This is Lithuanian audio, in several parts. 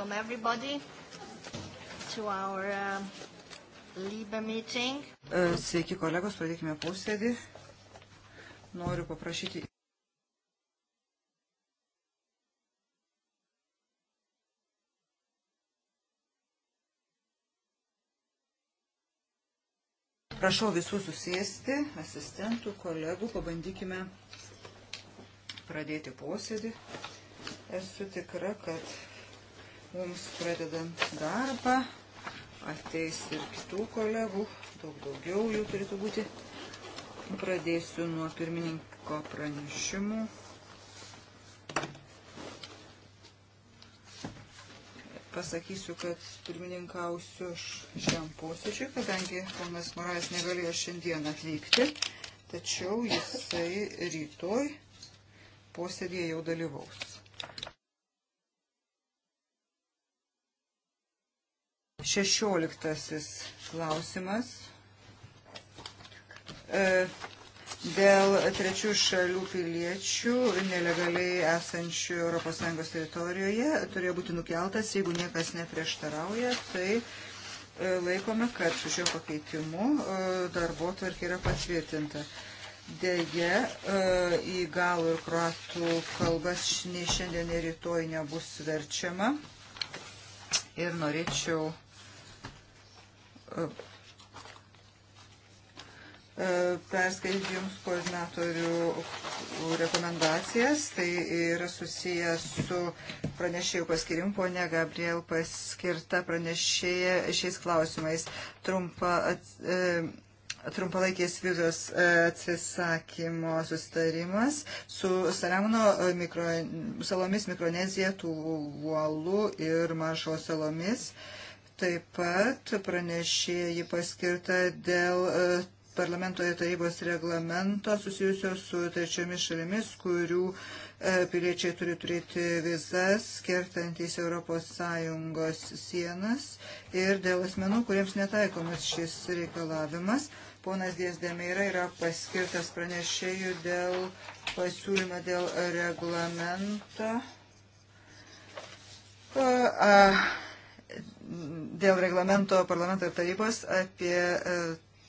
welcome everybody to our uh, LIBE meeting. E, sveiki kolegos, pradėkime posėdį. Noriu paprašyti. Prašau visų susėsti, asistentų, kolegų, pabandykime pradėti posėdį. Esu tikra, kad mums pradedant darbą. Ateis ir kitų kolegų, daug daugiau jų turėtų būti. Pradėsiu nuo pirmininko pranešimų. Pasakysiu, kad pirmininkausiu šiam posėdžiui, kadangi ponas Morais negalėjo šiandien atvykti, tačiau jisai rytoj posėdėje jau dalyvaus. Šešioliktasis klausimas. E, dėl trečių šalių piliečių nelegaliai esančių ES teritorijoje turėjo būti nukeltas, jeigu niekas neprieštarauja, tai e, laikome, kad su šiuo pakeitimu e, darbo tvarkė yra patvirtinta. Deja, į galų ir kruatų kalbas nei šiandien, nei rytoj nebus verčiama. Ir norėčiau perskaityti jums koordinatorių rekomendacijas. Tai yra susijęs su pranešėjų paskirimu. Pone Gabriel paskirta pranešėja šiais klausimais. Trumpa, e, trumpalaikės vizos e, atsisakymo sustarimas su Saliamono e, mikro, salomis Mikronezija, Tuvalu ir Maršalo salomis. E, Taip pat pranešėjai paskirta dėl e, parlamento ir tarybos reglamento susijusio su trečiomis šalimis, kurių e, piliečiai turi turėti vizas, kertantys ES sienas ir dėl asmenų, kuriems netaikomas šis reikalavimas. Ponas Dėsdemeira yra paskirtas pranešėjų dėl pasiūlymo dėl reglamento. Uh, uh dėl reglamento parlamento ir tarybos apie e,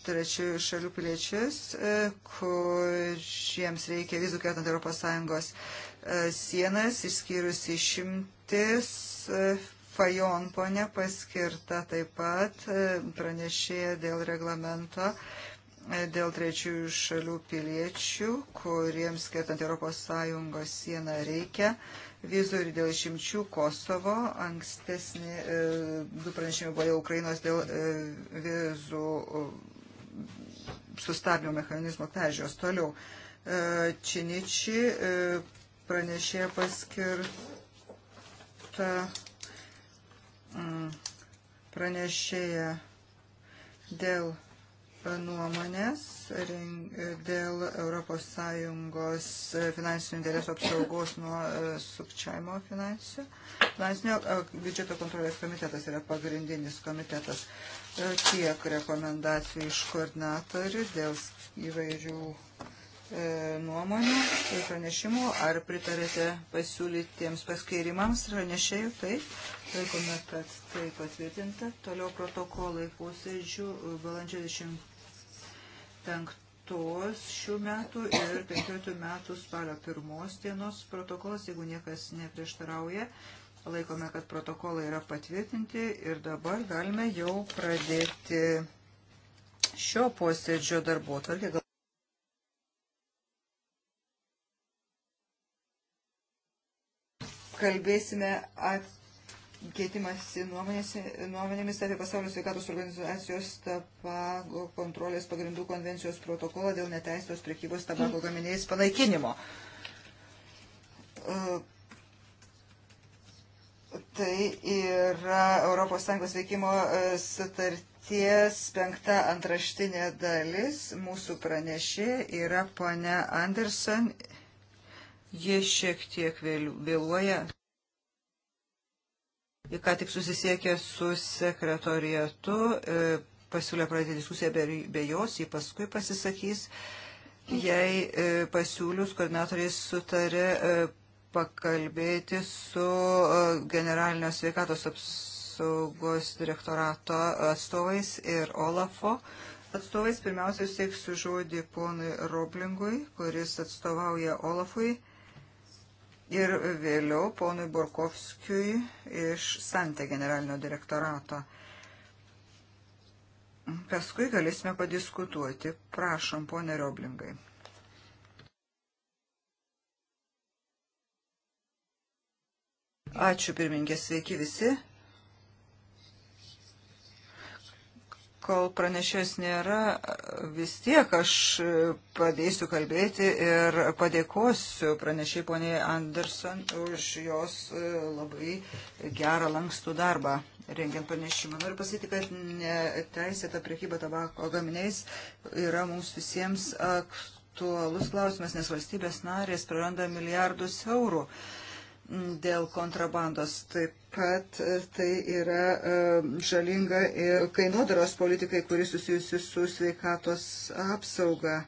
trečiųjų šalių piliečius, e, kuriems reikia vizų kertant ES e, sienas, išskyrus išimtis. Fajon ponė paskirta taip pat pranešėja dėl reglamento dėl trečiųjų šalių piliečių, kuriems kertant ES sieną reikia vizų ir dėl išimčių Kosovo. Ankstesni e, du pranešimai buvo dėl Ukrainos dėl e, vizų e, sustabdymo mechanizmo peržiūros. Toliau e, Činiči e, pranešė paskirta mm, pranešėja dėl nuomonės dėl ES finansinių interesų apsaugos nuo e, sukčiavimo finansinio. Finansinio e, biudžeto kontrolės komitetas yra pagrindinis komitetas. E, tiek rekomendacijų iš koordinatorių dėl įvairių nuomonių ir pranešimų. Ar pritarėte pasiūlytiems paskairimams pranešėjų? Taip. Laikome, kad tai patvirtinta. Toliau protokolai posėdžių balandžio 10. 5 šių metų ir 15 metų spalio 1 dienos protokolas, jeigu niekas neprieštarauja. Laikome, kad protokolai yra patvirtinti ir dabar galime jau pradėti šio posėdžio darbo tvarkę. Kalbėsime apie keitimasi nuomonėmis apie pasaulio sveikatos organizacijos tabako kontrolės pagrindų konvencijos protokolą dėl neteistos prekybos tabako gaminiais panaikinimo. E, tai yra ES veikimo e, sutarties penkta antraštinė dalis. Mūsų pranešė yra ponia Anderson. Jie šiek tiek vėluoja ką tik susisiekė su sekretorijatu, e, pasiūlė pradėti diskusiją be, be jos, jį paskui pasisakys. Jei e, pasiūlius, koordinatoriai sutarė e, pakalbėti su generalinio sveikatos apsaugos direktorato atstovais ir Olafo atstovais. Pirmiausia, sėksiu žodį ponui Roblingui, kuris atstovauja Olafui ir vėliau ponui Borkovskijui iš Santė generalinio direktorato. Paskui galėsime padiskutuoti. Prašom, ponė Roblingai. Ačiū pirmininkė, sveiki visi. kol pranešės nėra, vis tiek aš padėsiu kalbėti ir padėkosiu pranešiai poniai Anderson už jos e, labai gerą lankstų darbą rengiant pranešimą. Noriu pasakyti, kad teisėta priekyba tabako gaminiais yra mums visiems aktualus klausimas, nes valstybės narės praranda milijardus eurų. Uh, dėl kontrabandos. Taip pat e, tai yra e, žalinga ir kainodaros politikai, kuris susijusi su sveikatos apsauga.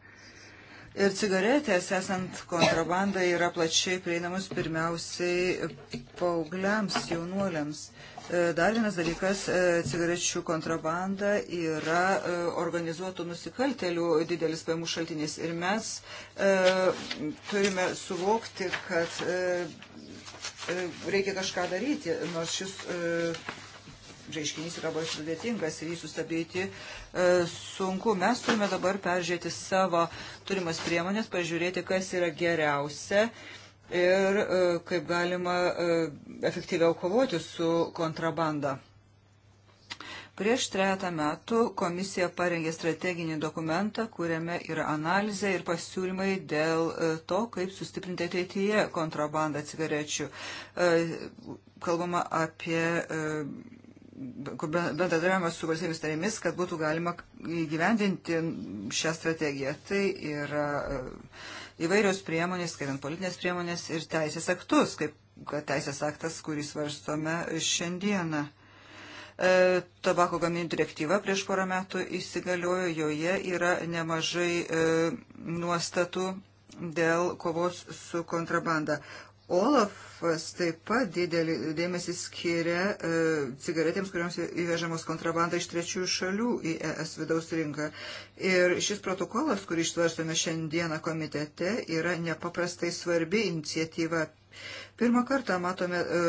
Ir cigaretės, esant kontrabandai, yra plačiai prieinamos pirmiausiai paaugliams, jaunuoliams. E, dar vienas dalykas - cigarečių kontrabanda yra organizuotų nusikaltelių didelis paimų šaltinis. Ir mes e, turime suvokti, kad e, E, reikia kažką daryti, nors šis e, reiškinys yra labai sudėtingas ir jį sustabdyti e, sunku. Mes turime dabar peržiūrėti savo turimas priemonės, pažiūrėti, kas yra geriausia ir kaip galima efektyviau kovoti su kontrabanda. Prieš trejata metų komisija parengė strateginį dokumentą, kuriame yra analizė ir pasiūlymai dėl e, to, kaip sustiprinti ateityje kontrabandą cigarečių. E, kalbama apie e, bendradarbiavimas su valstybėmis tarėmis, kad būtų galima įgyvendinti šią strategiją. Tai yra įvairios priemonės, skaitant politinės priemonės ir teisės aktus, kaip teisės aktas, kurį svarstome šiandieną. E, tabako gaminių direktyva prieš porą metų įsigaliojo, joje yra nemažai e, nuostatų dėl kovos su kontrabanda. Olafas taip pat didelį dėmesį skiria e, cigaretėms, kuriuoms įvežamos kontrabanda iš trečiųjų šalių į ES vidaus rinką. Ir šis protokolas, kurį ištvarstome šiandieną komitete, yra nepaprastai svarbi iniciatyva. Pirmą kartą matome e,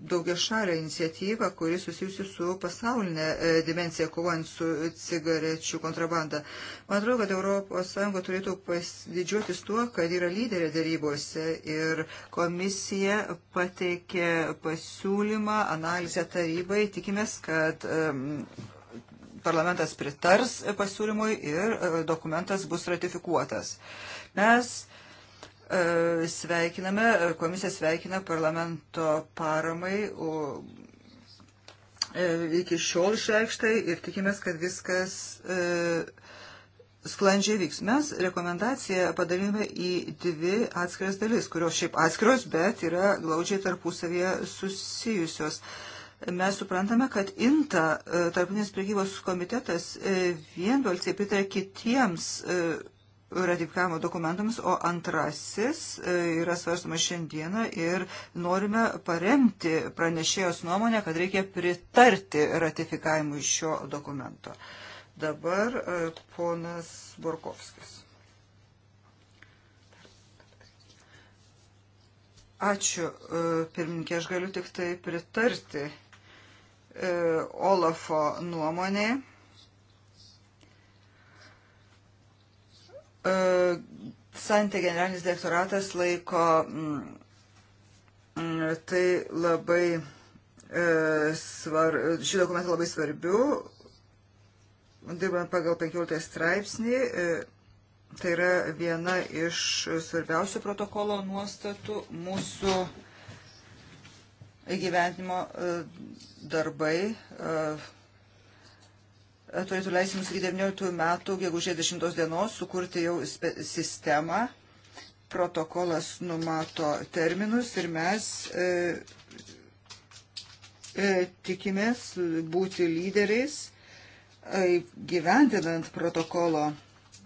daugia šalę iniciatyvą, kuri susijusi su pasaulinė e, dimencija kovojant su cigarečių kontrabanda. Man atrodo, kad ES turėtų pasididžiuotis tuo, kad yra lyderė darybose ir komisija pateikė pasiūlymą, analizę tarybai. Tikimės, kad parlamentas pritars pasiūlymui ir e, dokumentas bus ratifikuotas. Mes E, sveikiname, e, komisija sveikina parlamento paramai e, iki šiol išreikštai ir tikimės, kad viskas sklandžiai vyks. Mes rekomendaciją padaliname į dvi atskiras dalis, kurios šiaip atskiros, bet yra glaudžiai tarpusavėje susijusios mes suprantame, kad INTA, tarpinės priekybos komitetas, vienbalsiai pritarė kitiems ratifikavimo dokumentams, o antrasis e, yra svarstamas šiandieną ir norime paremti pranešėjos nuomonę, kad reikia pritarti ratifikavimui šio dokumento. Dabar e, ponas Borkovskis. Ačiū, e, pirmininkė, aš galiu tik tai pritarti Olafo nuomonėje E, Santė generalinis direktoratas laiko mm, mm, tai labai e, svar, šį dokumentą labai svarbiu. Dirbame pagal 15 straipsnį. E, tai yra viena iš svarbiausių protokolo nuostatų mūsų įgyvendimo darbai turėtų leisti mums iki 19 metų, gegužės 10 dienos, sukurti jau sistemą. Protokolas numato terminus ir mes e, e, tikimės būti lyderiais e, gyventinant protokolo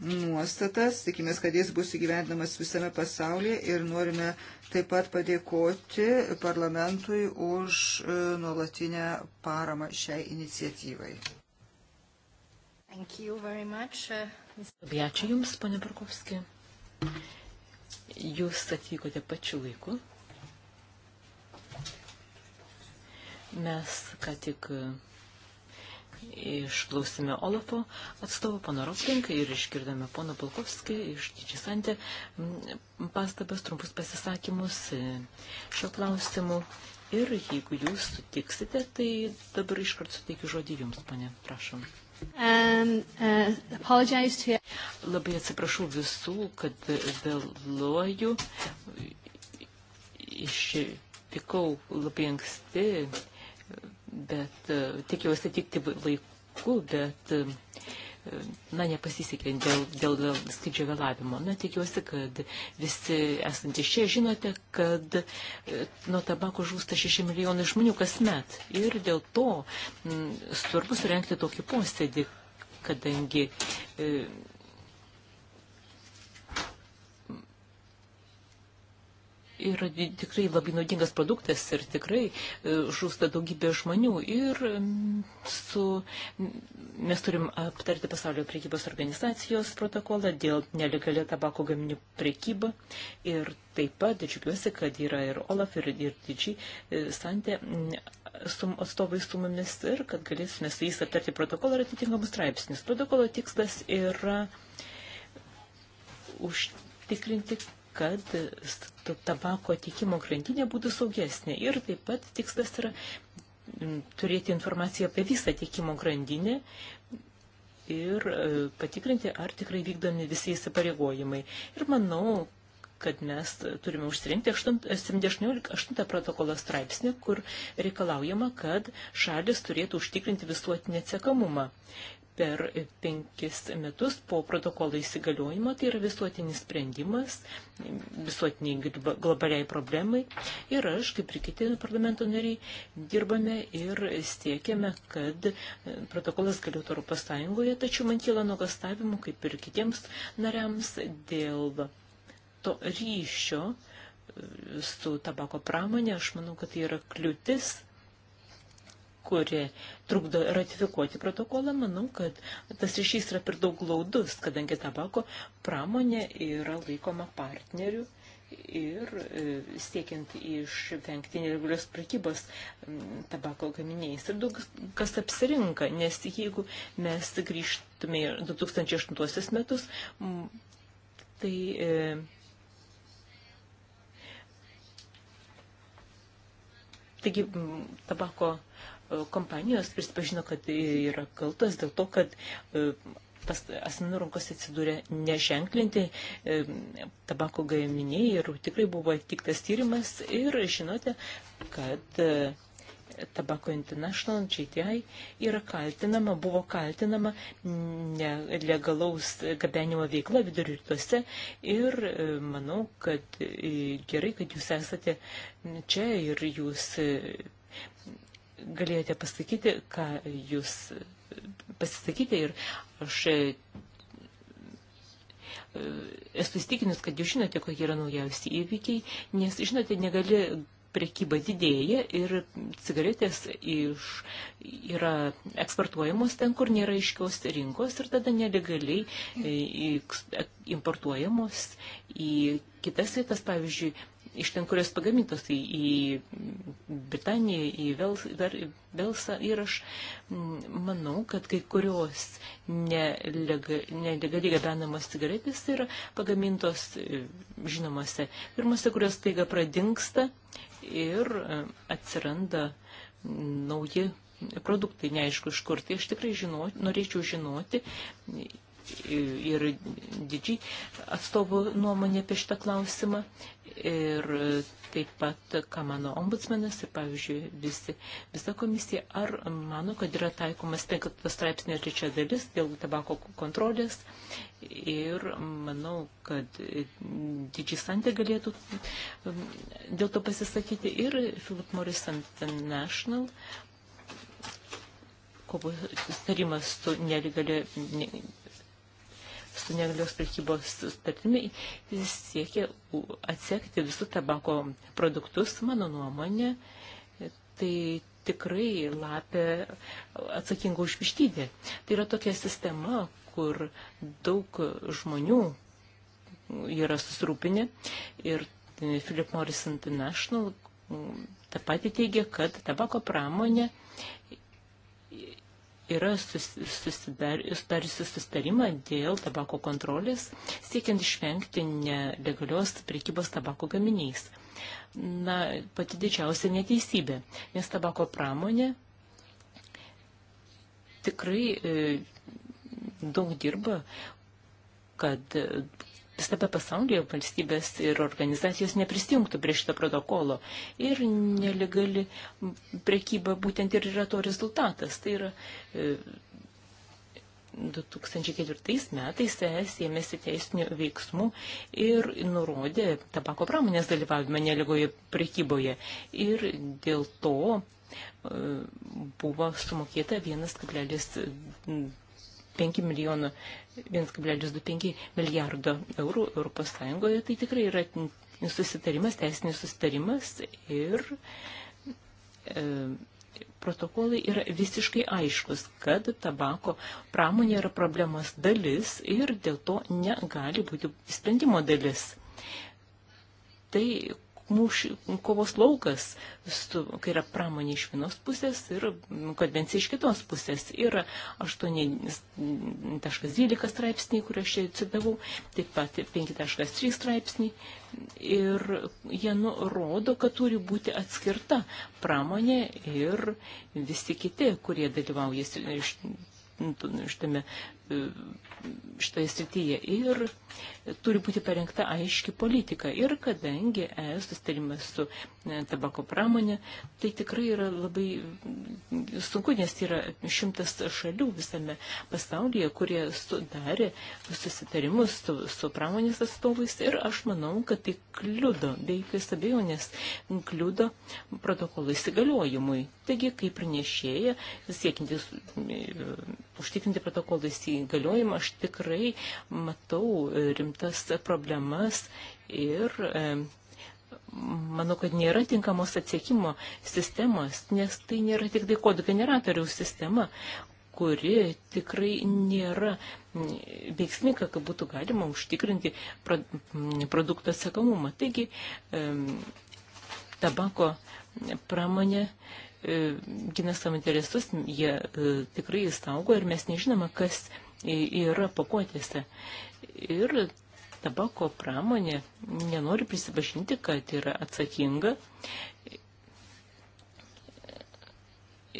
nuostatas. Tikimės, kad jis bus įgyvendinamas visame pasaulyje ir norime taip pat padėkoti parlamentui už e, nuolatinę paramą šiai iniciatyvai. Uh, Labai ačiū Jums, ponė Parkovski. Jūs atvykote pačiu laiku. Mes ką tik e, išklausėme Olafo atstovą, pono Roplinką, ir išgirdome pono Palkovskį iš Didžisantė pastabas, trumpus pasisakymus e, šio klausimu. Ir jeigu jūs sutiksite, tai dabar iškart suteikiu žodį jums, pane, prašom. Um, uh, to... Labai atsiprašau visų, kad vėluoju. Išvykau labai anksti, bet uh, tikėjausi atvykti laiku, bet uh, na, nepasisekė dėl, dėl, dėl skrydžio vėlavimo. Na, tikiuosi, kad visi esantys čia žinote, kad e, nuo tabako žūsta 6 milijonai žmonių kasmet. Ir dėl to m, svarbu surenkti tokį posėdį, kadangi e, yra tikrai labai naudingas produktas ir tikrai e, žūsta daugybė žmonių. Ir su, mes turim aptarti pasaulio priekybos organizacijos protokolą dėl nelegalė tabako gaminių priekybą. Ir taip pat džiugiuosi, kad yra ir Olaf, ir, ir didžiai e, santė sum, atstovai su mumis ir kad galėsime su jais aptarti protokolą ir atitinkamus straipsnius. Protokolo tikslas yra užtikrinti, kad tabako tikimo grandinė būtų saugesnė. Ir taip pat tikslas yra turėti informaciją apie visą tiekimo grandinę ir e, patikrinti, ar tikrai vykdomi visi įsipareigojimai. Ir manau, kad mes turime užsirinkti 78 protokolo straipsnį, kur reikalaujama, kad šalis turėtų užtikrinti visuotinį atsekamumą per penkis metus po protokolo įsigaliojimo, tai yra visuotinis sprendimas, visuotiniai globaliai problemai. Ir aš, kaip ir kiti parlamento nariai, dirbame ir siekiame, kad e, protokolas galėtų Europos Sąjungoje, tačiau man kyla nuogastavimų, kaip ir kitiems nariams, dėl to ryšio e, su tabako pramonė. Aš manau, kad tai yra kliūtis kuri trukdo ratifikuoti protokolą, manau, kad tas ryšys yra per daug glaudus, kadangi tabako pramonė yra laikoma partneriu ir e, siekiant išvengti neregulios prekybos tabako gaminiais. Ir daug kas apsirinka, nes jeigu mes grįžtume į 2008 metus, tai e, taigi tabako kompanijos prisipažino, kad tai yra kaltos dėl to, kad e, pas asmenų rankos atsidūrė neženklinti e, tabako gaminiai ir tikrai buvo atliktas tyrimas ir žinote, kad e, Tabako International, GTI, yra kaltinama, buvo kaltinama nelegalaus gabenimo veikla vidurių rytuose ir e, manau, kad e, gerai, kad jūs esate čia ir jūs e, galėjote pasakyti, ką jūs pasisakyti ir aš e, e, esu įstikinus, kad jūs žinote, kokie yra naujausi įvykiai, nes, žinote, negali prekyba didėja ir cigaretės iš, yra eksportuojamos ten, kur nėra aiškios rinkos ir tada nelegaliai importuojamos e, į kitas vietas, pavyzdžiui, iš ten, kurios pagamintos į, tai į Britaniją, į Vels, Ver, Velsą. Ir aš mm, manau, kad kai kurios nelegaliai gabenamos cigaretės yra pagamintos e, žinomose firmose, kurios taiga pradingsta ir e, atsiranda nauji produktai, neaišku iš kur. Tai aš tikrai žino, norėčiau žinoti ir didžiai atstovų nuomonė apie šitą klausimą. Ir taip pat, ką mano ombudsmenas ir, pavyzdžiui, visi, visa komisija, ar mano, kad yra taikomas 5 straipsnė trečia dalis dėl tabako kontrolės. Ir manau, kad didžiai santė galėtų um, dėl to pasisakyti ir Philip Morris International kovos sutarimas su nelegalia su negalios prekybos sutartimi siekia atsekti visų tabako produktus, mano nuomonė, tai tikrai lapė atsakinga už vištydį. Tai yra tokia sistema, kur daug žmonių yra susirūpinę ir Philip Morris International mm, tą patį teigia, kad tabako pramonė yra susidariusi susitarimą dėl tabako kontrolės, siekiant išvengti nelegalios prekybos tabako gaminiais. Na, pati didžiausia neteisybė, nes tabako pramonė tikrai e, daug dirba, kad visame pasaulyje valstybės ir organizacijos neprisijungtų prie šito protokolo. Ir nelegali prekyba būtent ir yra to rezultatas. Tai yra 2004 e, metais ES ėmėsi teisinių veiksmų ir nurodė tabako pramonės dalyvavimą nelegoje prekyboje. Ir dėl to e, buvo sumokėta 1,2 5 milijonų, 1,25 milijardo eurų Europos Sąjungoje, tai tikrai yra susitarimas, teisinis susitarimas ir e, protokolai yra visiškai aiškus, kad tabako pramonė yra problemos dalis ir dėl to negali būti sprendimo dalis. Tai mūšį, nu, kovos laukas, su, kai yra pramonė iš vienos pusės ir konvencija iš kitos pusės. Yra 8.12 straipsniai, kuriuos aš čia citavau, taip pat 5.3 straipsniai. Ir jie nurodo, kad turi būti atskirta pramonė ir visi kiti, kurie dalyvauja šitame E, šitoje srityje ir turi būti parengta aiški politika. Ir kadangi ES sustarimas su e, tabako pramonė, tai tikrai yra labai sunku, nes yra šimtas šalių visame pasaulyje, kurie sudarė susitarimus su, su pramonės atstovais ir aš manau, kad tai kliudo, be jokios abejonės, kliudo protokolo įsigaliojimui. Taigi, kaip pranešėja, siekintis e, užtikrinti protokolą įsigaliojimui, įgaliojimą, aš tikrai matau rimtas problemas ir e, manau, kad nėra tinkamos atsiekimo sistemos, nes tai nėra tik tai kodų generatoriaus sistema, kuri tikrai nėra veiksminga, kad būtų galima užtikrinti produkto sekamumą. Taigi, e, tabako pramonė e, gina savo interesus, jie tikrai įsaugo ir mes nežinome, kas yra pakuotėse. Ir tabako pramonė nenori prisipažinti, kad yra atsakinga.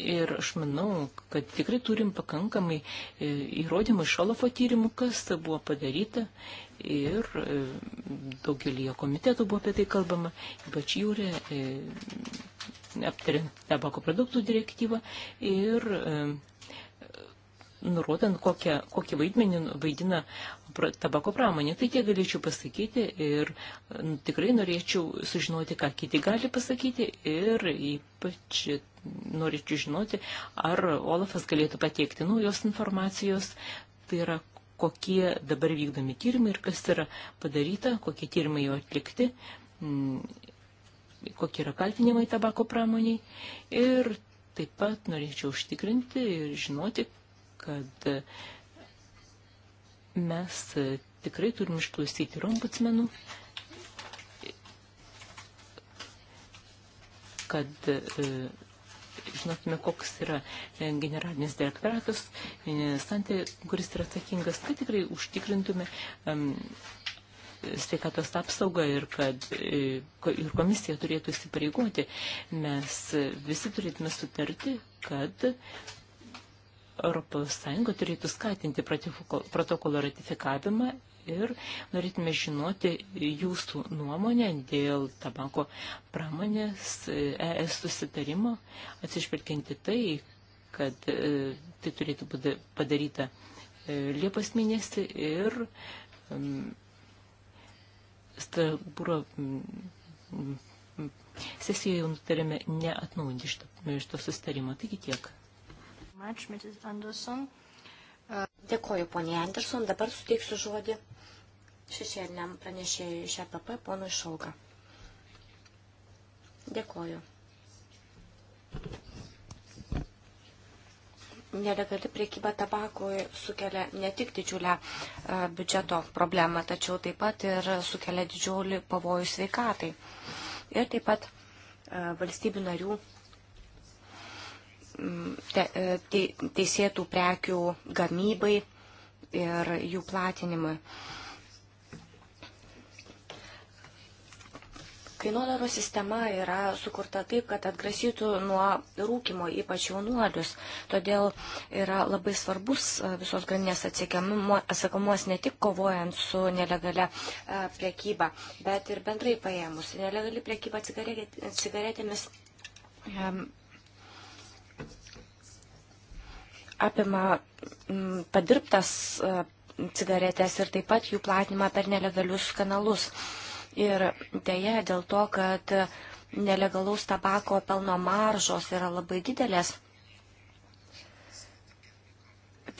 Ir aš manau, kad tikrai turim pakankamai e, įrodymų iš Olafo tyrimų, kas buvo padaryta. Ir e, daugelį komitetų buvo apie tai kalbama, ypač jūrė, e, aptariant tabako produktų direktyvą. Ir nurodant, kokią, kokį vaidmenį nu, vaidina tabako pramonė. Tai tiek galėčiau pasakyti ir nu, tikrai norėčiau sužinoti, ką kiti gali pasakyti ir ypač norėčiau žinoti, ar Olafas galėtų pateikti naujos informacijos, tai yra kokie dabar vykdomi tyrimai ir kas yra padaryta, kokie tyrimai jau atlikti, mm, kokie yra kaltinimai tabako pramoniai. Ir taip pat norėčiau užtikrinti ir žinoti, kad mes tikrai turim išklausyti ir ombudsmenų, kad e, žinotume, koks yra generalinis direktoratas, e, santė, kuris yra atsakingas, kad tikrai užtikrintume um, sveikatos apsaugą ir kad e, ir komisija turėtų įsipareigoti. Mes visi turėtume sutarti, kad ES turėtų skatinti protokolo ratifikavimą ir norėtume žinoti jūsų nuomonę dėl tabako pramonės ES e susitarimo, atsižvelginti tai, kad e, tai turėtų būti padaryta e, Liepos mėnesį ir Strasbūro sesijoje jau nutarėme neatnaujinti šito, šito sustarimo. Taigi tiek much, Mrs. Anderson. Uh... Dėkoju, ponė Anderson. Dabar suteiksiu žodį šešėliniam pranešėjui iš EPP, ponui Šauga. Dėkoju. Nelegali priekyba tabakui sukelia ne tik didžiulę e, biudžeto problemą, tačiau taip pat ir sukelia didžiulį pavojų sveikatai. Ir taip pat e, valstybių narių te, e, te, teisėtų prekių gamybai ir jų platinimui. Kainodaros sistema yra sukurta taip, kad atgrasytų nuo rūkimo, ypač jaunuolius. Todėl yra labai svarbus e, visos grandinės atsakomos ne tik kovojant su nelegale priekyba, bet ir bendrai paėmus. Nelegali priekyba cigaretėmis apima mm, padirbtas e, cigaretės ir taip pat jų platinimą per nelegalius kanalus. Ir dėja dėl to, kad nelegalaus tabako pelno maržos yra labai didelės.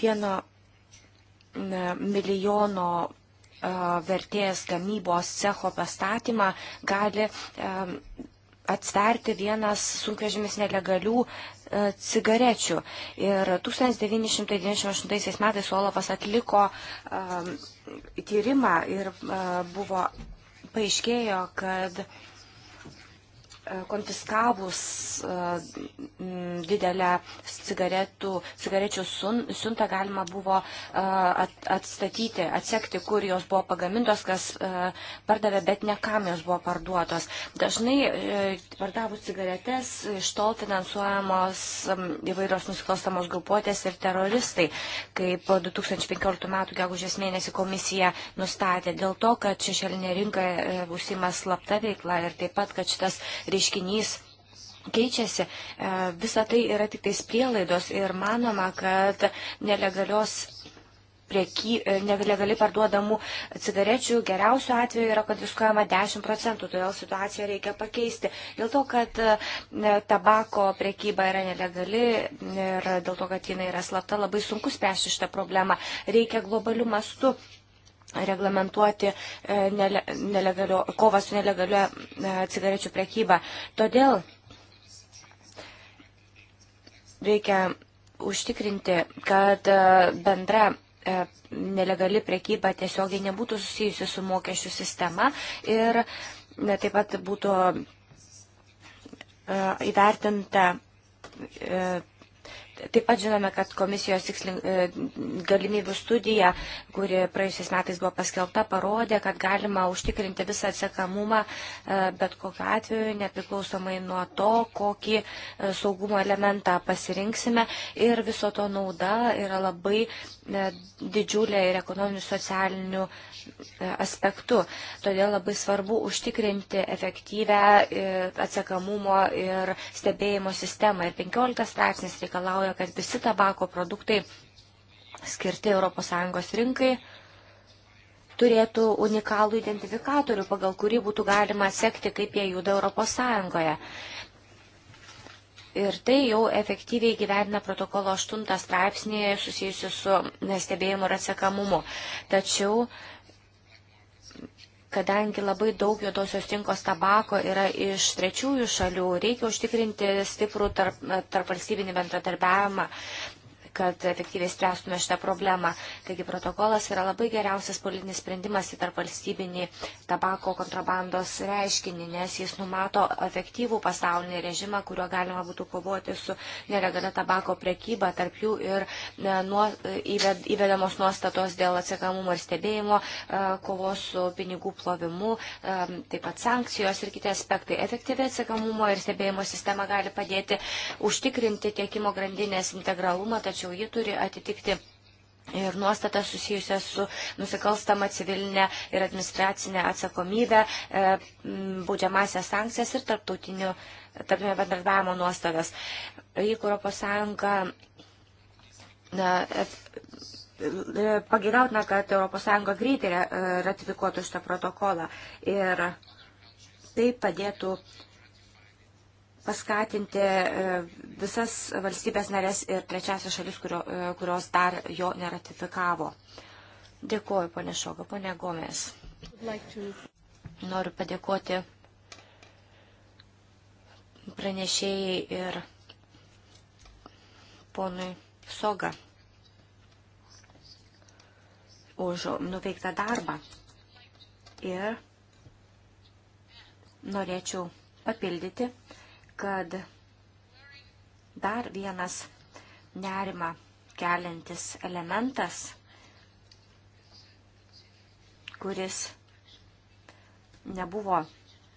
Vieno milijono e, vertės gamybos cecho pastatymą gali e, atverti vienas sunkvežimis nelegalių E, cigarečių. Ir 1998 metais Olafas atliko e, tyrimą ir e, buvo paaiškėjo, kad E, konfiskavus e, didelę cigaretų, cigarečių siuntą galima buvo e, atstatyti, atsekti, kur jos buvo pagamintos, kas pardavė, bet ne kam jos buvo parduotos. Dažnai pardavus cigaretes iš tol finansuojamos įvairios nusikalstamos grupuotės ir teroristai, kaip 2015 m. gegužės mėnesį komisija nustatė dėl to, kad šešėlinė rinka užsima slapta veikla ir taip pat, kad šitas reiškinys reiškinys keičiasi. E, visa tai yra tik tais prielaidos ir manoma, kad nelegalios. Prieky, e, nelegaliai parduodamų cigarečių geriausiu atveju yra konfiskuojama 10 procentų, todėl situaciją reikia pakeisti. Dėl to, kad e, tabako priekyba yra nelegali ir dėl to, kad jinai yra slapta, labai sunku spręsti šitą problemą. Reikia globalių mastų reglamentuoti e, nelegalio, kovą su nelegalio e, cigarečių prekyba. Todėl reikia užtikrinti, kad e, bendra nelegali prekyba tiesiogiai nebūtų susijusi su mokesčių sistema ir taip pat būtų įvertinta Taip pat žinome, kad komisijos tikslin, e, galimybių studija, kuri praėjusiais metais buvo paskelbta, parodė, kad galima užtikrinti visą atsekamumą e, bet kokiu atveju, nepriklausomai nuo to, kokį e, saugumo elementą pasirinksime. Ir viso to nauda yra labai didžiulė ir ekonominių socialinių aspektų. Todėl labai svarbu užtikrinti efektyvę atsekamumo ir stebėjimo sistemą. Ir 15 straipsnis reikalauja kad visi tabako produktai skirti ES rinkai turėtų unikalų identifikatorių, pagal kurį būtų galima sekti, kaip jie juda ES. Ir tai jau efektyviai gyvena protokolo 8 straipsnėje susijusiu su stebėjimu ir atsekamumu. Tačiau kadangi labai daug juodosios rinkos tabako yra iš trečiųjų šalių, reikia užtikrinti stiprų tarp, tarp valstybinį bendradarbiavimą kad efektyviai spręstume šitą problemą. Taigi protokolas yra labai geriausias politinis sprendimas į tarp valstybinį tabako kontrabandos reiškinį, nes jis numato efektyvų pasaulinį režimą, kuriuo galima būtų kovoti su nelegale tabako prekyba, tarp jų ir nuo, įved, įvedamos nuostatos dėl atsiekamumo ir stebėjimo, e, kovos su pinigų plovimu, e, taip pat sankcijos ir kiti aspektai. Efektyviai atsiekamumo ir stebėjimo sistema gali padėti užtikrinti tiekimo grandinės integralumą, tačiau tačiau ji turi atitikti ir nuostatą susijusią su nusikalstama civilinė ir administracinė atsakomybė, e, būdžiamasią sankcijas ir tarptautinio bendradarbiavimo nuostatas. Jeigu Europos Sąjunga e, e, pagirautina, kad ES greitai ratifikuotų šitą protokolą ir tai padėtų paskatinti e, visas valstybės narės ir trečiasias šalis, kurio, e, kurios dar jo neratifikavo. Dėkuoju, ponė Šoga, ponė Gomės. Noriu padėkoti pranešėjai ir ponui Soga už nuveiktą darbą. Ir norėčiau papildyti, kad dar vienas nerima keliantis elementas, kuris nebuvo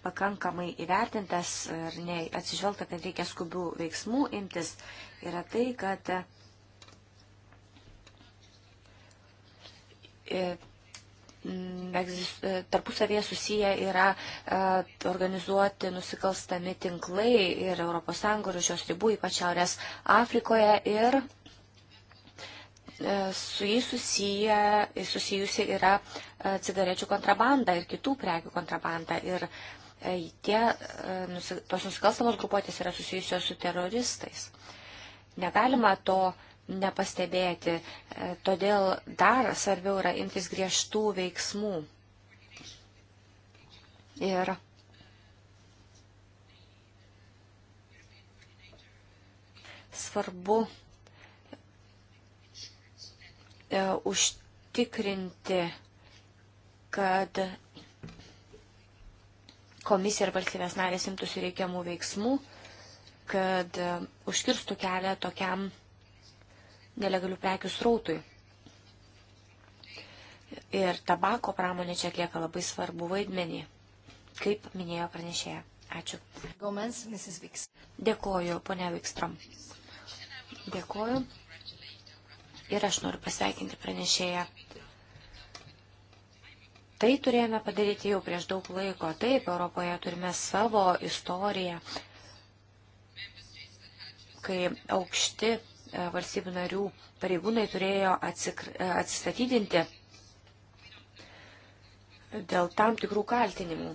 pakankamai įvertintas ir atsižvelgta, kad reikia skubių veiksmų imtis, yra tai, kad e, Mm, e, tarpusavėje susiję yra e, organizuoti nusikalstami tinklai ir ES ir šios ribų, ypač Šiaurės Afrikoje. Ir e, su jais susiję, susijusi yra cigarečių kontrabanda ir kitų prekių kontrabanda. Ir tie, tos nusikalstamos grupuotės yra susijusios su teroristais. Negalima to uh, nepastebėti. E, todėl dar svarbiau yra imtis griežtų veiksmų. Ir svarbu e, užtikrinti, kad komisija ir valstybės narės imtųsi reikiamų veiksmų, kad e, užkirstų kelią tokiam nelegalių prekių srautui. Ir tabako pramonė čia atlieka labai svarbu vaidmenį, kaip minėjo pranešėja. Ačiū. Gomez, Mrs. Viks. Dėkoju, ponia Vikstrom. Dėkoju. Ir aš noriu pasveikinti pranešėją. Tai turėjome padaryti jau prieš daug laiko. Taip, Europoje turime savo istoriją, kai aukšti E, valstybių narių pareigūnai turėjo e, atsistatydinti dėl tam tikrų kaltinimų.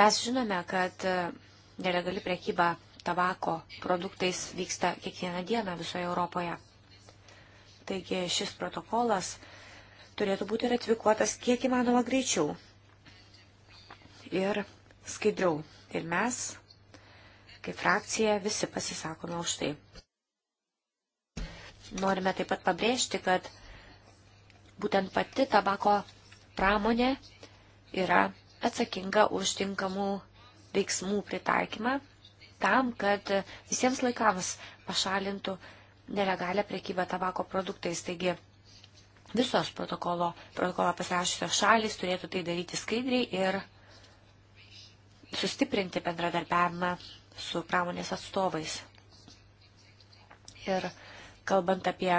Mes žinome, kad e, nelegali prekyba tabako produktais vyksta kiekvieną dieną visoje Europoje. Taigi šis protokolas turėtų būti ratifikuotas kiek įmanoma greičiau ir skaidriau. Ir mes kaip frakcija visi pasisakome už tai. Norime taip pat pabrėžti, kad būtent pati tabako pramonė yra atsakinga už tinkamų veiksmų pritaikymą tam, kad visiems laikams pašalintų nelegalią prekybą tabako produktais. Taigi visos protokolo, protokolo pasirašusios šalis turėtų tai daryti skaidriai ir sustiprinti bendradarbiavimą su pramonės atstovais. Ir kalbant apie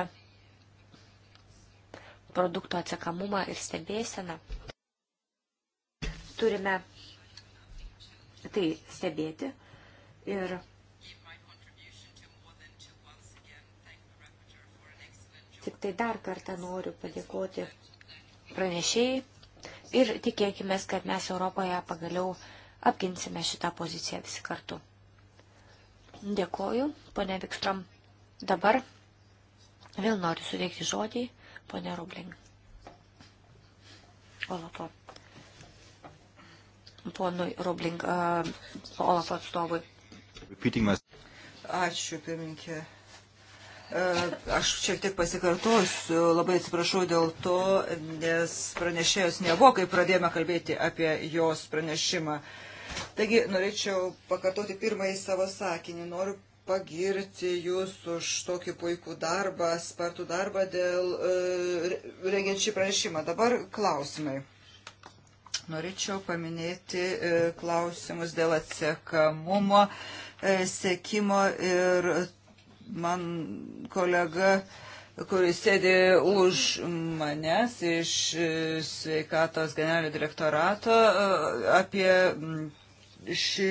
produkto atsekamumą ir stebėseną, turime tai stebėti ir tik tai dar kartą noriu padėkoti pranešėjai ir tikėkime, kad mes Europoje pagaliau apginsime šitą poziciją visi kartu. Dėkoju, ponė Vikstrom. Dabar vėl noriu suveikti žodį, ponė Rubling. Olafo. Ponui Rubling, uh, Olafo atstovui. Ačiū, pirminkė. Aš šiek tiek pasikartosiu, labai atsiprašau dėl to, nes pranešėjos nebuvo, kai pradėjome kalbėti apie jos pranešimą. Uh, Taigi, norėčiau pakartoti pirmąjį savo sakinį. Noriu pagirti jūs už tokį puikų darbą, spartų darbą dėl e, rengiant šį pranešimą. Dabar klausimai. Norėčiau paminėti e, klausimus dėl atsiekamumo, e, sėkimo ir man kolega kuris sėdi už manęs iš e, sveikatos generalinio direktorato e, apie šį,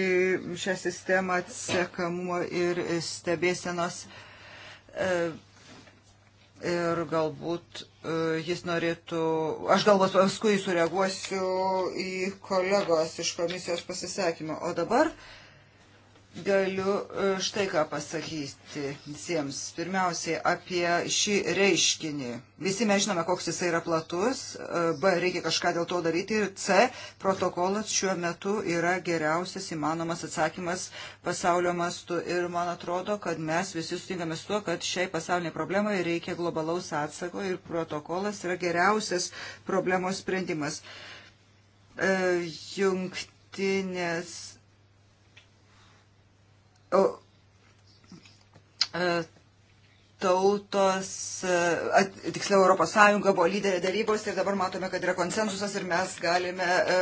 šią sistemą atsekamumo ir stebėsenos. E, ir galbūt e, jis norėtų, aš galbūt paskui sureaguosiu į kolegos iš komisijos pasisakymą. O dabar uh, galiu e, štai ką pasakyti visiems. Pirmiausiai apie šį reiškinį. Visi mes žinome, koks jisai yra platus. E, B, reikia kažką dėl to daryti. Ir C, protokolas šiuo metu yra geriausias įmanomas atsakymas pasaulio mastu. Ir man atrodo, kad mes visi sutinkame su tuo, kad šiai pasauliniai problemai reikia globalaus atsako ir protokolas yra geriausias problemos sprendimas. E, jungtinės E, tautos, e, at, tiksliau Europos Sąjunga buvo lyderė darybos ir dabar matome, kad yra konsensusas ir mes galime e,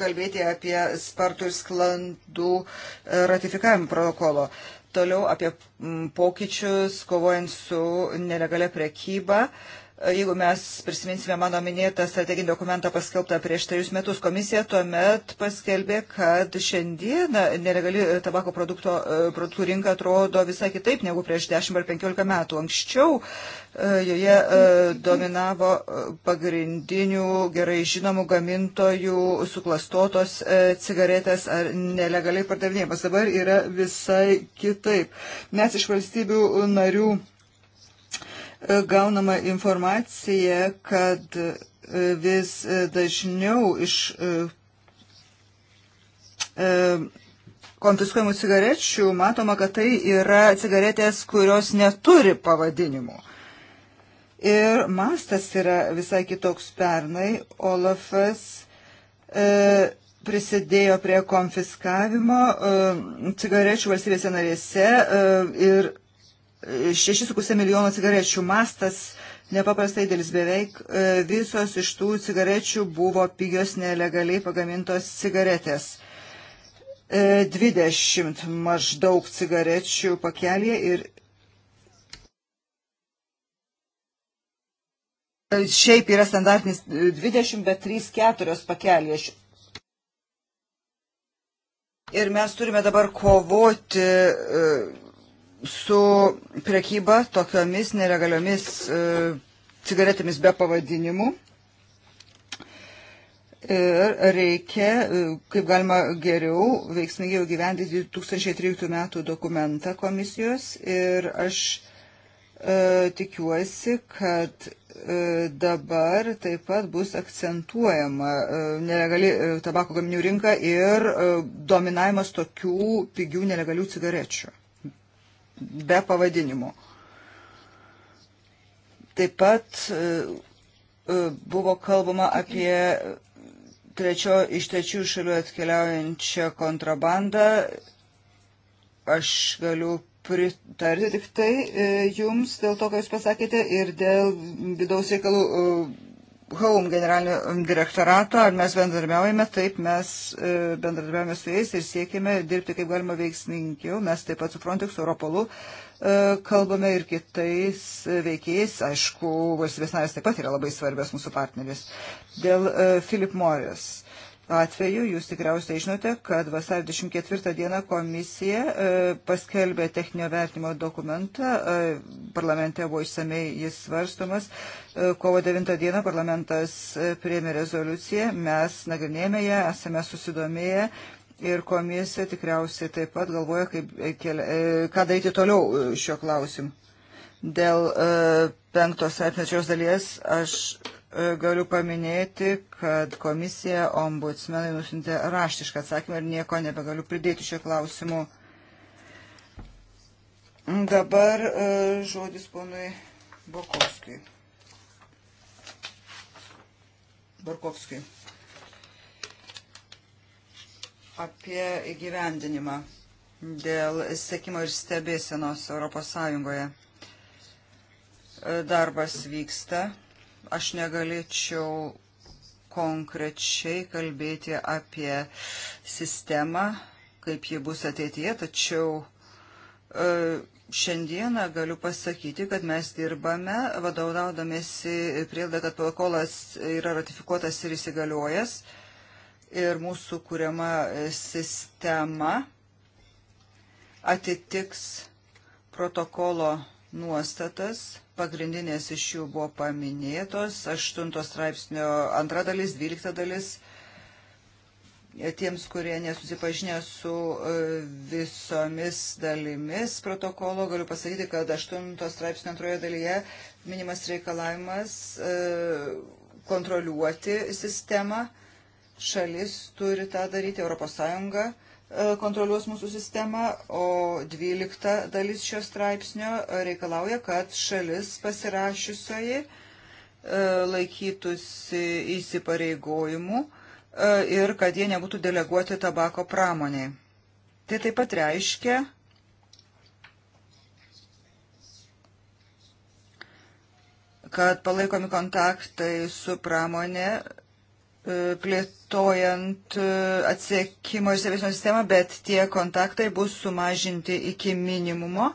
kalbėti apie spartų ir sklandų e, ratifikavimą protokolo. Toliau apie pokyčius, kovojant su nelegalia prekyba. E, Jeigu mes prisiminsime mano minėtą strateginį dokumentą paskelbtą prieš trejus metus, komisija tuomet paskelbė, kad šiandieną nelegali tabako produkto, e, produktų rinka atrodo visai kitaip negu prieš 10 ar 15 metų. Anksčiau e, joje e, dominavo pagrindinių gerai žinomų gamintojų suklastotos cigaretės ar nelegaliai pardavinėjimas. Dabar yra visai kitaip. Mes iš valstybių narių gaunama informacija, kad e, vis e, dažniau iš e, konfiskuojamų cigarečių matoma, kad tai yra cigaretės, kurios neturi pavadinimų. Ir mastas yra visai kitoks pernai. Olafas e, prisidėjo prie konfiskavimo e, cigarečių valstybėse narėse e, ir 6,5 milijono cigarečių mastas nepaprastai dėlis beveik. E, visos iš tų cigarečių buvo pigios nelegaliai pagamintos cigaretės. 20 e, maždaug cigarečių pakelėje ir šiaip yra standartinis 20, bet 3-4 pakelėje. Ir mes turime dabar kovoti e, su prekyba tokiomis nelegaliomis e, cigaretėmis be pavadinimų. Ir reikia, e, kaip galima geriau, veiksmingiau gyvendyti 2013 metų dokumentą komisijos. Ir aš e, tikiuosi, kad e, dabar taip pat bus akcentuojama nelegali tabako gaminių rinka ir dominavimas tokių pigių nelegalių cigarečių be pavadinimo. Taip pat e, e, buvo kalbama apie trečio, iš trečių šalių atkeliaujančią kontrabandą. Aš galiu pritarti tik tai e, jums dėl to, ką jūs pasakėte ir dėl vidaus reikalų Home generalinio direktorato, ar mes bendradarbiaujame, taip mes e, bendradarbiaujame su jais ir siekime dirbti kaip galima veiksmingiau. Mes taip pat su Frontex, Europolu e, kalbame ir kitais veikėjais. Aišku, valstybės narės taip pat yra labai svarbios mūsų partneris. Dėl e, Philip Morris atveju jūs tikriausiai žinote, kad vasario 24 dieną komisija e, paskelbė techninio vertinimo dokumentą, e, parlamente buvo išsamei jis svarstomas, e, kovo 9 dieną parlamentas priėmė rezoliuciją, mes nagrinėjame ją, esame susidomėję. Ir komisija tikriausiai taip pat galvoja, kaip, kelia, ką daryti toliau šiuo klausimu. Dėl penktos atnečios dalies aš E, galiu paminėti, kad komisija ombudsmenai nusintė raštišką atsakymą ir nieko nebegaliu pridėti šio klausimu. Dabar e, žodis ponui Bokovskijui. Barkovskijui. Apie įgyvendinimą dėl sekimo ir stebėsenos Europos Sąjungoje. E, darbas vyksta Aš negalėčiau konkrečiai kalbėti apie sistemą, kaip ji bus ateityje, tačiau e, šiandieną galiu pasakyti, kad mes dirbame, vadovaudomėsi prielda, kad protokolas yra ratifikuotas ir įsigaliojęs ir mūsų kuriama sistema atitiks protokolo nuostatas pagrindinės iš jų buvo paminėtos, 8 straipsnio antra dalis, 12 dalis. Tiems, kurie nesusipažinę su e, visomis dalimis protokolo, galiu pasakyti, kad 8 straipsnio antroje dalyje minimas reikalavimas e, kontroliuoti sistemą. Šalis turi tą daryti, Europos Sąjunga E, kontroliuos mūsų sistemą, o 12 dalis šio straipsnio reikalauja, kad šalis pasirašiusioji e, laikytųsi įsipareigojimų e, ir kad jie nebūtų deleguoti tabako pramoniai. Tai taip pat reiškia, kad palaikomi kontaktai su pramonė E, plėtojant e, atsiekimo ir stebėsino sistemą, bet tie kontaktai bus sumažinti iki minimumo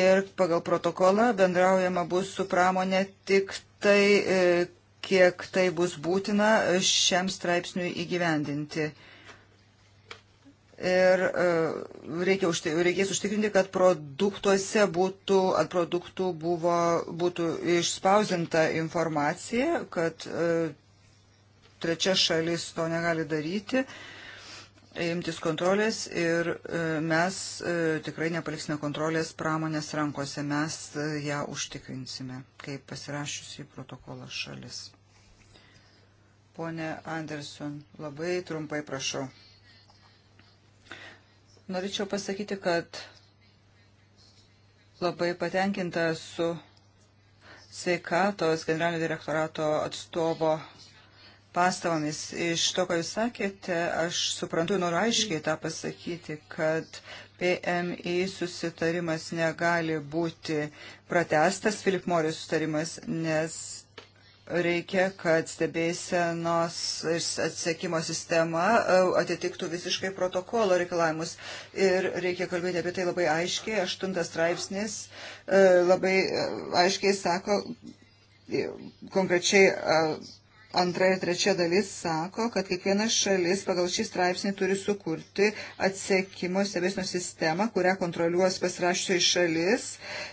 ir pagal protokolą bendraujama bus su pramonė tik tai, e, kiek tai bus būtina šiam straipsniui įgyvendinti. Ir reikia, reikės užtikrinti, kad produktuose būtų, ant produktų buvo, būtų išspausinta informacija, kad trečia šalis to negali daryti, imtis kontrolės ir e, mes e, tikrai nepaliksime kontrolės pramonės rankose, mes e, ją užtikrinsime, kaip pasirašiusi protokolą šalis. Pone Anderson, labai trumpai prašau. Norėčiau pasakyti, kad labai patenkinta su sveikatos generalinio direktorato atstovo pastabomis. Iš to, ką Jūs sakėte, aš suprantu, noriu aiškiai tą pasakyti, kad PMI susitarimas negali būti pratestas, Filip Moris susitarimas, nes reikia, kad stebėsenos ir atsiekimo sistema uh, atitiktų visiškai protokolo reikalavimus. Ir reikia kalbėti apie tai labai aiškiai. Aštuntas straipsnis uh, labai uh, aiškiai sako konkrečiai antra ir trečia dalis sako, kad kiekviena šalis pagal šį straipsnį turi sukurti atsekimo stebėsino sistemą, kurią kontroliuos pasirašysiai šalis,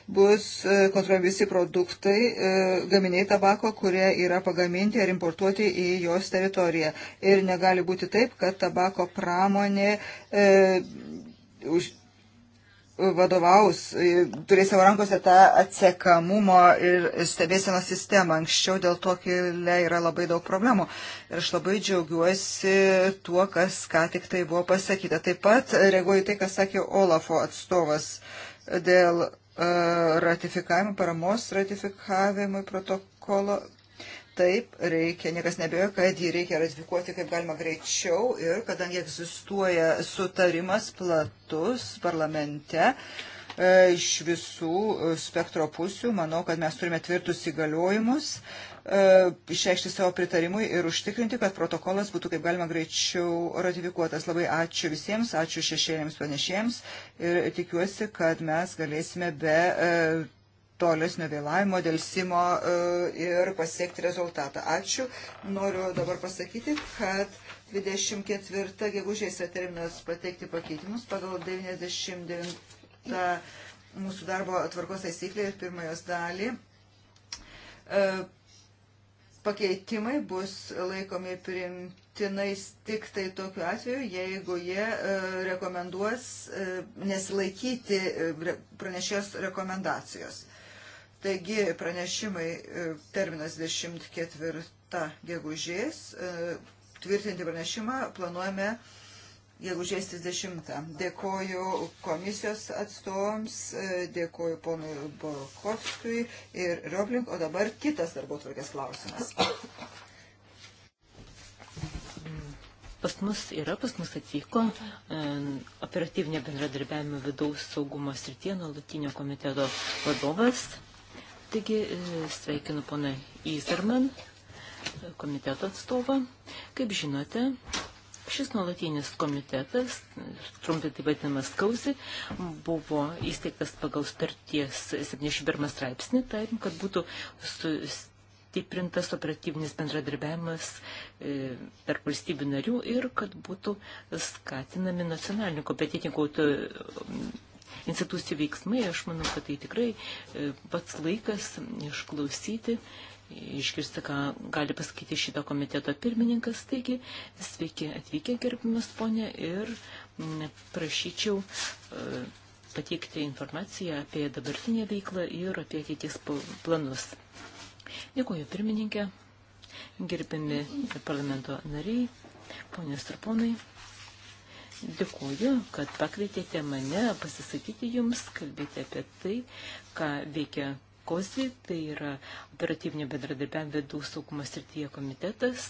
bus e, kontroliuojami visi produktai, e, gaminiai tabako, kurie yra pagaminti ar importuoti į jos teritoriją. Ir negali būti taip, kad tabako pramonė e, už vadovaus, e, turės savo rankose tą atsekamumo ir stebėseno sistemą. Anksčiau dėl to kilia yra labai daug problemų. Ir aš labai džiaugiuosi tuo, kas ką tik tai buvo pasakyta. Taip pat reaguoju tai, kas sakė Olafo atstovas dėl e, ratifikavimo, paramos ratifikavimui protokolo Taip, reikia, niekas nebejoja, kad jį reikia ratifikuoti kaip galima greičiau ir kadangi egzistuoja sutarimas platus parlamente e, iš visų spektro pusių, manau, kad mes turime tvirtus įgaliojimus e, išreikšti savo pritarimui ir užtikrinti, kad protokolas būtų kaip galima greičiau ratifikuotas. Labai ačiū visiems, ačiū šešėlėms panešėjams ir tikiuosi, kad mes galėsime be e, tolesnio vėlavimo, dėlsimo e, ir pasiekti rezultatą. Ačiū. Noriu dabar pasakyti, kad 24 gegužės yra terminas pateikti pakeitimus pagal 99 mūsų darbo tvarkos taisyklę ir pirmajos dalį. E, pakeitimai bus laikomi primtinais tik tai tokiu atveju, jeigu jie e, rekomenduos nesilaikyti pranešės rekomendacijos. Taigi pranešimai e, terminas 24 gegužės, e, tvirtinti pranešimą planuojame gegužės 30. Dėkoju komisijos atstovams, e, dėkoju ponui Borkovskui ir Roblink, o dabar kitas darbo tvarkės klausimas. Pas mus yra, pas mus atvyko operatyvinė bendradarbiavimo vidaus saugumo srityje nuolatinio komiteto vadovas Taigi e, sveikinu poną Įzerman, komiteto atstovą. Kaip žinote, šis nuolatinis komitetas, trumpai taip vadinamas kausi, buvo įsteigtas pagal starties 71 straipsnį, tarim, kad būtų sustiprintas operatyvinis bendradarbiavimas e, tarp valstybių narių ir kad būtų skatinami nacionalinių kompetitingų institucijų veiksmai, aš manau, kad tai tikrai e, pats laikas išklausyti, išgirsti, ką gali pasakyti šito komiteto pirmininkas. Taigi, sveiki atvykę, gerbimas ponė, ir prašyčiau e, pateikti informaciją apie dabartinę veiklą ir apie ateities planus. Dėkuoju pirmininkė, gerbiami parlamento nariai, ponės ir ponai. Dėkuoju, kad pakvietėte mane pasisakyti jums, kalbėti apie tai, ką veikia COSI, tai yra operatyvinio bendradarbiavimo vidaus saugumo srityje komitetas.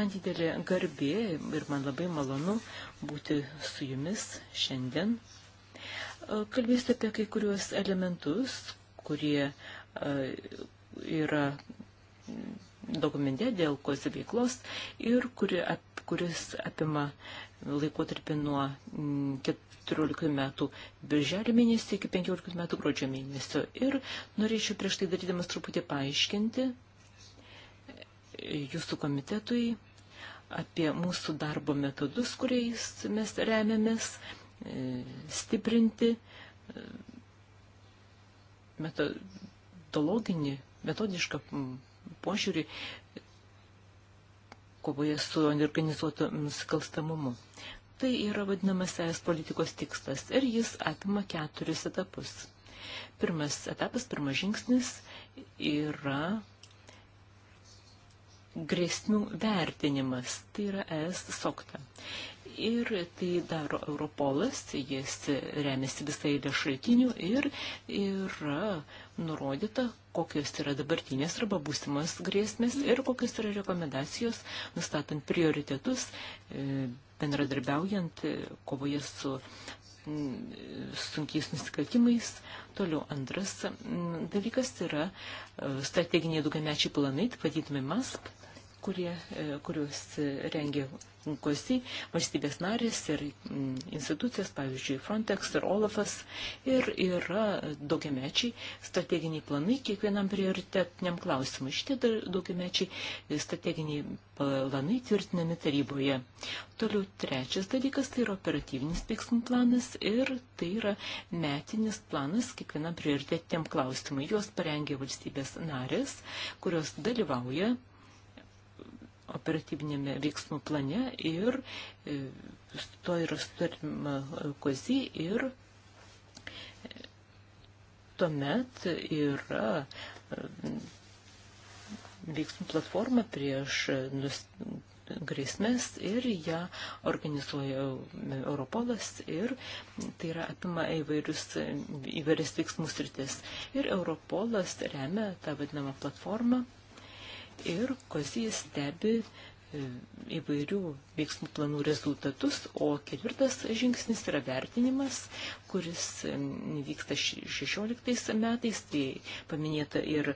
Man didelė garbė ir man labai malonu būti su jumis šiandien. E, kalbėsiu apie kai kuriuos elementus, kurie e, yra dokumente dėl COSI veiklos ir kuri, ap, kuris apima laikotarpį nuo 14 mm, metų birželio mėnesį iki 15 metų gruodžio mėnesio. Ir norėčiau prieš tai darydamas truputį paaiškinti jūsų komitetui apie mūsų darbo metodus, kuriais mes remiamės e, stiprinti e, metodologinį, metodišką požiūrį kovoje su organizuotu nusikalstamumu. Tai yra vadinamas ES politikos tikslas ir jis apima keturis etapus. Pirmas etapas, pirmas žingsnis yra grėsmių vertinimas, tai yra ES sokta ir tai daro Europolas, jis remiasi visai eilė šaltinių ir yra nurodyta, kokios yra dabartinės arba būsimas grėsmės ir kokios yra rekomendacijos, nustatant prioritetus, e, bendradarbiaujant e, kovoje su mm, sunkiais nusikaltimais. Toliau antras mm, dalykas yra e, strateginiai daugiamečiai planai, tai vadinami MASP, kurie, e, kuriuos rengia kosi valstybės narės ir institucijas, pavyzdžiui, Frontex ir Olafas, ir yra daugiamečiai strateginiai planai kiekvienam prioritetiniam klausimui. Šitie daugiamečiai strateginiai planai tvirtinami taryboje. Toliau trečias dalykas tai yra operatyvinis veiksmų planas ir tai yra metinis planas kiekvienam prioritetiniam klausimui. Juos parengia valstybės narės, kurios dalyvauja operatyvinėme veiksmų plane ir su e, to yra sutarima kozy ir e, tuomet yra e, veiksmų platforma prieš nus, grėsmės ir ją organizuoja Europolas ir tai yra apima įvairius, įvairias veiksmų sritis. Ir Europolas remia tą vadinamą platformą ir kozijas stebi e, įvairių veiksmų planų rezultatus, o ketvirtas žingsnis yra vertinimas, kuris e, vyksta 16 metais, tai paminėta ir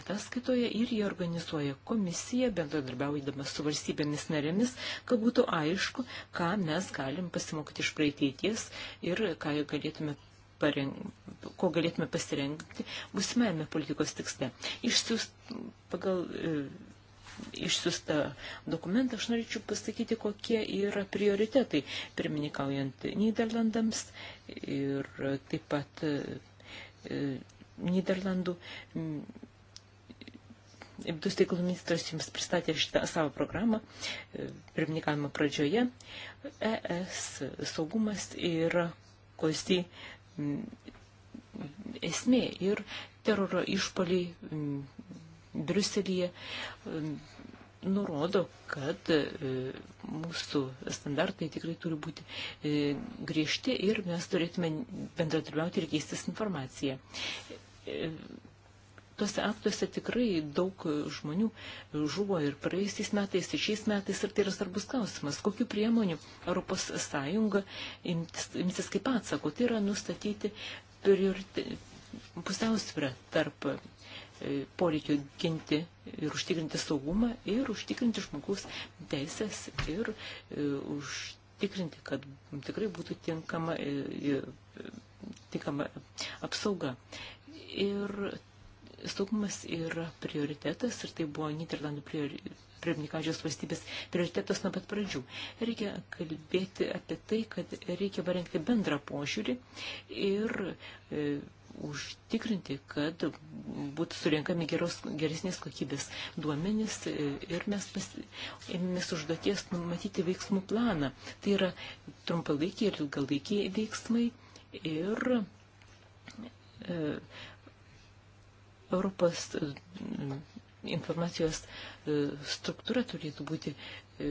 ataskaitoje, ir jie organizuoja komisiją, bendradarbiaujama su valstybėmis narėmis, kad būtų aišku, ką mes galim pasimokyti iš praeities ir ką galėtume parengti, ko galėtume pasirengti būsimajame politikos tikste. Išsiūst, pagal e, išsiusta dokumentą, aš norėčiau pasakyti, kokie yra prioritetai, pirmininkaujant Niderlandams ir taip pat e, e, Niderlandų. Vidus reikalų ministras jums pristatė šitą savo programą pirmininkavimo pradžioje. ES saugumas yra kosti esmė ir teroro išpoliai mm, Briuselyje mm, nurodo, kad e, mūsų standartai tikrai turi būti e, griežti ir mes turėtume bendradarbiauti ir keistis informaciją. E, tuose aktuose tikrai daug žmonių žuvo ir praeisiais metais, ir šiais metais, ir tai yra svarbus klausimas, kokiu priemonių Europos Sąjunga imtis, imtis kaip atsako, tai yra nustatyti priorite, pusiausvyrą tarp e, poreikio ginti ir užtikrinti saugumą ir užtikrinti žmogaus teisės ir e, užtikrinti, kad tikrai būtų tinkama, e, tinkama apsauga. Ir saugumas yra prioritetas ir tai buvo Niderlandų pirmininkaujančios valstybės prioritetas nuo pat pradžių. Reikia kalbėti apie tai, kad reikia parengti bendrą požiūrį ir e, užtikrinti, kad būtų surinkami geros, geresnės kokybės duomenys e, ir mes ėmėmės užduoties numatyti veiksmų planą. Tai yra trumpalaikiai ir ilgalaikiai veiksmai ir e, Europos e, informacijos e, struktūra turėtų būti e,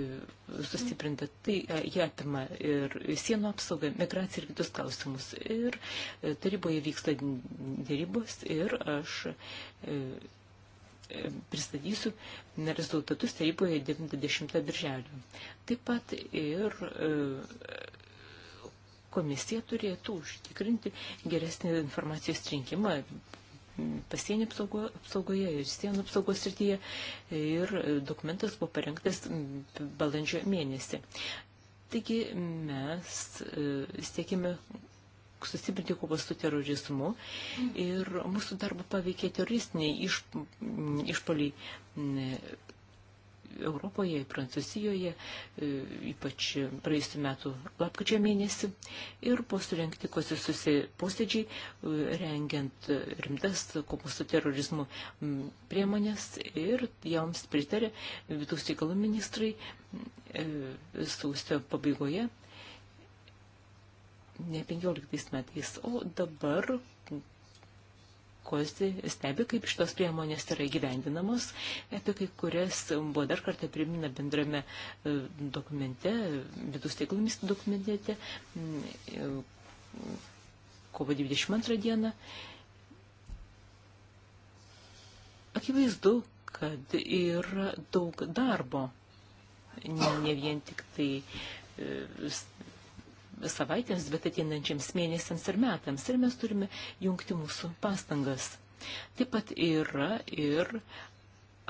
sustiprinta. Tai jie apima ir sienų apsaugą, migraciją ir kitus klausimus. Ir taryboje vyksta dėrybos ir aš pristatysiu rezultatus taryboje 90 birželio. Taip pat ir komisija turėtų užtikrinti geresnį informacijos rinkimą pasienio apsaugo, apsaugoje ir sienų apsaugos srityje ir dokumentas buvo parengtas balandžio mėnesį. Taigi mes e, siekime sustiprinti kovą su terorizmu ir mūsų darbą paveikė teroristiniai išpoliai Europoje, Prancūzijoje, e, ypač praėjusiu metu lapkričio mėnesį. Ir po surinkti kosisusi posėdžiai, e, rengiant rimtas kovos su terorizmu priemonės ir joms pritarė vidaus reikalų ministrai e, sausio pabaigoje, ne 15 metais, o dabar kozi stebi, kaip šitos priemonės yra įgyvendinamos, apie kai kurias buvo dar kartą primina bendrame e, dokumente, vidus teiklomis dokumentėte, e, kovo 22 dieną. Akivaizdu, kad yra daug darbo, ne vien tik tai e, savaitėms, bet ateinančiams mėnesiams ir metams. Ir mes turime jungti mūsų pastangas. Taip pat yra ir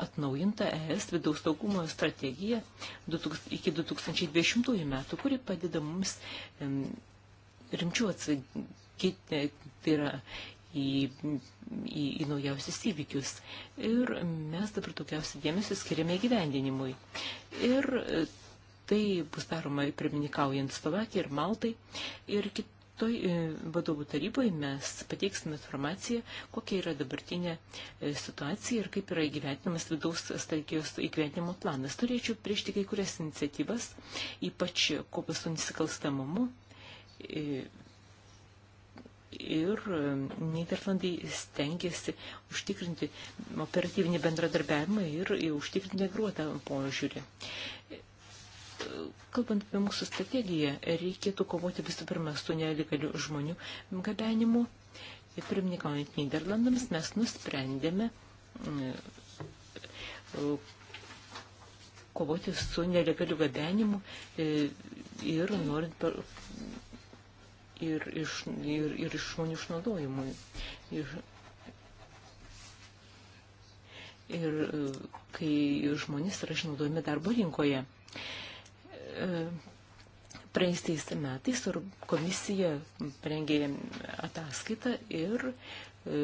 atnaujinta ES vidaus saugumo strategija iki 2020 metų, kuri padeda mums rimčiau atsakyti, tai yra į, į, į naujausius įvykius. Ir mes dabar daugiausia dėmesio skiriame gyvendinimui. Ir tai bus daroma pirmininkaujant Slovakijai ir Maltai. Ir kitoj e, vadovų taryboje mes pateiksime informaciją, kokia yra dabartinė e, situacija ir kaip yra įgyventinamas vidaus strategijos įgyventinimo planas. Turėčiau prieš tik kai kurias iniciatyvas, ypač kopas su nusikalstamumu e, ir Niderlandai stengiasi užtikrinti operatyvinį bendradarbiavimą ir užtikrinti negruotą požiūrį kalbant apie mūsų strategiją, reikėtų kovoti visų pirma su nelegaliu žmonių gabenimu. Pirmininkaujant Niderlandams mes nusprendėme mm, kovoti su nelegaliu gabenimu e, ir norint ir iš, ir, ir iš žmonių išnaudojimui. Ir, ir e, kai žmonės yra išnaudojami darbo rinkoje. E, E, praeisiais metais komisija rengė ataskaitą ir e,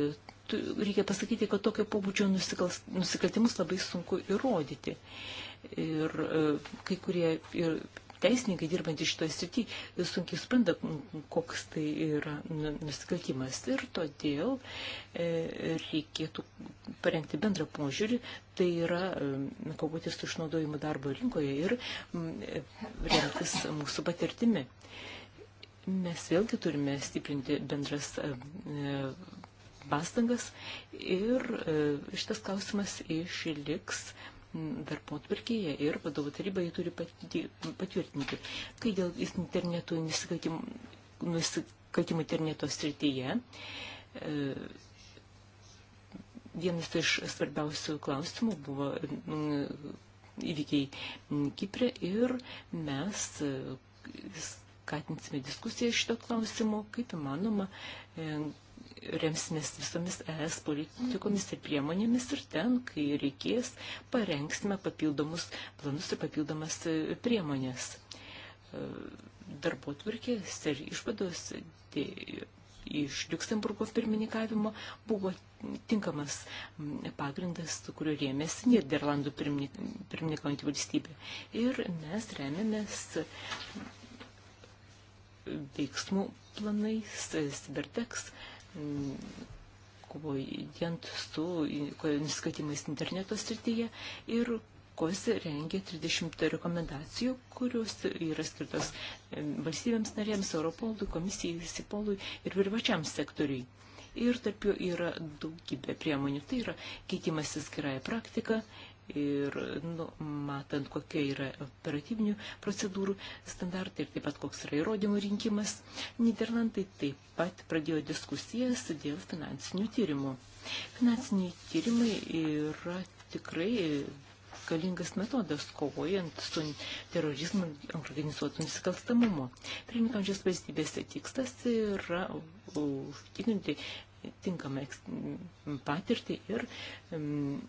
reikia pasakyti, kad tokio pobūdžio nusikaltimus labai sunku įrodyti. Ir e, kai kurie ir teisininkai dirbantys šitoje srityje sunkiai supranta, koks tai yra nu, nusikaltimas. Ir todėl e, reikėtų parengti bendrą požiūrį, tai yra e, kovoti su išnaudojimu darbo rinkoje ir e, remtis mūsų patirtimi. Mes vėlgi turime stiprinti bendras pastangas ir šitas klausimas išliks darbo atvarkėje ir vadovų taryba jį turi patvirtinti. Kai dėl internetų nusikaltimų, nusikaltimų interneto srityje, e, vienas iš svarbiausių klausimų buvo mm, įvykiai Kiprė ir mes e, skatinsime diskusiją šito klausimu, kaip įmanoma, e, remsimės visomis ES politikomis ir priemonėmis ir ten, kai reikės, parengsime papildomus planus ir papildomas e, priemonės. E, Darbo tvarkės ir išvados tai iš Luxemburgo pirmininkavimo buvo tinkamas pagrindas, kuriuo rėmėsi Niderlandų pirmininkaujantį valstybę. Ir mes remiamės veiksmų planais, Cybertex kovojant su nuskatimais interneto srityje ir kos rengia 30 rekomendacijų, kurios yra skirtos valstybėms narėms, Europolui, komisijai, Sipolui ir privačiam sektoriui. Ir tarp jų yra daugybė priemonių. Tai yra keitimasis gerąją praktiką, ir nu, matant, kokie yra operatyvinių procedūrų standartai ir taip pat koks yra įrodymų rinkimas. Niderlandai taip pat pradėjo diskusijas dėl finansinių tyrimų. Finansiniai tyrimai yra tikrai galingas metodas kovojant su terorizmu organizuotų nusikalstamumu. Pirmininkančios valstybėse tikslas yra užtikrinti tinkamą patirtį ir um,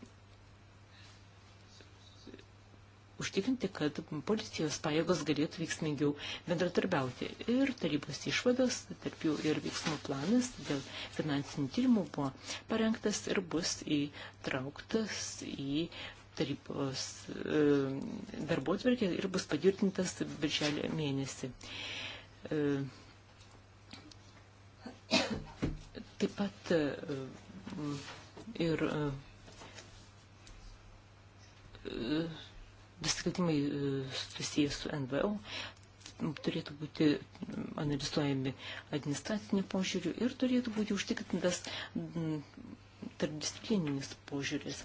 užtikrinti, kad policijos pajėgos galėtų veiksmingiau bendradarbiauti. Ir tarybos išvados, tarp jų ir veiksmų planas dėl finansinių tyrimų buvo parengtas ir bus įtrauktas į tarybos e, darbo atverkė ir bus patvirtintas birželio mėnesį. E, Taip pat e, ir nusikaltimai e, susijęs su NVO turėtų būti analizuojami administraciniu požiūriu ir turėtų būti užtikrintas tarpdisciplininis požiūris.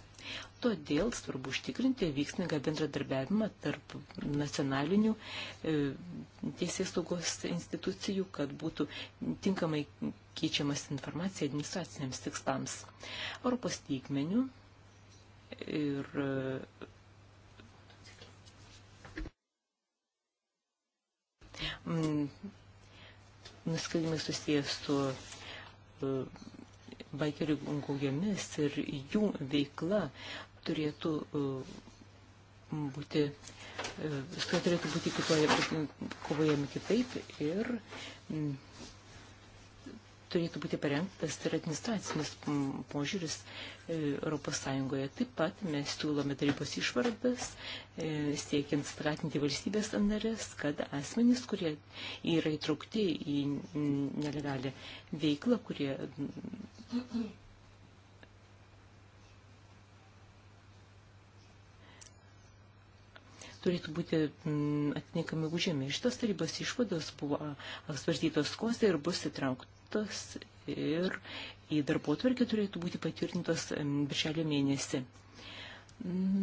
Todėl svarbu užtikrinti veiksmingą bendradarbiavimą tarp nacionalinių e, teisės saugos institucijų, kad būtų tinkamai keičiamas informacija administraciniams tikslams. Europos lygmenių ir e, Mm, nusikaltimai susijęs su e, baikerių gaujomis ir jų veikla turėtų e, būti, e, su turėtų būti kitoje, kovojami kitaip ir mm, turėtų būti parengtas ir administracinis požiūris e, Europos Sąjungoje. Taip pat mes siūlome tarybos išvardas, e, siekiant skatinti valstybės narės, kad asmenys, kurie yra įtraukti į nelegalę veiklą, kurie turėtų būti atitinkami užėmė. Šitos tarybos išvados buvo apsvarstytos kosai ir bus įtraukti pateiktos ir į darbo tvarkį turėtų būti patvirtintos birželio mėnesį.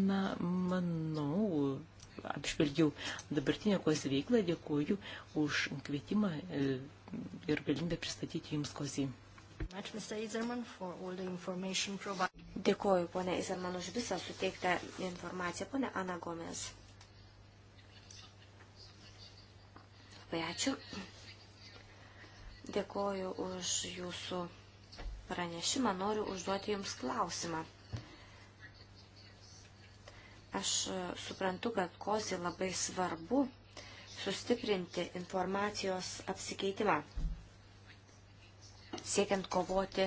Na, manau, apžvelgiau dabartinę kozį veiklą, dėkuoju už kvietimą e, ir galimybę pristatyti jums kozį. Dėkuoju, ponė Izerman, už visą suteiktą informaciją, ponė Ana Gomes. Labai ačiū. Dėkoju už jūsų pranešimą. Noriu užduoti jums klausimą. Aš suprantu, kad kozi labai svarbu sustiprinti informacijos apsikeitimą, siekiant kovoti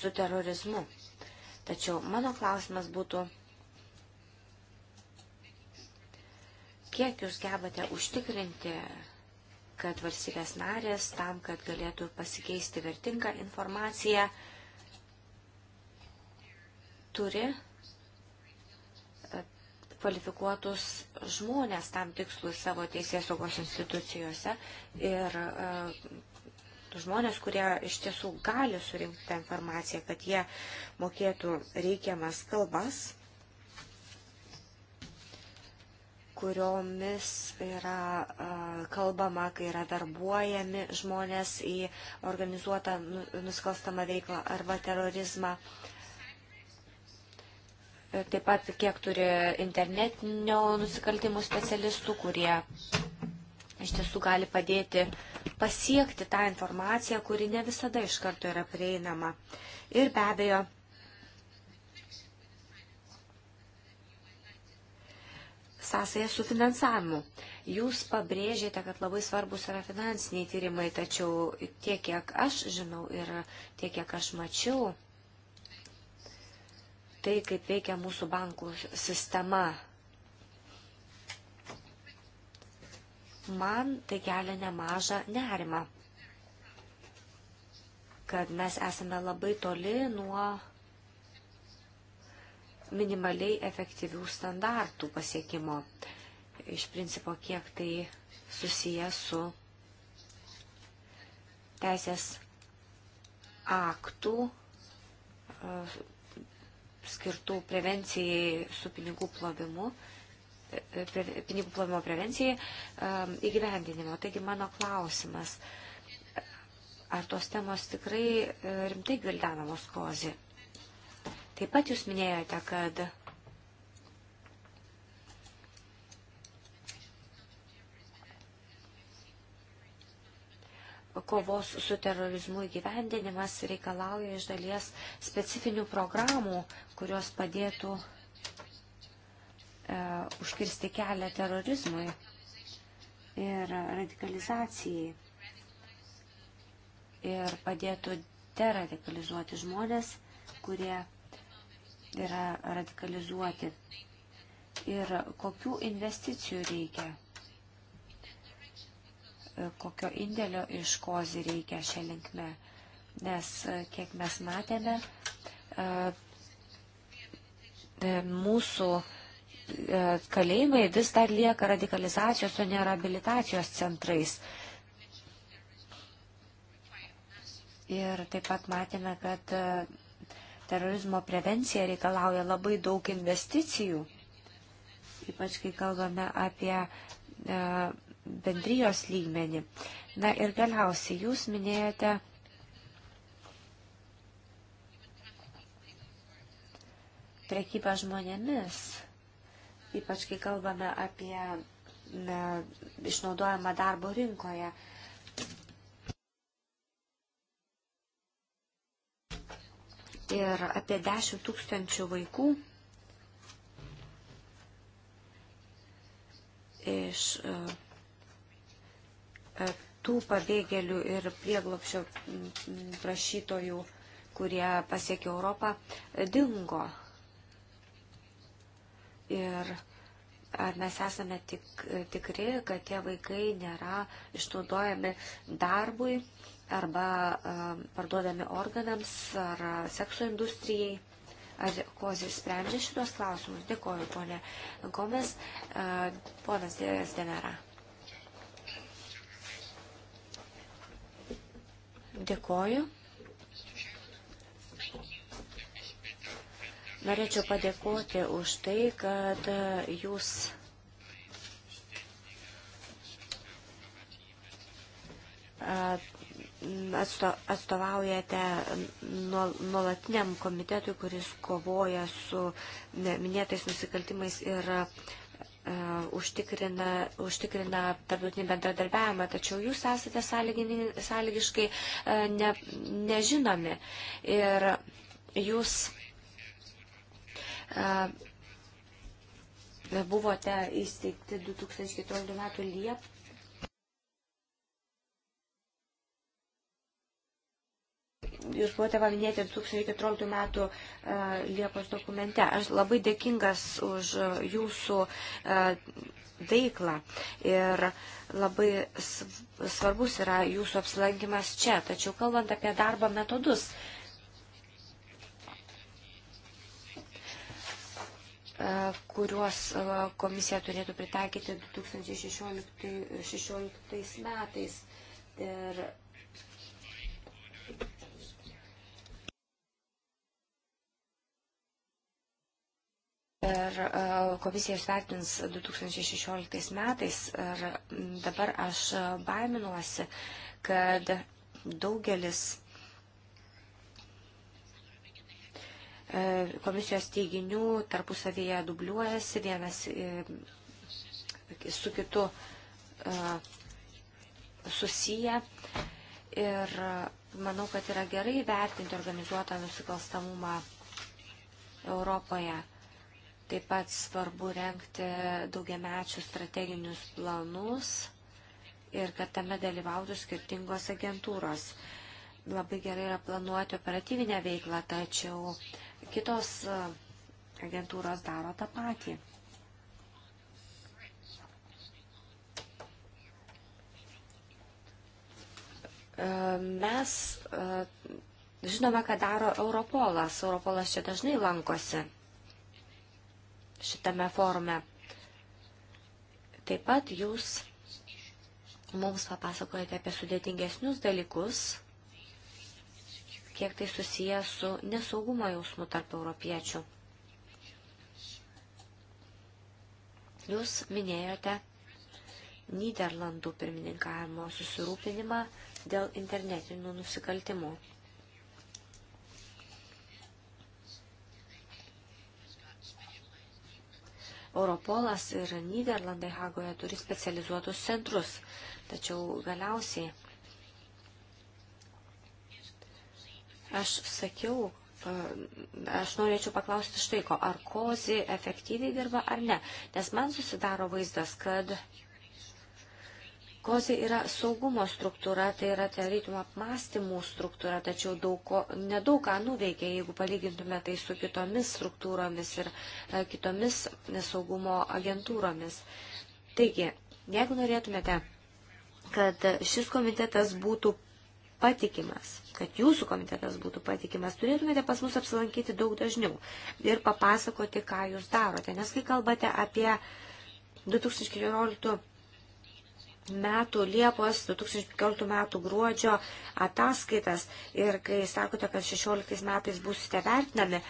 su terorizmu. Tačiau mano klausimas būtų, kiek jūs gebate užtikrinti, kad valstybės narės tam, kad galėtų pasikeisti vertingą informaciją, turi e, kvalifikuotus žmonės tam tikslui savo teisės saugos institucijose ir e, žmonės, kurie iš tiesų gali surinkti tą informaciją, kad jie mokėtų reikiamas kalbas kuriomis yra kalbama, kai yra darbuojami žmonės į organizuotą nu, nusikalstamą veiklą arba terorizmą. Taip pat kiek turi internetinio nusikaltimų specialistų, kurie iš tiesų gali padėti pasiekti tą informaciją, kuri ne visada iš karto yra prieinama. Ir be abejo, sąsaja su finansavimu. Jūs pabrėžėte, kad labai svarbus yra finansiniai tyrimai, tačiau tiek, kiek aš žinau ir tiek, kiek aš mačiau, tai kaip veikia mūsų bankų sistema. Man tai kelia nemažą nerimą, kad mes esame labai toli nuo minimaliai efektyvių standartų pasiekimo. Iš principo, kiek tai susiję su teisės aktų e, skirtų prevencijai su pinigų plovimu e, e, pinigų plovimo prevencijai įgyvendinimo. Taigi mano klausimas, ar tos temos tikrai rimtai gvildenamos kozi? Taip pat jūs minėjote, kad kovos su terorizmu įgyvendinimas reikalauja iš dalies specifinių programų, kurios padėtų e, užkirsti kelią terorizmui ir radikalizacijai ir padėtų deradikalizuoti žmonės, kurie yra radikalizuoti ir kokių investicijų reikia, kokio indėlio iš kozi reikia šią linkme, nes kiek mes matėme, e, e, mūsų e, kalėjimai vis dar lieka radikalizacijos, o ne rehabilitacijos centrais. Ir taip pat matėme, kad Terorizmo prevencija reikalauja labai daug investicijų, ypač kai kalbame apie e, bendrijos lygmenį. Na ir galiausiai jūs minėjote prekybą žmonėmis, ypač kai kalbame apie na, išnaudojimą darbo rinkoje. Uh, ir apie 10 tūkstančių vaikų iš e, e, tų pabėgėlių ir prieglopšio prašytojų, kurie pasiekė Europą, e, dingo. Ir ar mes esame tik, tikri, kad tie vaikai nėra išnaudojami darbui arba e, parduodami organams ar sekso industrijai. Ar kozis sprendžia šitos klausimus? Dėkoju, ponė Gomes. E, ponas Dėjas Denera. Dėkoju. Norėčiau padėkoti už tai, kad jūs atsto, atstovaujate nuolatiniam komitetui, kuris kovoja su minėtais nusikaltimais ir e, užtikrina, užtikrina tarptautinį bendradarbiavimą, tačiau jūs esate sąlygiškai e, ne, nežinomi ir jūs e, buvote įsteigti 2014 m. Liepą jūs buvote paminėti 2014 metų e, Liepos dokumente. Aš labai dėkingas už jūsų e, veiklą ir labai svarbus yra jūsų apsilankimas čia. Tačiau kalbant apie darbo metodus, e, kuriuos komisija turėtų pritaikyti 2016 metais. Ir Ir e, komisija išvertins 2016 metais ir dabar aš baiminuosi, kad daugelis e, komisijos teiginių tarpusavyje dubliuojasi vienas e, su kitu susiję. Ir manau, kad yra gerai vertinti organizuotą nusikalstamumą Europoje Taip pat svarbu renkti daugiamečius strateginius planus ir kad tame dalyvautų skirtingos agentūros. Labai gerai yra planuoti operatyvinę veiklą, tačiau kitos e, agentūros daro tą patį. E, mes e, žinome, ką daro Europolas. Europolas čia dažnai lankosi šitame forume. Taip pat jūs mums papasakojate apie sudėtingesnius dalykus, kiek tai susiję su nesaugumo jausmu tarp europiečių. Jūs minėjote Niderlandų pirmininkavimo susirūpinimą dėl internetinių nusikaltimų. Europolas ir Niderlandai Hagoje turi specializuotus centrus, tačiau galiausiai aš sakiau, e, aš norėčiau paklausti štai ko, ar kozi efektyviai dirba ar ne, nes man susidaro vaizdas, kad Kozi yra saugumo struktūra, tai yra tarytum apmastymų struktūra, tačiau daug ko, nedaug ką nuveikia, jeigu palygintume tai su kitomis struktūromis ir e, kitomis saugumo agentūromis. Taigi, jeigu norėtumėte, kad šis komitetas būtų patikimas, kad jūsų komitetas būtų patikimas, turėtumėte pas mus apsilankyti daug dažniau ir papasakoti, ką jūs darote. Nes kai kalbate apie 2014 metų Liepos, 2015 metų gruodžio ataskaitas ir kai sakote, kad 16 metais būsite vertinami,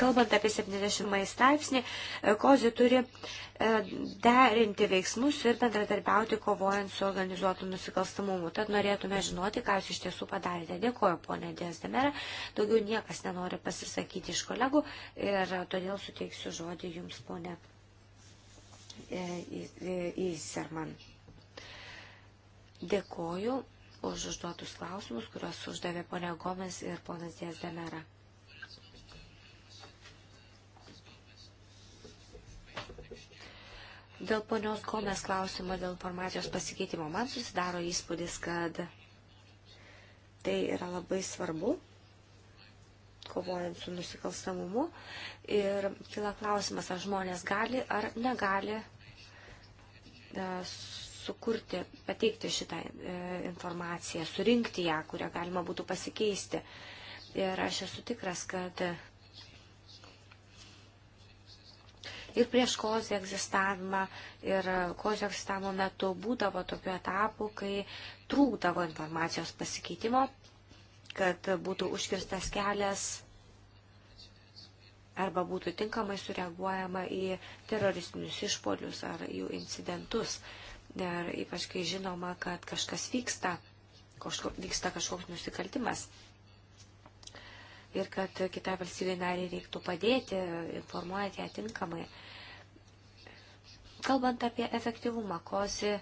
kalbant apie 70 straipsnį, e, kozi turi e, derinti veiksmus ir bendradarbiauti kovojant su organizuotu nusikalstamumu. Tad norėtume žinoti, ką jūs iš tiesų padarėte. Dėkoju, ponė Dėsdemera. Daugiau niekas nenori pasisakyti iš kolegų ir todėl suteiksiu žodį jums, ponė Įserman. E, e, e, Dėkoju už užduotus klausimus, kuriuos uždavė ponia Gomes ir ponas Dės Demera. Dėl ponios Gomes klausimo, dėl informacijos pasikeitimo, man susidaro įspūdis, kad tai yra labai svarbu, kovojant su nusikalstamumu. Ir kila klausimas, ar žmonės gali ar negali e, sukurti, pateikti šitą e, informaciją, surinkti ją, kurią galima būtų pasikeisti. Ir aš esu tikras, kad ir prieš kozį egzistavimą, ir kozio egzistavimo metu būdavo tokių etapų, kai trūkdavo informacijos pasikeitimo, kad būtų užkirstas kelias arba būtų tinkamai sureaguojama į teroristinius išpolius ar jų incidentus. Uh, Dar ypač, kai žinoma, kad kažkas vyksta, kažko, vyksta kažkoks nusikaltimas. Ir kad kitai valstybei nariai reiktų padėti, informuojant ją tinkamai. Kalbant apie efektyvumą, kosi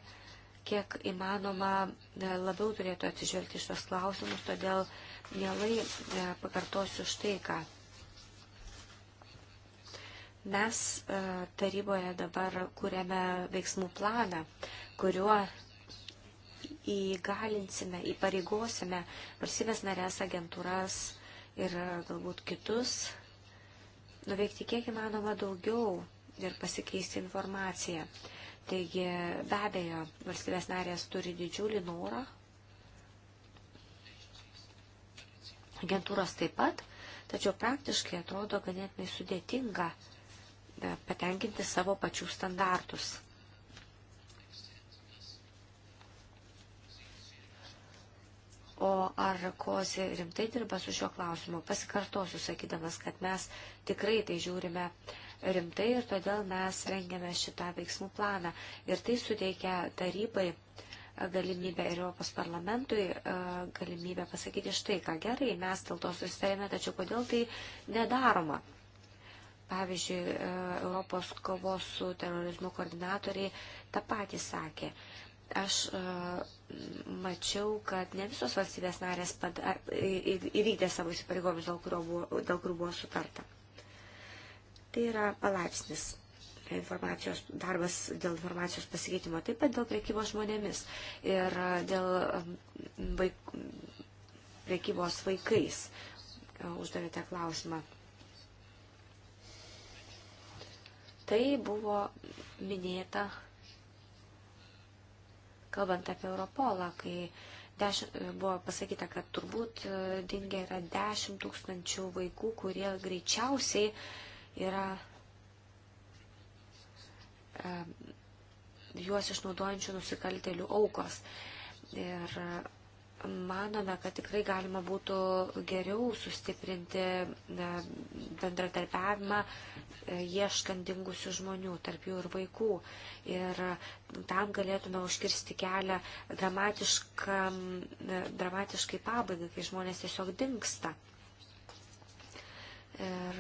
kiek įmanoma e, labiau turėtų atsižvelgti šios klausimus, todėl mielai e, pakartosiu štai ką. Mes e, taryboje dabar kūrėme veiksmų planą, kuriuo įgalinsime, įpareigosime valstybės narės agentūras ir e, galbūt kitus nuveikti kiek įmanoma daugiau ir pasikeisti informaciją. Taigi, be abejo, valstybės narės turi didžiulį norą. Agentūros taip pat, tačiau praktiškai atrodo ganėtinai sudėtinga uh, patenkinti savo pačių standartus. O ar Kozi rimtai dirba su šiuo klausimu? Pasikartosiu, sakydamas, kad mes tikrai tai žiūrime rimtai ir todėl mes rengiame šitą veiksmų planą. Ir tai suteikia tarybai galimybę ir Europos parlamentui galimybę pasakyti štai ką gerai, mes dėl to susitarėme, tačiau kodėl tai nedaroma. Pavyzdžiui, e, Europos kovos su terorizmu koordinatoriai tą patį sakė. Aš e, mačiau, kad ne visos valstybės narės padar, įvykdė savo įsipareigojimus, dėl, dėl kurių buvo sutarta. Tai yra palaipsnis informacijos darbas dėl informacijos pasikeitimo, taip pat dėl priekybos žmonėmis ir e, dėl vaik, priekybos vaikais. Uždavėte klausimą. Tai buvo minėta, kalbant apie Europolą, kai dešimt, buvo pasakyta, kad turbūt e, dingė yra 10 tūkstančių vaikų, kurie greičiausiai yra e, juos išnaudojančių nusikaltelių aukos. Ir manome, kad tikrai galima būtų geriau sustiprinti bendradarbiavimą e, ieškant dingusių žmonių, tarp jų ir vaikų. Ir tam galėtume užkirsti kelią e, dramatiškai pabaigai, kai žmonės tiesiog dinksta. Ir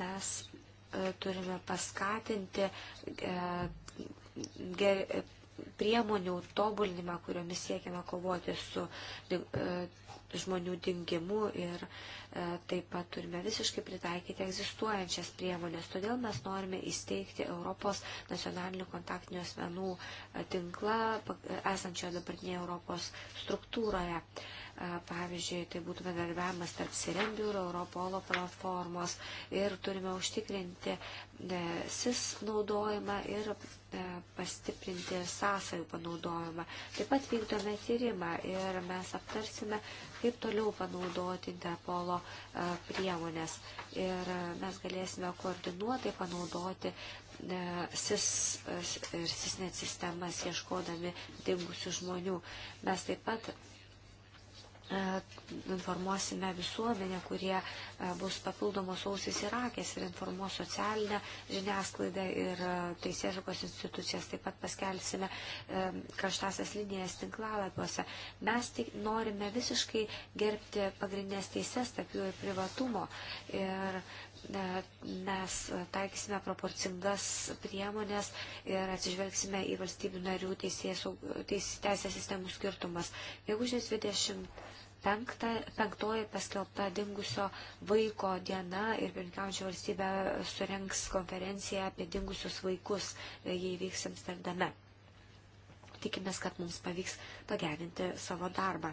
mes e, turime paskatinti ger, priemonių tobulinimą, kuriomis siekiama kovoti su e, žmonių dingimu ir e, taip pat turime visiškai pritaikyti egzistuojančias priemonės. Todėl mes norime įsteigti Europos nacionalinių kontaktinių asmenų e, tinklą, esančio dabartinėje Europos struktūroje. Pavyzdžiui, tai būtų bendradarbiavimas tarp Sirendų ir Europolo platformos ir turime užtikrinti e, SIS naudojimą ir e, pastiprinti sąsajų panaudojimą. Taip pat vykdome tyrimą ir mes aptarsime, kaip toliau panaudoti Interpolo e, priemonės. Ir mes galėsime koordinuotai panaudoti SIS ir SISNET sistemas ieškodami dingusių žmonių. Mes taip pat E, informuosime visuomenę, kurie e, bus papildomos ausis ir akės ir informuos socialinę žiniasklaidą ir e, teisėžakos institucijas. Taip pat paskelsime kraštasias linijas tinklalapiuose. Mes tik norime visiškai gerbti pagrindinės teises, tarp jų ir privatumo. Ir mes taikysime proporcingas priemonės ir atsižvelgsime į valstybių narių teisės, teisės sistemų skirtumas. Jeigu 20 Penkta, penktoji paskelbta dingusio vaiko diena ir pirmkiaujančia valstybė surenks konferenciją apie dingusius vaikus, e, jei vyks Amsterdame. Tikimės, kad mums pavyks pagerinti savo darbą.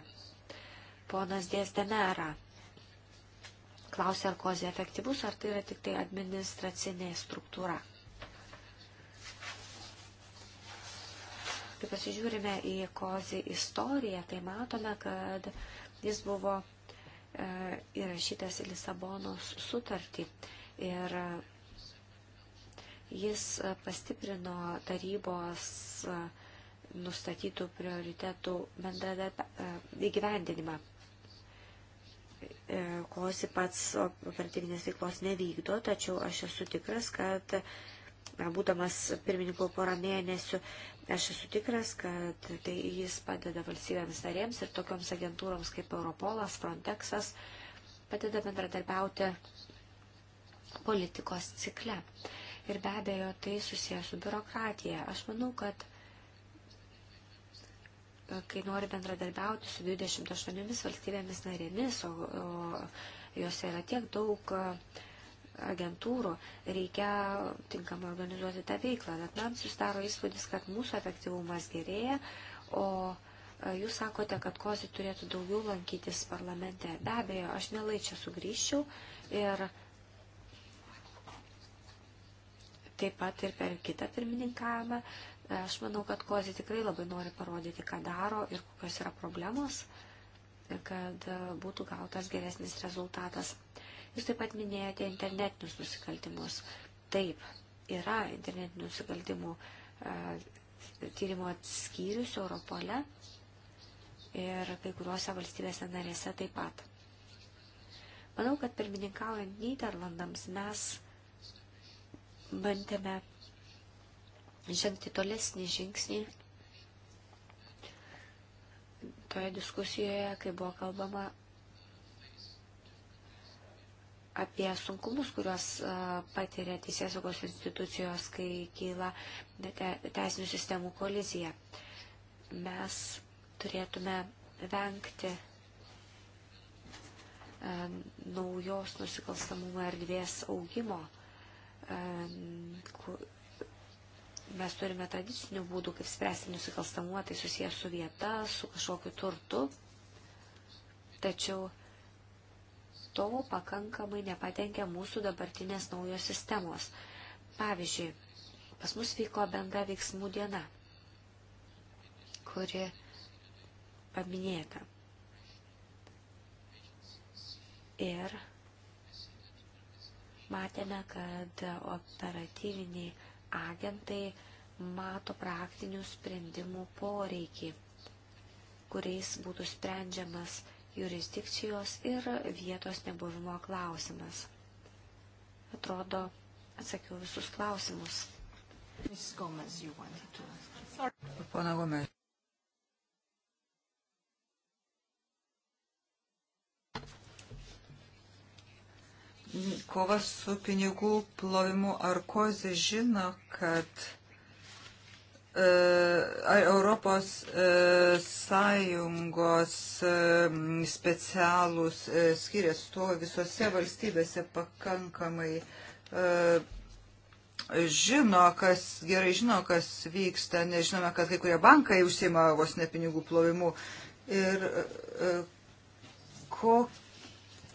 Ponas Dėsdenera klausia, ar kozė efektyvus, ar tai yra tik tai administracinė struktūra. Kai pasižiūrime į kozį istoriją, tai matome, kad Jis buvo e, įrašytas į Lisabonos sutartį ir e, jis e, pastiprino tarybos nustatytų prioritetų įgyvendinimą. Kosi pats operatyvinės veiklos nevykdo, tačiau aš esu tikras, kad būdamas pirmininkų porą mėnesių Aš esu tikras, kad tai jis padeda valstybėms narėms ir tokioms agentūroms kaip Europolas, Frontexas, padeda bendradarbiauti politikos cikle. Ir be abejo, tai susijęs su biurokratija. Aš manau, kad e, kai nori bendradarbiauti su 28 valstybėmis narėmis, o, o jos yra tiek daug, e, agentūrų, reikia tinkamai organizuoti tą veiklą. Bet man susidaro įspūdis, kad mūsų efektyvumas gerėja, o e, jūs sakote, kad kozi turėtų daugiau lankytis parlamente. Be abejo, aš mielai čia sugrįžčiau ir taip pat ir per kitą pirmininkavimą. E, aš manau, kad kozi tikrai labai nori parodyti, ką daro ir kokios yra problemos kad e, būtų gautas geresnis rezultatas. Jūs taip pat minėjote internetinius nusikaltimus. Taip, yra internetinių nusikaltimų tyrimo skyrius Europole ir kai kuriuose valstybėse narėse taip pat. Manau, kad pirmininkaujant Niderlandams mes bandėme žengti tolesnį žingsnį toje diskusijoje, kai buvo kalbama apie sunkumus, kuriuos e, patiria teisėsaugos institucijos, kai kyla teisinių sistemų kolizija. Mes turėtume vengti e, naujos nusikalstamumo erdvės augimo. E, mes turime tradicinių būdų, kaip spręsti nusikalstamumą, tai susijęs su vieta, su kažkokiu turtu. Tačiau to pakankamai nepatenkia mūsų dabartinės naujos sistemos. Pavyzdžiui, pas mus vyko bendra veiksmų diena, kuri paminėta. Ir matėme, kad operatyviniai agentai mato praktinių sprendimų poreikį, kuriais būtų sprendžiamas jurisdikcijos ir vietos nebuvimo klausimas. Atrodo, atsakiau visus klausimus. Pana Gomes. Kova su pinigų plovimu ar kozė žino, kad ar e, Europos e, Sąjungos e, specialūs skiriasi to visose valstybėse pakankamai žino, kas gerai žino, kas vyksta, nežinome, kad kai kurie bankai užsima vos ne pinigų plovimu ir kokį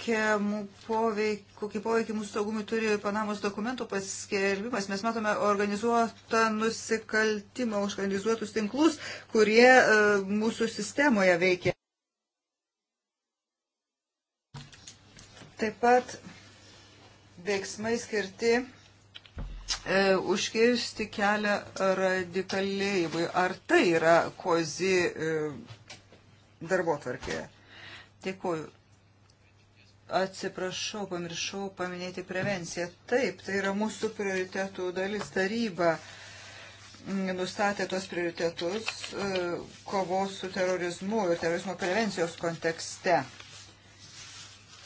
poveik, kokį poveikį mūsų saugumui turi Panamos dokumentų paskelbimas. Mes matome organizuotą nusikaltimą, organizuotus tinklus, kurie e, mūsų sistemoje veikia. Taip pat veiksmai skirti e, užkirsti kelią radikalėjimui. Ar tai yra kozi e, darbo tvarkėje? Dėkuoju. Atsiprašau, pamiršau paminėti prevenciją. Taip, tai yra mūsų prioritetų dalis taryba mm, nustatė tuos prioritetus e, kovos su terorizmu ir terorizmo prevencijos kontekste.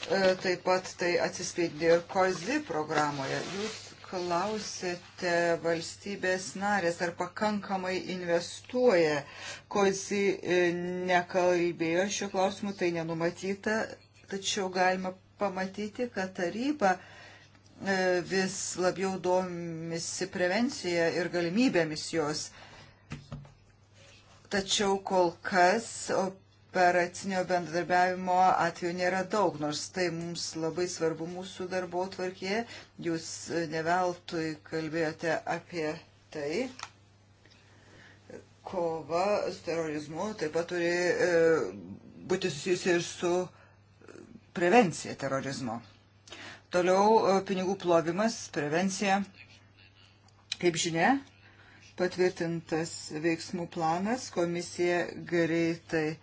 E, taip pat tai atsispindi ir kozi programoje. Jūs klausėte valstybės narės, ar pakankamai investuoja, kozi e, nekalbėjo šiuo klausimu, tai nenumatyta tačiau galima pamatyti, kad taryba e, vis labiau domisi prevencija ir galimybėmis jos. Tačiau kol kas operacinio bendradarbiavimo atveju nėra daug, nors tai mums labai svarbu mūsų darbo tvarkėje. Jūs neveltui kalbėjote apie tai. Kova su terorizmu taip pat turi e, būti susijusi ir su prevencija terorizmo. Toliau e, pinigų plovimas, prevencija. Kaip žinia, patvirtintas veiksmų planas, komisija greitai e,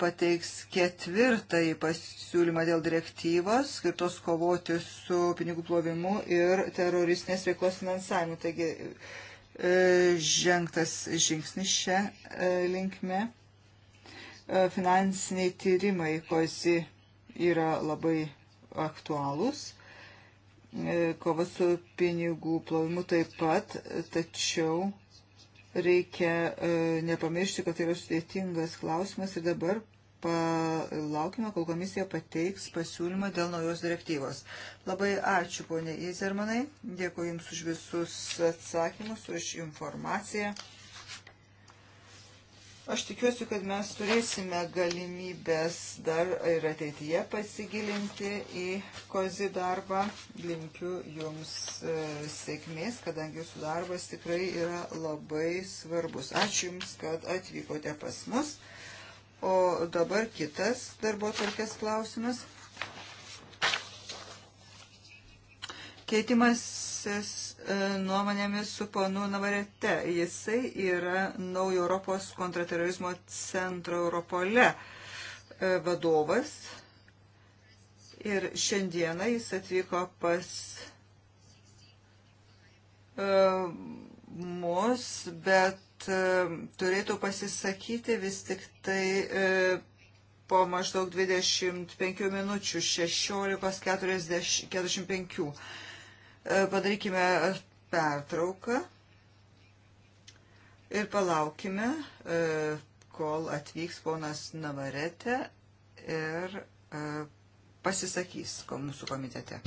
pateiks ketvirtąjį pasiūlymą dėl direktyvos, skirtos kovoti su pinigų plovimu ir teroristinės veiklos finansavimu. Taigi e, žengtas žingsnis šią linkme. Finansiniai tyrimai, kozi yra labai aktualūs. E, kova su pinigų plovimu taip pat, tačiau reikia e, nepamiršti, kad tai yra sudėtingas klausimas ir dabar palaukime, kol komisija pateiks pasiūlymą dėl naujos direktyvos. Labai ačiū, ponė Izermanai. Dėkuoju Jums už visus atsakymus, už informaciją. Aš tikiuosi, kad mes turėsime galimybės dar ir ateityje pasigilinti į kozį darbą. Linkiu Jums e, sėkmės, kadangi Jūsų darbas tikrai yra labai svarbus. Ačiū Jums, kad atvykote pas mus. O dabar kitas darbo tvarkės klausimas. Keitimasis E, nuomonėmis su ponu Navarete. Jisai yra naujo Europos kontraterorizmo centro Europole e, vadovas. Ir šiandieną jis atvyko pas e, mus, bet turėtų pasisakyti vis tik tai po maždaug 25 minučių, 16.45. E, padarykime pertrauką ir palaukime, e, kol atvyks ponas Navarete ir e, pasisakys mūsų komitete.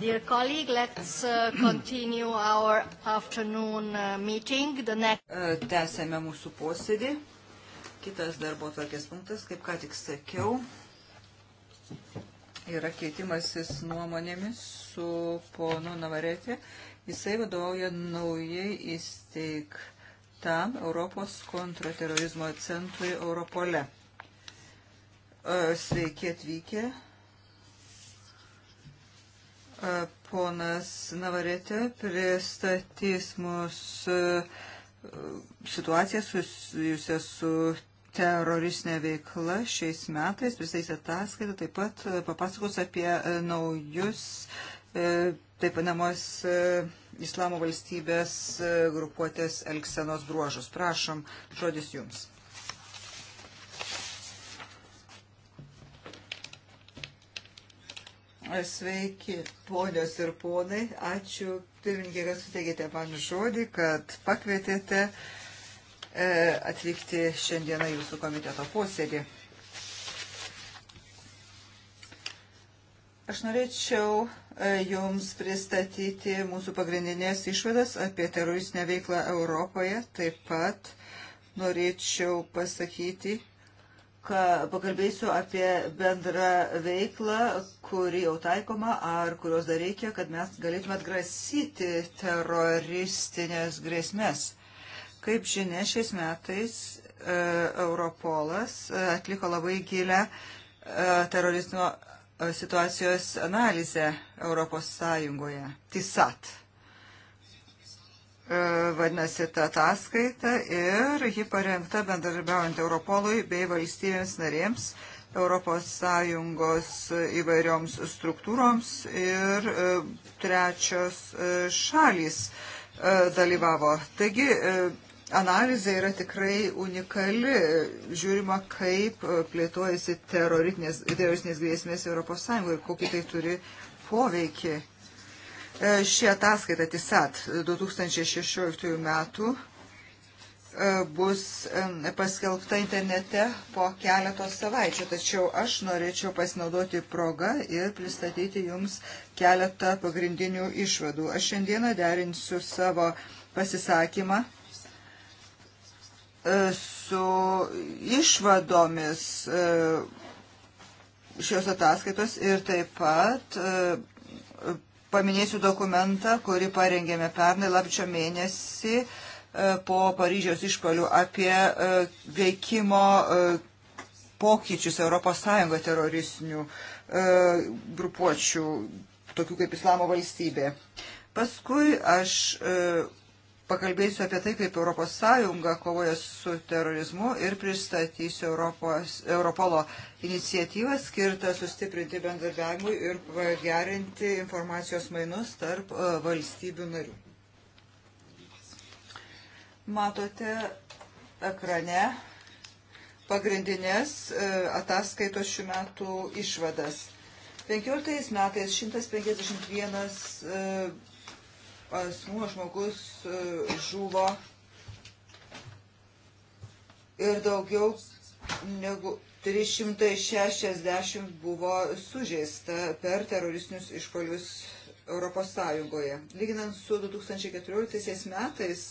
Dear colleague, let's uh, continue our afternoon uh, meeting. The next... Uh, Tęsėme mūsų posėdį. Kitas darbo tvarkės punktas, kaip ką tik sakiau, yra keitimasis nuomonėmis su ponu Navaretė. Jisai vadovauja naujai įsteigtam Europos kontraterorizmo centrui Europole. Sveiki atvykę ponas Navarėte pristatys mūsų situaciją susijusią su teroristinė veikla šiais metais, pristatys ataskaitą, taip pat papasakos apie naujus, taip vadinamos islamo valstybės grupuotės elksenos bruožus. Prašom, žodis jums. Sveiki, ponios ir ponai. Ačiū, pirmininkė, kad suteikėte man žodį, kad pakvietėte e, atlikti šiandieną jūsų komiteto posėdį. Aš norėčiau e, Jums pristatyti mūsų pagrindinės išvadas apie teroristinę veiklą Europoje. Taip pat norėčiau pasakyti, pakalbėsiu apie bendrą veiklą, kuri jau taikoma ar kurios dar reikia, kad mes galėtume atgrasyti teroristinės grėsmės. Kaip žinia, šiais metais e, Europolas e, atliko labai gilę e, terorizmo e, situacijos analizę Europos Sąjungoje, TISAT E, vadinasi ta ataskaita ir ji parengta bendradarbiaujant Europolui bei valstybėms narėms, ES įvairioms struktūroms ir e, trečios e, šalys dalyvavo. Taigi analizė yra tikrai unikali, žiūrima, kaip plėtojasi teroristinės grėsmės ES ir kokį tai turi poveikį E, ši ataskaita TISAT 2016 metų e, bus paskelbta internete po keletos savaičių. Tačiau aš norėčiau pasinaudoti progą ir pristatyti Jums keletą pagrindinių išvadų. Aš šiandieną derinsiu savo pasisakymą e, su išvadomis šios ataskaitos ir taip pat paminėsiu dokumentą, kurį parengėme pernai lapčio mėnesį e, po Paryžiaus išpalių apie e, veikimo e, pokyčius ES teroristinių grupuočių, tokių kaip Islamo valstybė. Paskui aš pakalbėsiu apie tai, kaip ES kovoja su terorizmu ir pristatysiu Europos, Europolo iniciatyvą skirtą sustiprinti bendradarbiavimui ir pagerinti informacijos mainus tarp e, valstybių narių. Matote ekrane pagrindinės e, ataskaitos šių metų išvadas. 15 metais 151 asmuo žmogus e, žuvo ir daugiau negu 360 buvo sužeista per teroristinius išpolius Europos Sąjungoje. Lyginant su 2014 metais,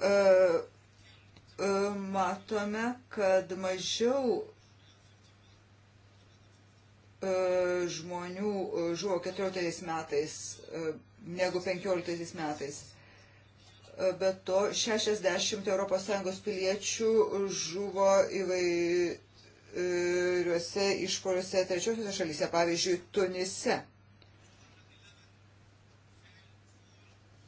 e, e, matome, kad mažiau žmonių žuvo 14 metais negu 15 metais. E, be to, 60 ES piliečių žuvo įvairiuose išpoliuose trečiosiuose šalyse, pavyzdžiui, Tunise.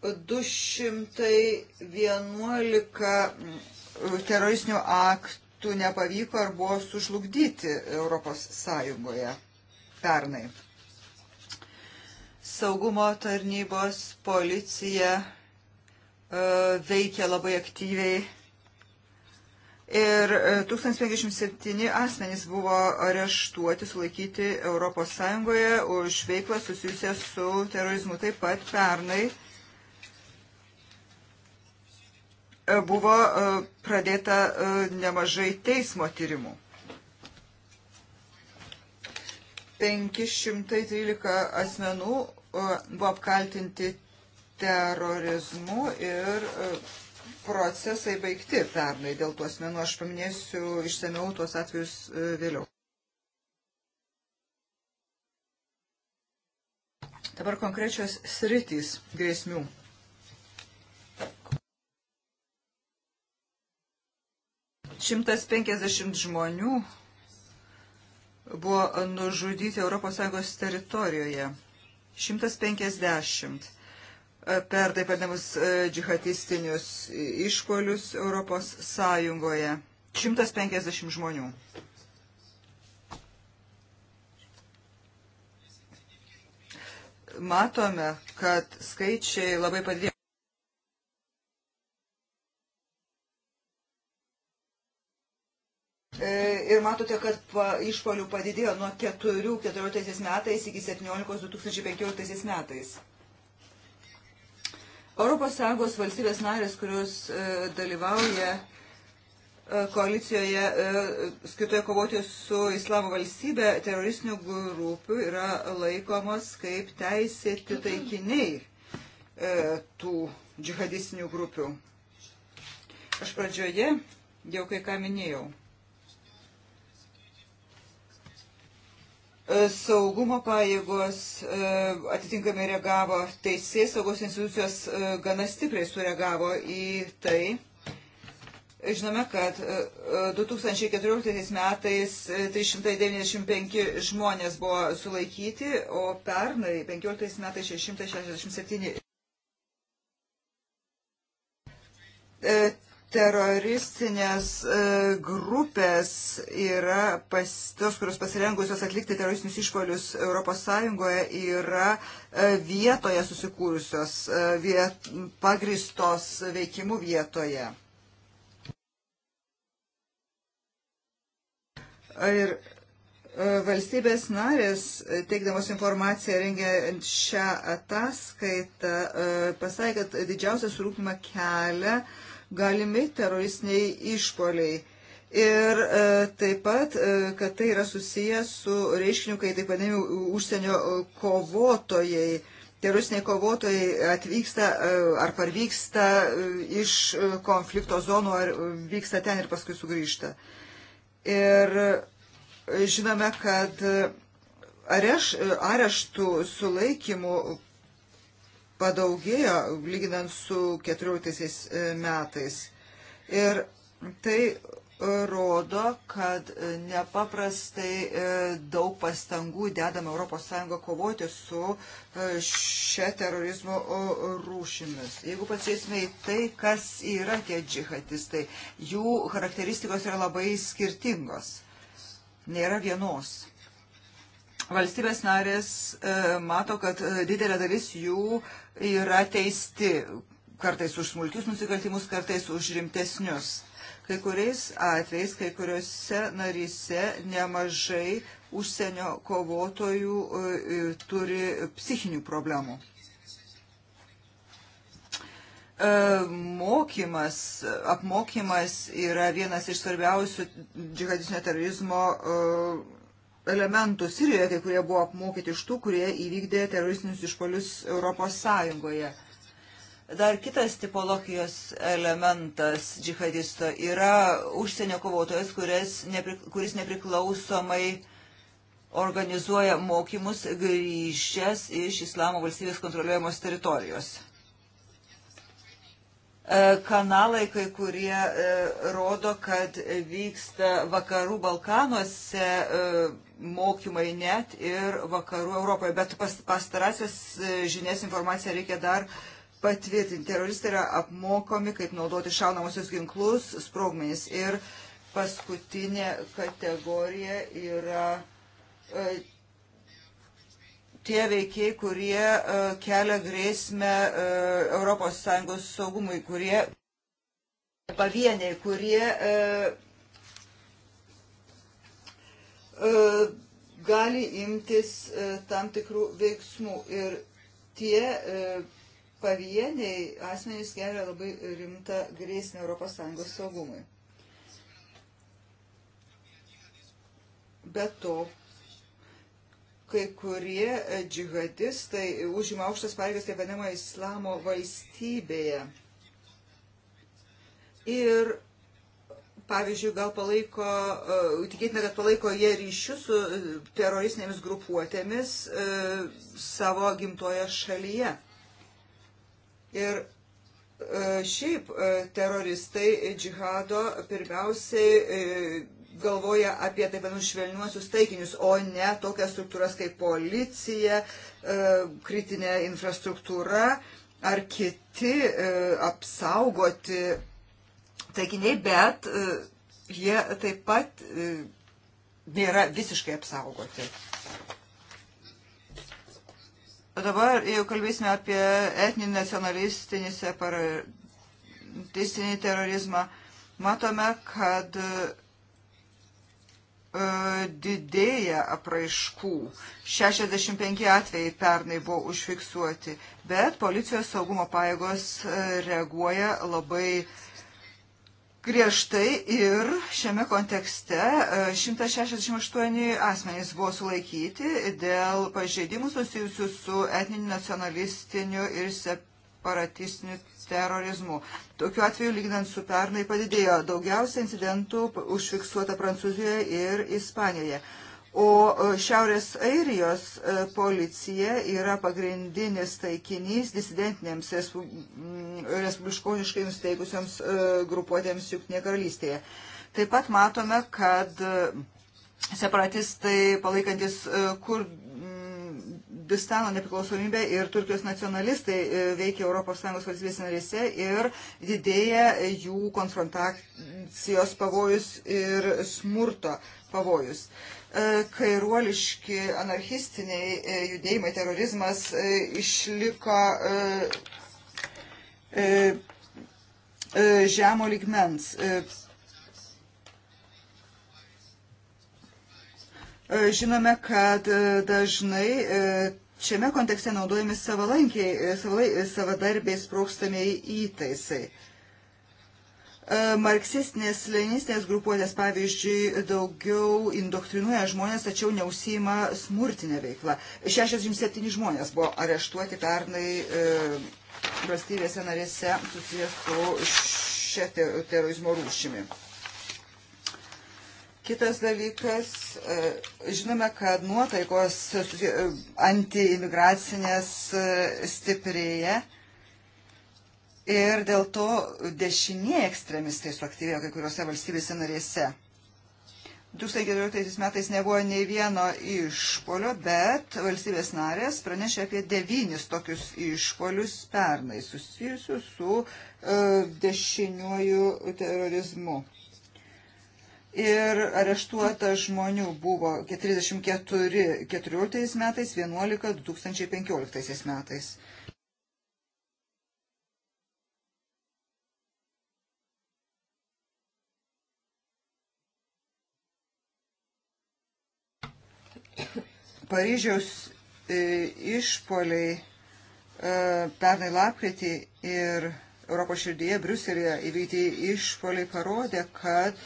211 teroristinių aktų nepavyko ar buvo sužlugdyti Europos Sąjungoje pernai. Saugumo tarnybos, policija e, veikia labai aktyviai. Ir 1057 e, asmenys buvo areštuoti, sulaikyti ES už veiklą susijusią su terorizmu. Taip pat pernai e, buvo pradėta nemažai teismo tyrimų. 513 asmenų e, buvo apkaltinti terorizmu ir e, procesai baigti pernai dėl tų asmenų. Aš paminėsiu išsameu tuos atvejus e, vėliau. Dabar konkrečios sritys grėsmių. Šimtas penkiasdešimt žmonių buvo nužudyti ES teritorijoje. 150 e, per taip vadinamus e, džihadistinius išpolius ES. 150 žmonių. Matome, kad skaičiai labai padėjo. Ir matote, kad pa, išpolių padidėjo nuo 4-14 metais iki 17-2015 metais. Europos Sąjungos valstybės narės, kurios e, dalyvauja e, koalicijoje e, skirtoje kovoti su islamo valstybė teroristinių grupių yra laikomos kaip teisėti taikiniai e, tų džihadistinių grupių. Aš pradžioje jau kai ką minėjau. E, saugumo pajėgos e, atitinkamai reagavo, teisės saugos institucijos e, gana stipriai sureagavo į tai. Žinome, kad 2014 metais 395 žmonės buvo sulaikyti, o pernai 15 metais 667 teroristinės e, grupės yra pas, tos, kurios pasirengusios atlikti teroristinius išpolius ES, yra e, vietoje susikūrusios, e, viet, pagristos veikimų vietoje. Ir valstybės narės, teikdamos informaciją rengiant šią ataskaitą, pasakė, kad didžiausias rūpimą kelią galimi teroristiniai išpoliai. Ir e, taip pat, e, kad tai yra susijęs su reiškiniu, kai taip vadinami užsienio e, kovotojai, teroristiniai kovotojai atvyksta e, ar parvyksta e, iš e, konflikto zonų, ar vyksta ten ir paskui sugrįžta. Ir e, žinome, kad areš, areštų sulaikymų padaugėjo lyginant su 14 e, metais. Ir tai e, rodo, kad e, nepaprastai daug pastangų dedama ES kovoti su šia terorizmo rūšimis. Jeigu pasieksime į tai, kas yra tie džihadistai, jų charakteristikos yra labai skirtingos. Nėra vienos. Valstybės narės e, mato, kad e, didelė dalis jų yra teisti kartais už smulkius nusikaltimus, kartais už rimtesnius. Kai kuriais atvejais, kai kuriuose narise nemažai užsienio kovotojų e, turi psichinių problemų mokymas, apmokymas yra vienas iš svarbiausių džihadistinio terorizmo uh, elementų Sirijoje, kai kurie buvo apmokyti iš tų, kurie įvykdė teroristinius išpolius Europos Sąjungoje. Dar kitas tipologijos elementas džihadisto yra užsienio kovotojas, nepri, kuris nepriklausomai organizuoja mokymus grįžęs iš Islamo valstybės kontroliuojamos teritorijos. E, kanalai, kai kurie e, rodo, kad vyksta vakarų Balkanuose e, mokymai net ir vakarų Europoje. Bet pastarasias žinias informaciją reikia dar patvirtinti. Teroristai yra apmokomi, kaip naudoti šaunamosius ginklus, sprogmenys. Ir paskutinė kategorija yra tie veikiai, kurie e, kelia grėsmę ES saugumui, kurie pavieniai, kurie e, e, gali imtis tam tikrų veiksmų. Ir tie pavieniai asmenys kelia labai rimtą grėsmę ES saugumui. Be to, kai kurie e, džihadistai e, užima aukštas pareigas taip vadinamo islamo valstybėje. Ir, pavyzdžiui, gal palaiko, e, tikėtina, kad palaiko jie ryšius su teroristinėmis grupuotėmis savo gimtoje šalyje. Ir šiaip teroristai džihado pirmiausiai galvoja apie taip vadinamus švelniuosius taikinius, o ne tokias struktūras kaip policija, e, kritinė infrastruktūra ar kiti e, apsaugoti taikiniai, bet e, jie taip pat nėra visiškai apsaugoti. O dabar jau kalbėsime apie etninį nacionalistinį separatistinį terorizmą. Matome, kad E, didėja apraiškų. 65 atvejai pernai buvo užfiksuoti, bet policijos saugumo paėgos e, reaguoja labai griežtai ir šiame kontekste 168 e, asmenys buvo sulaikyti dėl pažeidimų susijusių su etniniu nacionalistiniu ir separatistiniu terorizmu. Tokiu atveju, lyginant su pernai, padidėjo daugiausia incidentų užfiksuota Prancūzijoje ir Ispanijoje. O e, Šiaurės Airijos e, policija yra pagrindinis taikinys disidentinėms respubliškoniškai nusteigusiams e, grupuotėms Junktinėje karalystėje. Taip pat matome, kad separatistai palaikantis kurd Kurdistano nepriklausomybė ir Turkijos nacionalistai e, veikia ES valstybės narėse ir didėja jų konfrontacijos pavojus ir smurto pavojus. E, kairuoliški anarchistiniai e, judėjimai, terorizmas išliko žemo ligmens. Žinome, kad dažnai Šiame kontekste naudojami savalankiai, savadarbiai sprūkstamiai įtaisai. E, marksistinės, lenistinės grupuotės, pavyzdžiui, daugiau indoktrinuoja žmonės, tačiau neusima smurtinę veiklą. 67 žmonės buvo areštuoti pernai e, valstybėse narėse susijęs su šia terorizmo rūšimi. Kitas dalykas, e, žinome, kad nuotaikos e, antiimigracinės e, stiprėja ir dėl to dešiniai ekstremistai suaktyvėjo kai kuriuose valstybėse narėse. 2014 metais nebuvo nei vieno išpolio, bet valstybės narės pranešė apie devynis tokius išpolius pernai susijusius su uh, dešiniuoju terorizmu. Uh, Ir areštuota žmonių buvo 34 14 metais, 11 2015 metais. Paryžiaus e, išpoliai e, pernai lapkritį ir Europos širdyje, Briuselėje įvykti išpoliai parodė, kad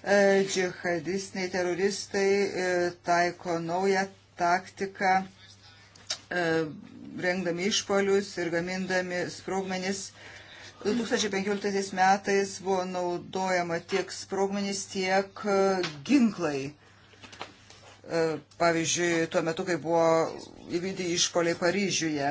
e, džihadistiniai teroristai e, taiko naują taktiką e, rengdami išpolius ir gamindami sprogmenis. 2015 metais buvo naudojama tiek sprogmenis, tiek ginklai. Pavyzdžiui, tuo metu, kai buvo įvykdyti išpoliai Paryžiuje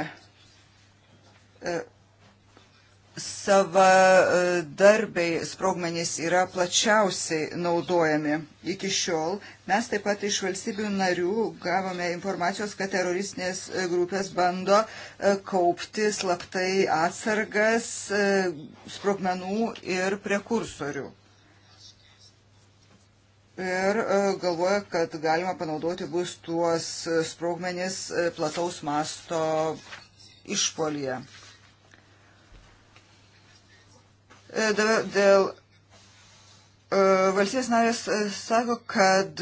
savadarbiai sprogmenys yra plačiausiai naudojami iki šiol. Mes taip pat iš valstybių narių gavome informacijos, kad teroristinės grupės bando e, kaupti slaptai atsargas e, sprogmenų ir prekursorių. Ir e, galvoja, kad galima panaudoti bus tuos sprogmenis plataus masto išpolyje. E, dėl e, valstybės narės e, sako, kad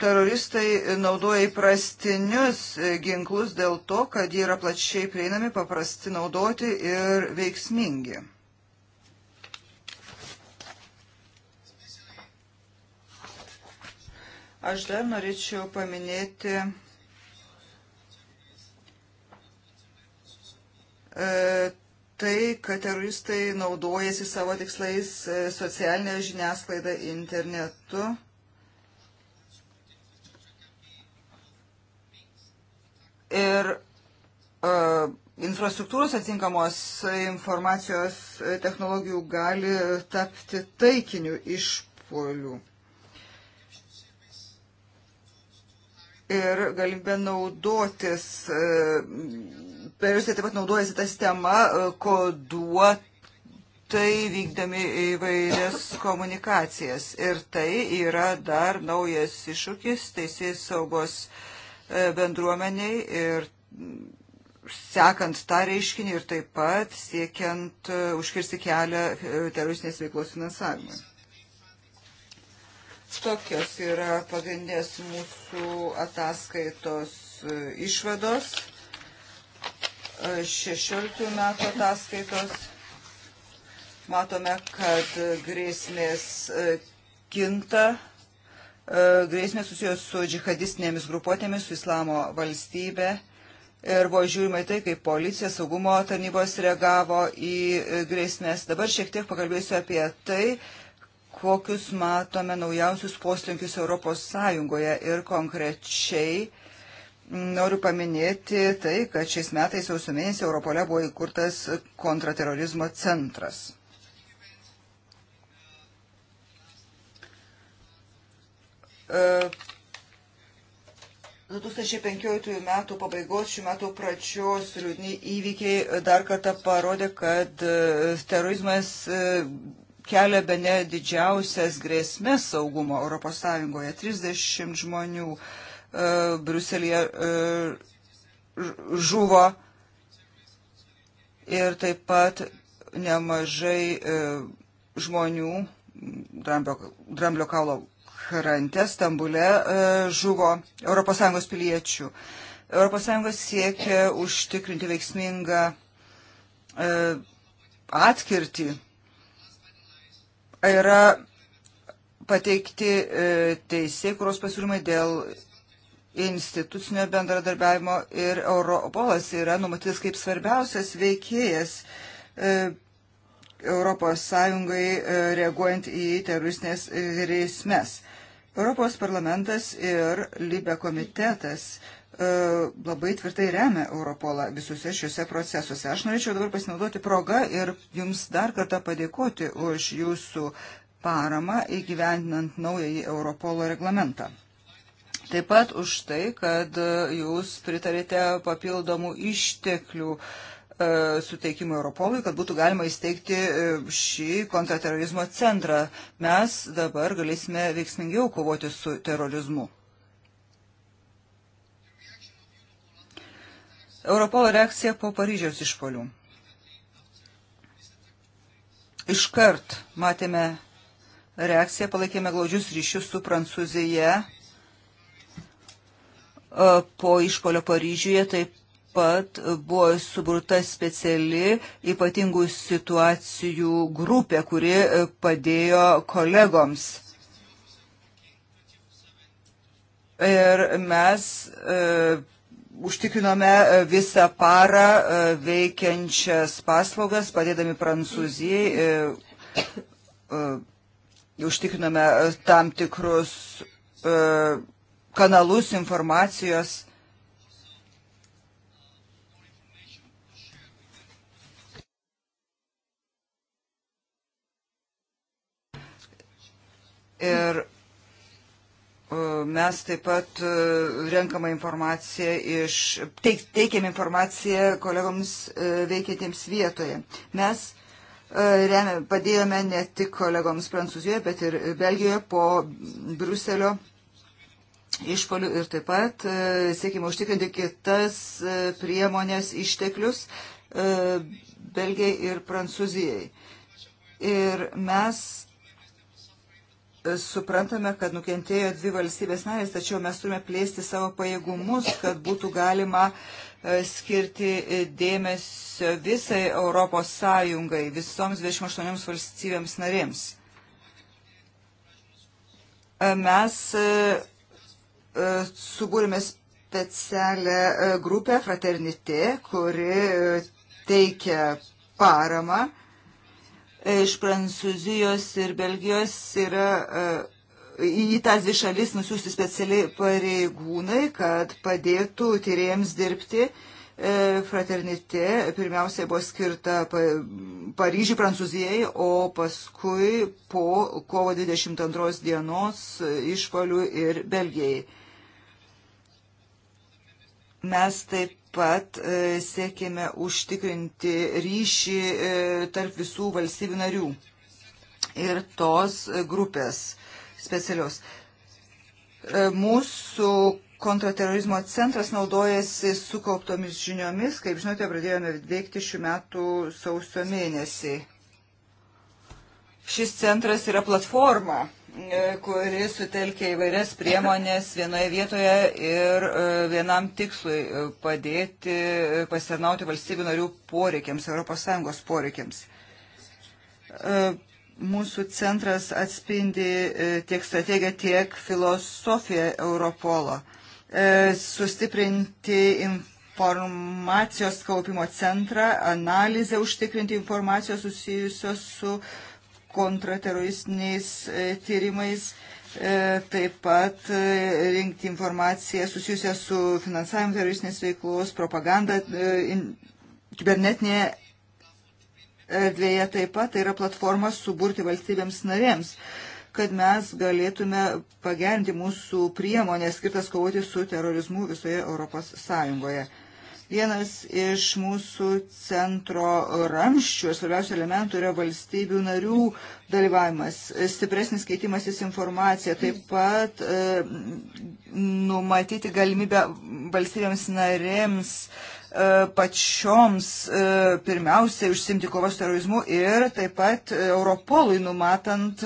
teroristai naudoja įprastinius ginklus dėl to, kad jie yra plačiai prieinami, paprasti naudoti ir veiksmingi. Aš dar norėčiau paminėti E, tai, kad teroristai naudojasi savo tikslais e, socialinę žiniasklaidą internetu. Ir uh, infrastruktūros atinkamos informacijos technologijų gali tapti taikiniu išpolių. Ir galimybė naudotis uh, Persija taip pat naudojasi tą sistemą e, koduotai vykdami įvairias komunikacijas. Ir tai yra dar naujas iššūkis teisės saugos e, bendruomeniai ir sekant tą reiškinį ir taip pat siekiant e, užkirsti kelią teroristinės veiklos finansavimui. Tokios yra pagrindės mūsų ataskaitos išvados. 16 metų ataskaitos matome, kad grėsmės e, kinta, e, grėsmės susijęs su džihadistinėmis grupuotėmis, su islamo valstybė. Ir buvo žiūrima į tai, kaip policija, saugumo tarnybos reagavo į e, grėsmės. Dabar šiek tiek pakalbėsiu apie tai, kokius matome naujausius poslinkius Europos Sąjungoje ir konkrečiai Noriu paminėti tai, kad šiais metais sausio mėnesį Europole buvo įkurtas kontraterorizmo centras. E, uh, 2015 metų pabaigos, šių metų pradžios liūdni įvykiai dar kartą parodė, kad e, terorizmas e, kelia be ne didžiausias grėsmės saugumo Europos Sąjungoje. 30 žmonių uh, E, Bruselėje e, žuvo ir taip pat nemažai e, žmonių dramblio, dramblio kaulo krante Stambule žuvo ES piliečių. ES siekia užtikrinti veiksmingą atkirtį. Yra pateikti teisė, kurios pasiūlymai dėl institucinio bendradarbiavimo ir Europolas yra numatytas kaip svarbiausias veikėjas e, Europos Sąjungai e, reaguojant į teroristinės grėsmes. Europos parlamentas ir Libe komitetas e, labai tvirtai remia Europolą visuose šiuose procesuose. Aš norėčiau dabar pasinaudoti progą ir jums dar kartą padėkoti už jūsų paramą įgyvendinant naująjį Europolo reglamentą. Taip pat už tai, kad jūs pritarėte papildomų išteklių e, suteikimo Europolui, kad būtų galima įsteigti e, šį kontraterorizmo centrą. Mes dabar galėsime veiksmingiau kovoti su terorizmu. Europolo reakcija po Paryžiaus išpolių. Iškart matėme reakciją, palaikėme glaudžius ryšius su Prancūzija po išpolio Paryžiuje taip pat buvo suburta speciali ypatingų situacijų grupė, kuri e, padėjo kolegoms. Ir mes uh, užtikrinome e, visą parą uh, veikiančias paslaugas, padėdami Prancūzijai, uh, uh, užtikrinome tam tikrus uh, kanalus informacijos. Ir e, mes taip pat e, renkamą informaciją iš, teik, teikiam informaciją kolegoms e, veikiantiems vietoje. Mes remia, padėjome ne tik kolegoms Prancūzijoje, bet ir Belgijoje po Bruselio išpolių ir taip pat e, siekime užtikrinti kitas e, priemonės išteklius e, Belgijai ir Prancūzijai. Ir mes suprantame, kad nukentėjo dvi valstybės narės, tačiau mes turime plėsti savo pajėgumus, kad būtų galima skirti dėmesio visai Europos Sąjungai, visoms 28 valstybėms narėms. Mes E, subūrėme specialią e, grupę Fraternité, kuri e, teikia paramą. Iš Prancūzijos ir Belgijos yra į tas dvi šalis nusiųsti specialiai pareigūnai, kad padėtų tyriems dirbti. Uh, E, Fraternite pirmiausiai buvo skirta Paryžiai, Prancūzijai, o paskui po kovo 22 dienos išpolių ir Belgijai. Mes taip pat e, siekėme užtikrinti ryšį e, tarp visų valstybių narių ir tos grupės specialios. Mūsų kontraterorizmo centras naudojasi sukauptomis žiniomis. Kaip žinote, pradėjome veikti šių metų sausio mėnesį. Šis centras yra platforma, e, kuri sutelkia įvairias priemonės vienoje vietoje ir e, vienam tikslui e, padėti pasirnauti valstybių narių poreikiams, ES poreikiams mūsų centras atspindi tiek strategiją, tiek filosofiją Europolo. E, sustiprinti informacijos kaupimo centrą, analizę užtikrinti informacijos susijusios su kontrateroristiniais e, tyrimais, e, taip pat rinkti informaciją susijusią su finansavimu teroristinės veiklos, propaganda kibernetinėje erdvėje taip pat tai yra platforma suburti valstybėms narėms kad mes galėtume pagerinti mūsų priemonę skirtas kovoti su terorizmu visoje Europos Sąjungoje. Vienas iš mūsų centro ramščių ir svarbiausių elementų yra valstybių narių dalyvavimas, stipresnis keitimasis informacija, taip pat e, numatyti galimybę valstybėms narėms e, pačioms e, pirmiausiai užsimti kovos terorizmu ir taip pat Europolui numatant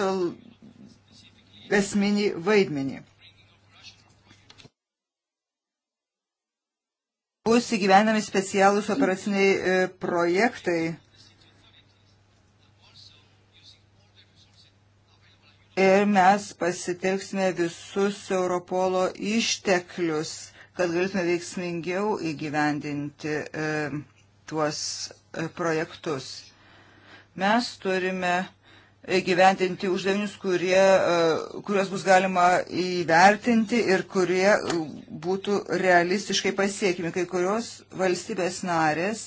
esminį vaidmenį. Bus įgyvenami specialūs operaciniai e, projektai ir mes pasitelksime visus Europolo išteklius, kad galėtume veiksmingiau įgyvendinti e, tuos e, projektus. Mes turime gyventinti uždavinius, kurie, e, kuriuos bus galima įvertinti ir kurie e, būtų realistiškai pasiekimi. Kai kurios valstybės narės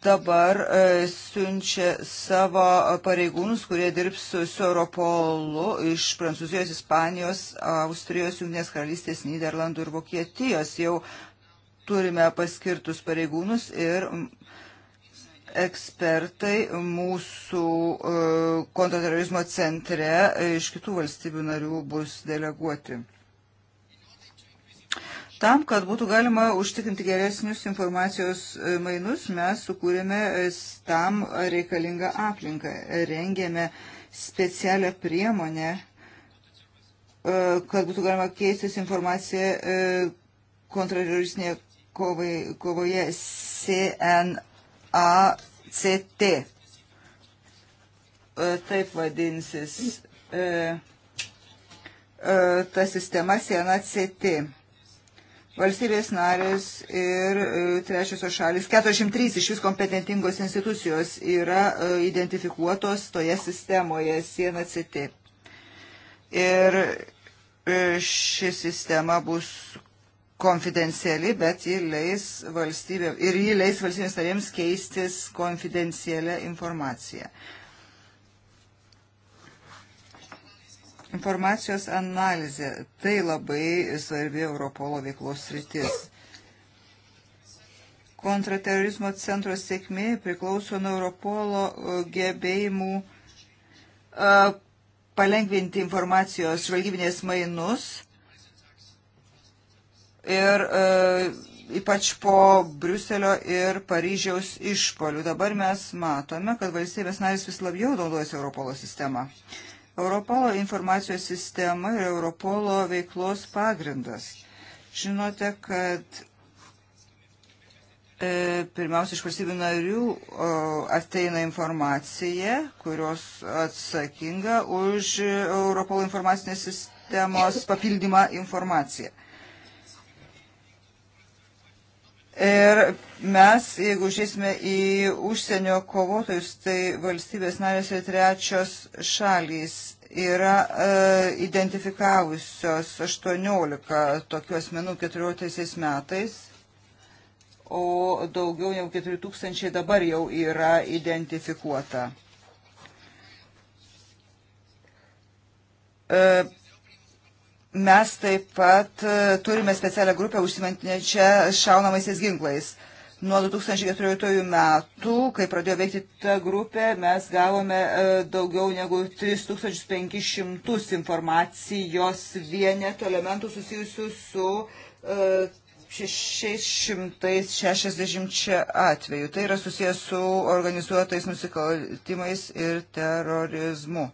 dabar e, siunčia savo pareigūnus, kurie dirbs su, su Europolu iš Prancūzijos, Ispanijos, Austrijos, Junginės karalystės, Niderlandų ir Vokietijos. Jau turime paskirtus pareigūnus ir ekspertai mūsų e, kontraterorizmo centre iš kitų valstybių narių bus deleguoti. Tam, kad būtų galima užtikrinti geresnius informacijos e, mainus, mes sukūrėme e, tam reikalingą aplinką, rengėme specialią priemonę, kad būtų galima keistis informaciją kontrateroristinėje kovai, kovoje CNA ACT. E, taip vadinsis e, e, ta sistema siena CT. Valstybės narės ir trečiosios šalis, 403 iš vis kompetentingos institucijos yra identifikuotos toje sistemoje siena CT. Ir ši sistema bus konfidenciali, bet ji leis valstybė ir ji leis valstybės narėms keistis konfidencialią informaciją. Informacijos analizė – tai labai svarbi Europolo veiklos sritis. Kontraterorizmo centro sėkmė priklauso nuo Europolo e, gebėjimų e, palengvinti informacijos žvalgybinės mainus – ir e, ypač po Briuselio ir Paryžiaus išpolių. Dabar mes matome, kad valstybės narys vis labiau naudojasi Europolo sistema. Europolo informacijos sistema yra Europolo veiklos pagrindas. Žinote, kad e, pirmiausia iš valstybių narių o, ateina informacija, kurios atsakinga už Europolo informacinės sistemos papildymą informaciją. Ir mes, jeigu žiūrėsime į užsienio kovotojus, tai valstybės narės ir trečios šalys yra e, identifikavusios 18 tokių asmenų 14 metais, o daugiau negu 4000 dabar jau yra identifikuota. E, Mes taip pat e, turime specialią grupę užsimantinėčią šaunamaisiais ginklais. Nuo 2014 metų, kai pradėjo veikti ta grupė, mes gavome e, daugiau negu 3500 informacijos vienetų elementų susijusių su 660 e, atvejų. Tai yra susijęs su organizuotais nusikaltimais ir terorizmu.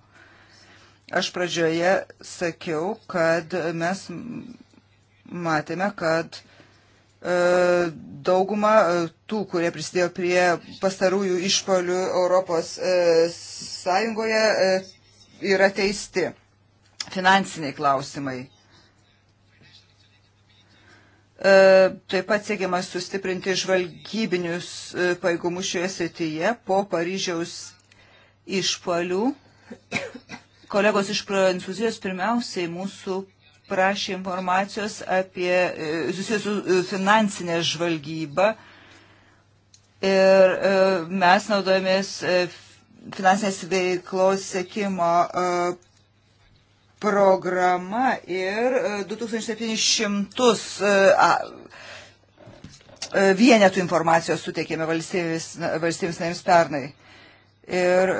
Aš pradžioje sakiau, kad mes matėme, kad e, dauguma e, tų, kurie prisidėjo prie pastarųjų išpolių Europos e, Sąjungoje, yra teisti finansiniai klausimai. Taip pat siekiama sustiprinti žvalgybinius paėgumus šioje srityje po Paryžiaus išpolių. Kolegos iš Prancūzijos pirmiausiai mūsų prašė informacijos apie e, susijusių e, finansinę žvalgybą ir e, mes naudojamės finansinės veiklos sekimo programa ir 2700 vienetų informacijos suteikėme valstybės, valstybės narėms pernai. Ir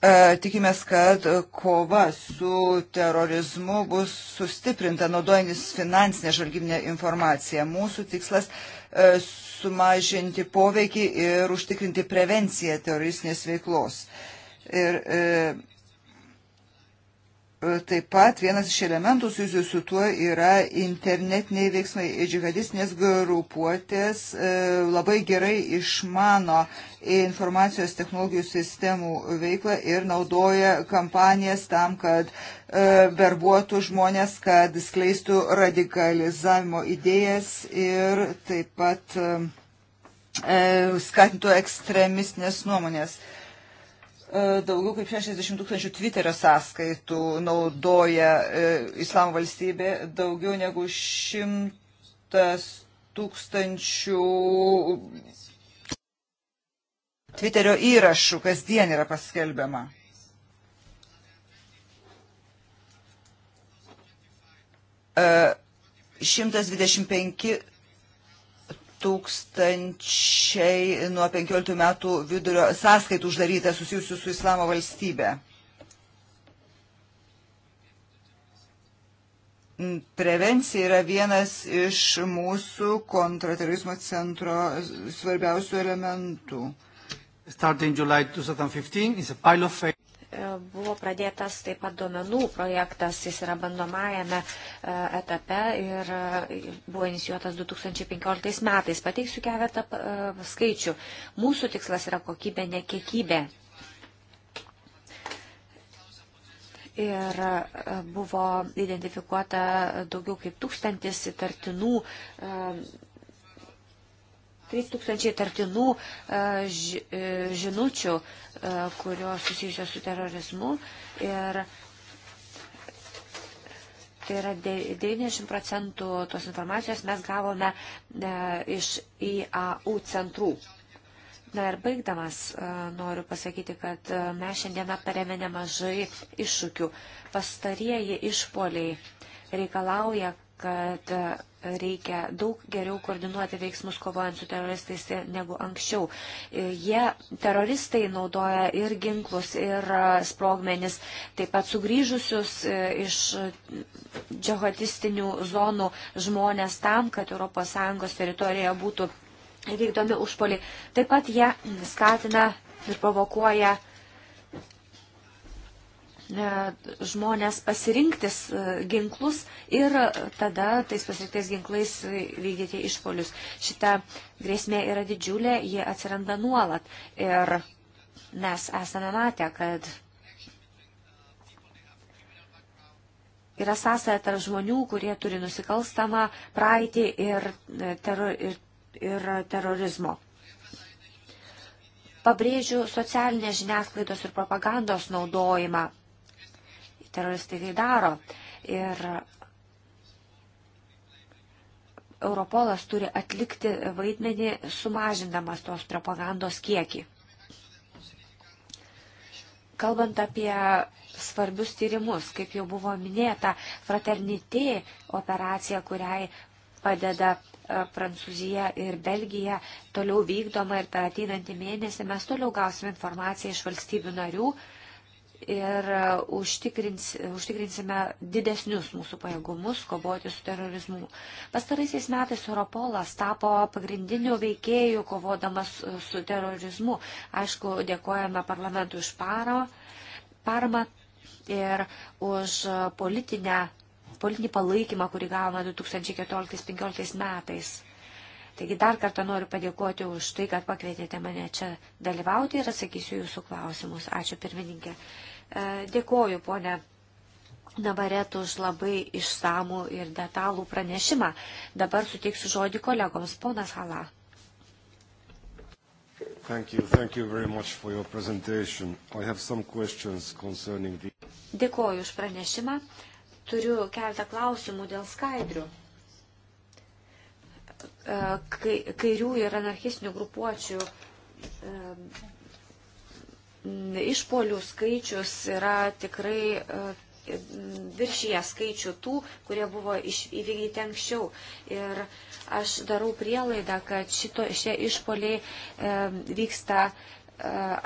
E, tikimės, kad kova su terorizmu bus sustiprinta naudojantis finansinę žvalgybinę informaciją. Mūsų tikslas e, sumažinti poveikį ir užtikrinti prevenciją teroristinės veiklos. Ir e, E, taip pat vienas iš elementų susijusių su tuo yra internetiniai veiksmai. Džihadistinės grupuotės e, labai gerai išmano informacijos technologijų sistemų veiklą ir naudoja kampanijas tam, kad e, verbuotų žmonės, kad skleistų radikalizavimo idėjas ir taip pat skatintų ekstremistinės nuomonės E, daugiau kaip 60 tūkstančių Twitterio sąskaitų naudoja e, Islamo valstybė, daugiau negu 100 tūkstančių Twitterio įrašų kasdien yra paskelbiama. Uh, e, 125 tūkstančiai nuo 15 metų vidurio sąskaitų uždaryta susijusių su Islamo valstybė. Prevencija yra vienas iš mūsų kontraterorizmo centro svarbiausių elementų. Starting July 2015 is a pilot phase. E, buvo pradėtas taip pat duomenų projektas, jis yra bandomajame e, etape ir e, buvo inicijuotas 2015 metais. Pateiksiu keletą skaičių. Mūsų tikslas yra kokybė, ne kiekybė. ir buvo identifikuota daugiau kaip tūkstantis įtartinų 3000 tartinų e, e, žinučių, e, kurios susijusios su terorizmu. Ir tai yra 90 procentų tos informacijos mes gavome iš IAU centrų. Na ir baigdamas noriu pasakyti, kad mes šiandien aptarėme nemažai iššūkių. Pastarieji išpoliai reikalauja, kad reikia daug geriau koordinuoti veiksmus kovojant su teroristais negu anksčiau. Jie, teroristai naudoja ir ginklus, ir e, sprogmenis, taip pat sugrįžusius e, iš džihadistinių zonų žmonės tam, kad ES teritorijoje būtų vykdomi užpoliai. Taip pat jie skatina ir provokuoja uh, E, žmonės pasirinktis e, ginklus ir tada tais pasirinktais ginklais vykdyti išpolius. Šita grėsmė yra didžiulė, ji atsiranda nuolat. Ir mes esame matę, kad yra sąsaja tarp žmonių, kurie turi nusikalstamą praeitį ir, e, teror, ir, ir terorizmo. Pabrėžiu socialinės žiniasklaidos ir propagandos naudojimą teroristai tai daro. Ir Europolas turi atlikti vaidmenį sumažindamas tos propagandos kiekį. Kalbant apie svarbius tyrimus, kaip jau buvo minėta, fraternitė operacija, kuriai padeda e, Prancūzija ir Belgija, toliau vykdoma ir per ateinantį mėnesį mes toliau gausime informaciją iš valstybių narių, ir e, užtikrins, užtikrinsime didesnius mūsų pajėgumus kovoti su terorizmu. Pastaraisiais metais Europolas tapo pagrindiniu veikėju kovodamas su terorizmu. Aišku, dėkojame parlamentui už paro, paramą ir už politinę, politinį palaikymą, kurį gavome 2014-2015 metais. Taigi dar kartą noriu padėkoti už tai, kad pakvietėte mane čia dalyvauti ir atsakysiu jūsų klausimus. Ačiū pirmininkė. E, dėkoju, ponė Nabaret, už labai išsamų ir detalų pranešimą. Dabar suteiksiu žodį kolegoms. Ponas Hala. Thank you. Thank you very much for your presentation. I have some questions concerning the... Dėkoju už pranešimą. Turiu keletą klausimų dėl skaidrių. E, kairių ir anarchistinių grupuočių e, išpolių skaičius yra tikrai e, viršyje skaičių tų, kurie buvo iš, įvykdyti anksčiau. Ir aš darau prielaidą, kad šito, šie išpoliai e, vyksta, e,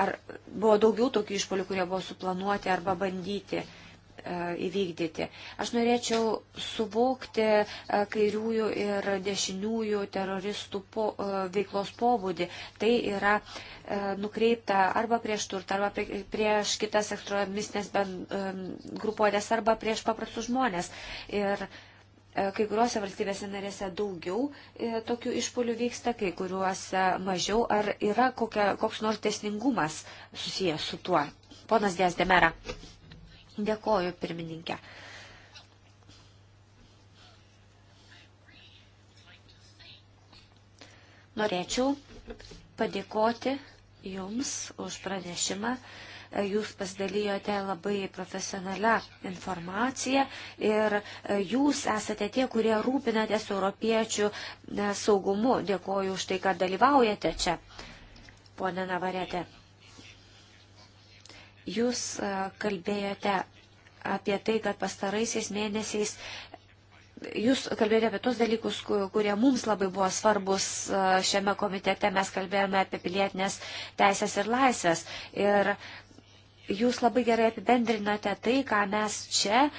ar buvo daugiau tokių išpolių, kurie buvo suplanuoti arba bandyti. E, E, įvykdyti. Aš norėčiau suvokti e, kairiųjų ir dešiniųjų teroristų po, e, veiklos pobūdį. Tai yra nukreipta arba prieš turtą, arba prie, prieš kitas ekstremistinės grupuotės, arba prieš paprastus žmonės. Ir kai kuriuose valstybėse narėse daugiau tokių išpolių vyksta, kai kuriuose mažiau. Ar yra kokia, koks nors tiesningumas susijęs su tuo? Ponas Dės Demera. Dėkoju, pirmininkė. Norėčiau padėkoti Jums už pranešimą. Jūs pasidalijote labai profesionalią informaciją ir Jūs esate tie, kurie rūpinatės europiečių e, saugumu. Dėkoju už tai, kad dalyvaujate čia, ponė Navarėte. Jūs e, kalbėjote apie tai, kad pastaraisiais mėnesiais Jūs kalbėjote apie tos dalykus, kurie mums labai buvo svarbus e, šiame komitete. Mes kalbėjome apie pilietinės teisės ir laisvės. Ir jūs labai gerai apibendrinote tai, ką mes čia e,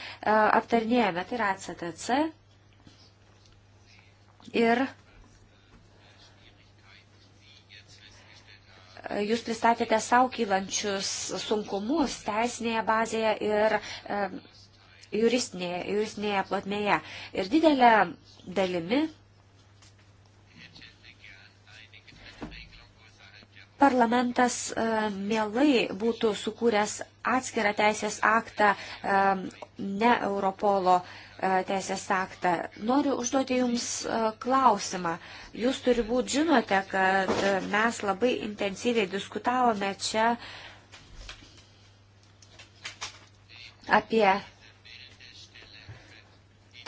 aptarnėjome. Tai yra ACTC. Ir Jūs pristatėte savo kylančius sunkumus teisinėje bazėje ir e, juristinėje, juristinėje plotmėje. Ir didelė dalimi parlamentas e, mielai būtų sukūręs atskirą teisės aktą e, ne Europolo E, teisės aktą. Noriu užduoti Jums e, klausimą. Jūs turbūt žinote, kad e, mes labai intensyviai diskutavome čia apie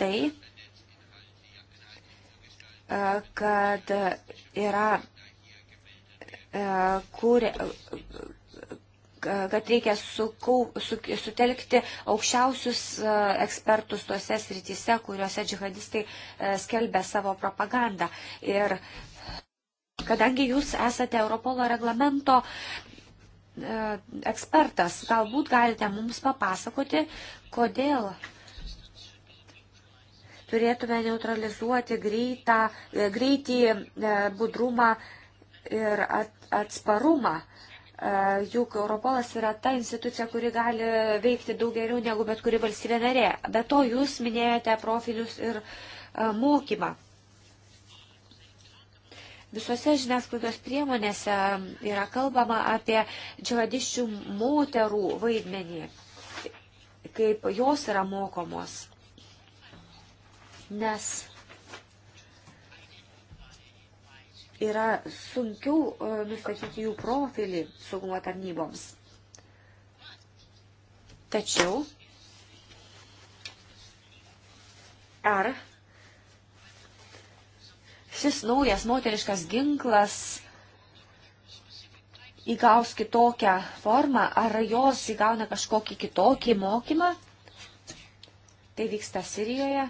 tai, kad yra kūrė, kad reikia sukau, su, sutelkti aukščiausius e, ekspertus tose srityse, kuriuose džihadistai e, skelbia savo propagandą. Ir kadangi jūs esate Europolo reglamento e, ekspertas, galbūt galite mums papasakoti, kodėl turėtume neutralizuoti greitą, greitį, budrumą ir at, atsparumą. Uh, E, juk Europolas yra ta institucija, kuri gali veikti daug geriau negu bet kuri valstybė narė. Be to, jūs minėjote profilius ir e, mokymą. Visose žiniasklaidos priemonėse yra kalbama apie džihadiščių moterų vaidmenį, kaip jos yra mokomos. Nes yra sunkiau e, nustatyti jų profilį saugumo tarnyboms. Tačiau ar šis naujas moteriškas ginklas įgaus kitokią formą, ar jos įgauna kažkokį kitokį mokymą. Tai vyksta Sirijoje.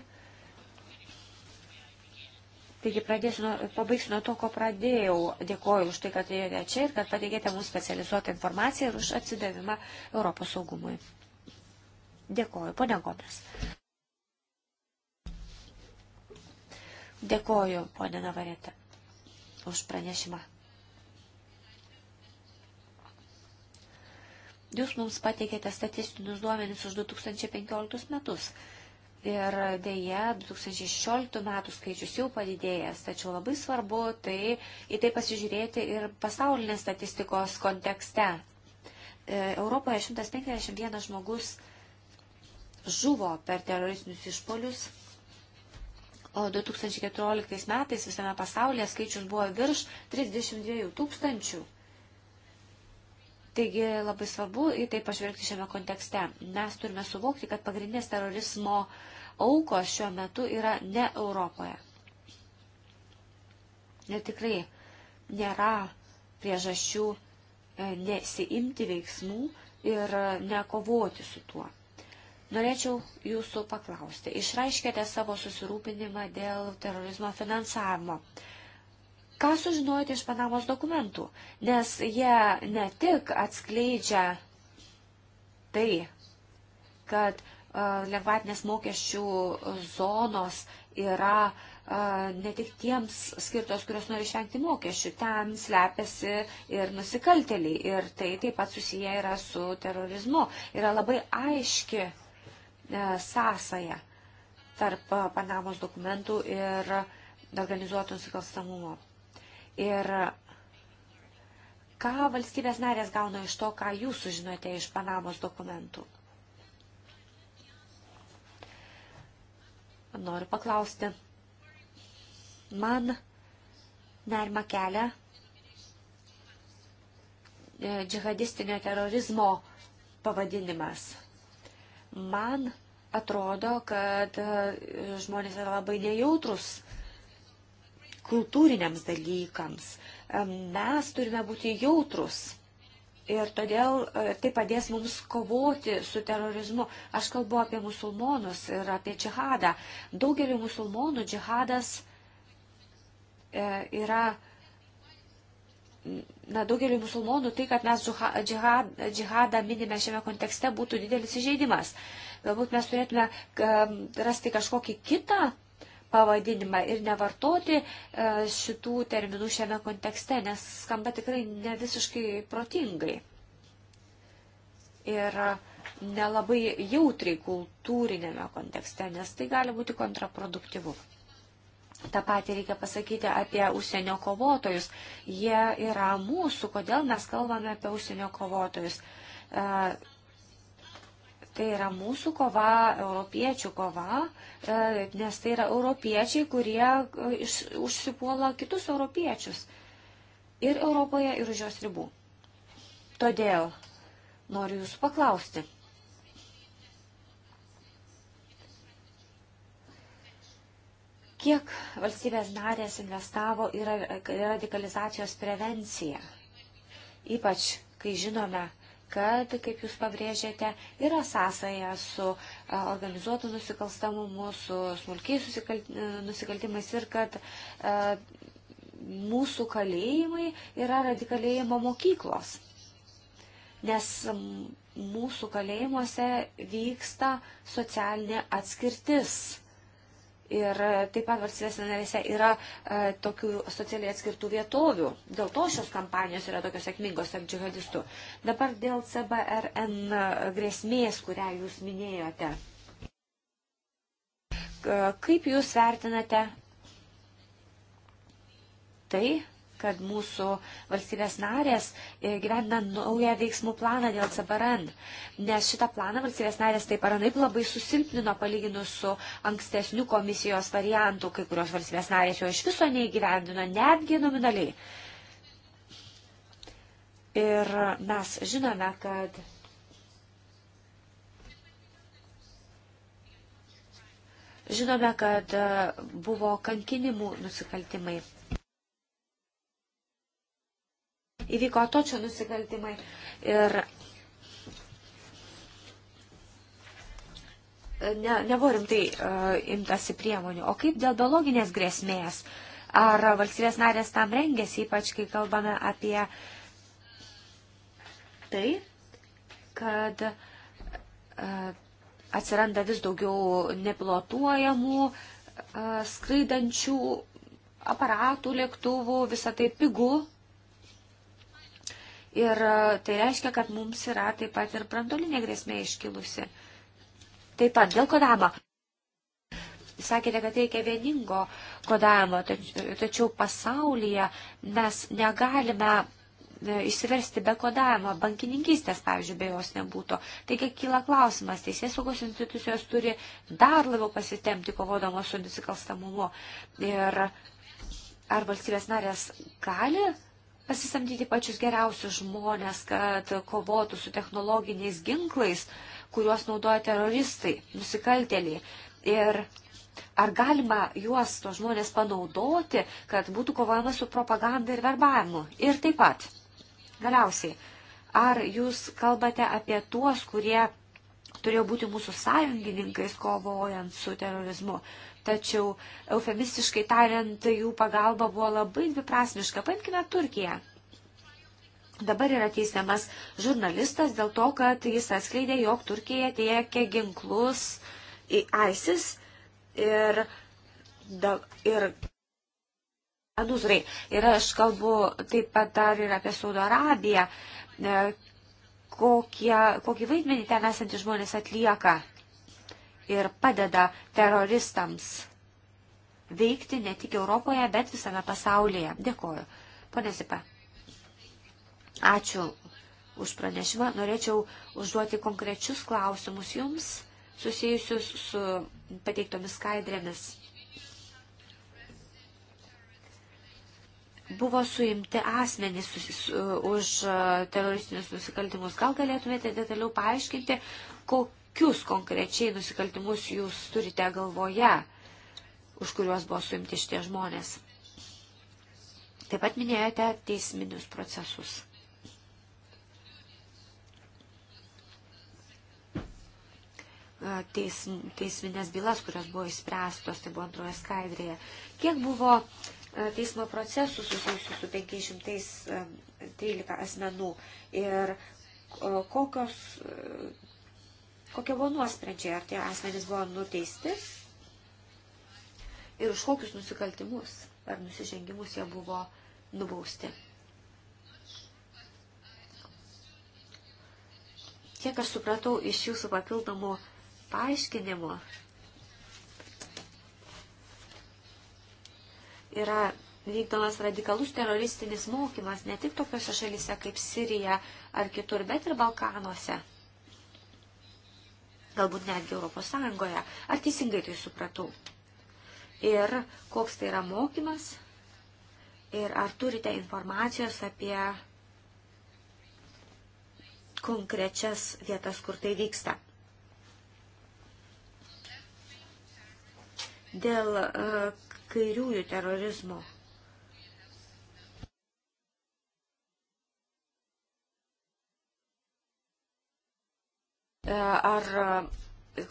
Taigi pradėsiu, nuo, pabaigsiu nuo to, ko pradėjau. Dėkoju už tai, kad atėjote čia ir kad pateikėte mums specializuotą informaciją ir už atsidavimą Europos saugumui. Dėkoju, ponia Gomes. Dėkoju, ponia Navarėte, už pranešimą. Jūs mums pateikėte statistinius duomenis už 2015 metus. Ir dėje 2016 metų skaičius jau padidėjęs, tačiau labai svarbu tai, į tai pasižiūrėti ir pasaulinės statistikos kontekste. E, Europoje 151 žmogus žuvo per teroristinius išpolius, o 2014 metais visame pasaulyje skaičius buvo virš 32 tūkstančių. Taigi labai svarbu į tai pažvelgti šiame kontekste. Mes turime suvokti, kad pagrindinės terorizmo aukos šiuo metu yra ne Europoje. Ir tikrai nėra priežasčių e, nesiimti veiksmų ir e, nekovoti su tuo. Norėčiau jūsų paklausti. Išraiškėte savo susirūpinimą dėl terorizmo finansavimo. Ką sužinojote iš Panamos dokumentų? Nes jie ne tik atskleidžia tai, kad uh, lengvatinės mokesčių zonos yra uh, ne tik tiems skirtos, kurios nori išvengti mokesčių, ten slepiasi ir nusikalteliai. Ir tai taip pat susiję yra su terorizmu. Yra labai aiški uh, sąsaja tarp Panamos dokumentų ir organizuotų nusikalstamumo. Ir ką valstybės narės gauna iš to, ką jūs sužinote iš Panamos dokumentų? Noriu paklausti. Man nerima kelia e, džihadistinio terorizmo pavadinimas. Man atrodo, kad e, žmonės yra labai nejautrus kultūriniams dalykams. Mes turime būti jautrus ir todėl e, tai padės mums kovoti su terorizmu. Aš kalbu apie musulmonus ir apie džihadą. Daugeliu musulmonų džihadas e, yra. Na, daugeliu musulmonų tai, kad mes džihad, džihadą minime šiame kontekste, būtų didelis įžeidimas. Galbūt mes turėtume rasti kažkokį kitą pavadinimą ir nevartoti e, šitų terminų šiame kontekste, nes skamba tikrai ne visiškai protingai. Ir nelabai jautriai kultūrinėme kontekste, nes tai gali būti kontraproduktyvu. Ta pati reikia pasakyti apie užsienio kovotojus. Jie yra mūsų, kodėl mes kalbame apie užsienio kovotojus. E, Tai yra mūsų kova, europiečių kova, e, nes tai yra europiečiai, kurie e, užsipuola kitus europiečius ir Europoje, ir už jos ribų. Todėl noriu jūsų paklausti. Kiek valstybės narės investavo į radikalizacijos prevenciją? Ypač, kai žinome, kad, kaip jūs pabrėžėte, yra sąsaja su organizuotu nusikalstamumu, su smulkiais e, nusikaltimais ir kad mūsų kalėjimai yra radikalėjimo mokyklos. Nes mūsų kalėjimuose vyksta socialinė atskirtis Ir taip pat valstybės narėse yra e, tokių socialiai atskirtų vietovių. Dėl to šios kampanijos yra tokios sėkmingos tarp džihadistų. Dabar dėl CBRN e, grėsmės, kurią jūs minėjote. Kaip jūs vertinate tai, kad mūsų valstybės narės e, gyvena naują veiksmų planą dėl CBRN, nes šitą planą valstybės narės taip ar anaip labai susilpnino palyginus su ankstesniu komisijos variantu, kai kurios valstybės narės jo iš viso neįgyvendino, netgi nominaliai. Ir mes žinome, kad Žinome, kad e, buvo kankinimų nusikaltimai. įvyko točio nusikaltimai. Ir ne, nebuvo rimtai uh, imtasi priemonių. O kaip dėl biologinės grėsmės? Ar valstybės narės tam rengėsi, ypač kai kalbame apie tai, kad uh, atsiranda vis daugiau nepilotuojamų, uh, skraidančių aparatų, lėktuvų, visą tai pigu Ir e, tai reiškia, kad mums yra taip pat ir brandolinė grėsmė iškilusi. Taip pat dėl kodamo. Sakėte, kad reikia vieningo kodavimo, tačiau pasaulyje mes negalime e, išsiversti be kodavimo, bankininkystės, pavyzdžiui, be jos nebūtų. Taigi kyla klausimas, teisės saugos institucijos turi dar labiau pasitemti kovodamos su nusikalstamumu. Ir ar valstybės narės gali pasisamdyti pačius geriausius žmonės, kad kovotų su technologiniais ginklais, kuriuos naudoja teroristai, nusikaltėliai. Ir ar galima juos, to žmonės, panaudoti, kad būtų kovojama su propaganda ir verbavimu. Ir taip pat, galiausiai, ar jūs kalbate apie tuos, kurie turėjo būti mūsų sąjungininkais kovojant su terorizmu. Tačiau, eufemistiškai tariant, jų pagalba buvo labai dviprasmiška. Paimkime Turkiją. Dabar yra teisiamas žurnalistas dėl to, kad jis atskleidė, jog Turkija tiekia ginklus į ISIS ir, da, ir Anuzrai. Ir aš kalbu taip pat dar ir apie Saudo Arabiją kokie, kokį vaidmenį ten esantys žmonės atlieka ir padeda teroristams veikti ne tik Europoje, bet visame pasaulyje. Dėkoju. Pone Zipa, ačiū už pranešimą. Norėčiau užduoti konkrečius klausimus jums susijusius su pateiktomis skaidrėmis. buvo suimti asmenys už e, teroristinius nusikaltimus. Gal galėtumėte detaliau paaiškinti, kokius konkrečiai nusikaltimus jūs turite galvoje, už kuriuos buvo suimti šitie žmonės? Taip pat minėjote teisminius procesus. E, Teism, teisminės bylas, kurios buvo įspręstos, tai buvo antroje skaidrėje. Kiek buvo uh, E, teismo procesų susijusių su 513 e, asmenų ir e, kokios, kokie buvo nuosprendžiai, ar tie asmenys buvo nuteisti ir už kokius nusikaltimus ar nusižengimus jie buvo nubausti. Kiek aš supratau iš jūsų papildomų paaiškinimų, yra vykdomas radikalus teroristinis mokymas ne tik tokiuose šalyse kaip Sirija ar kitur, bet ir Balkanuose. Galbūt netgi Europos Sąjungoje. Ar teisingai tai supratau? Ir koks tai yra mokymas? Ir ar turite informacijos apie konkrečias vietas, kur tai vyksta? Dėl uh, kairiųjų terorizmo. E, ar e,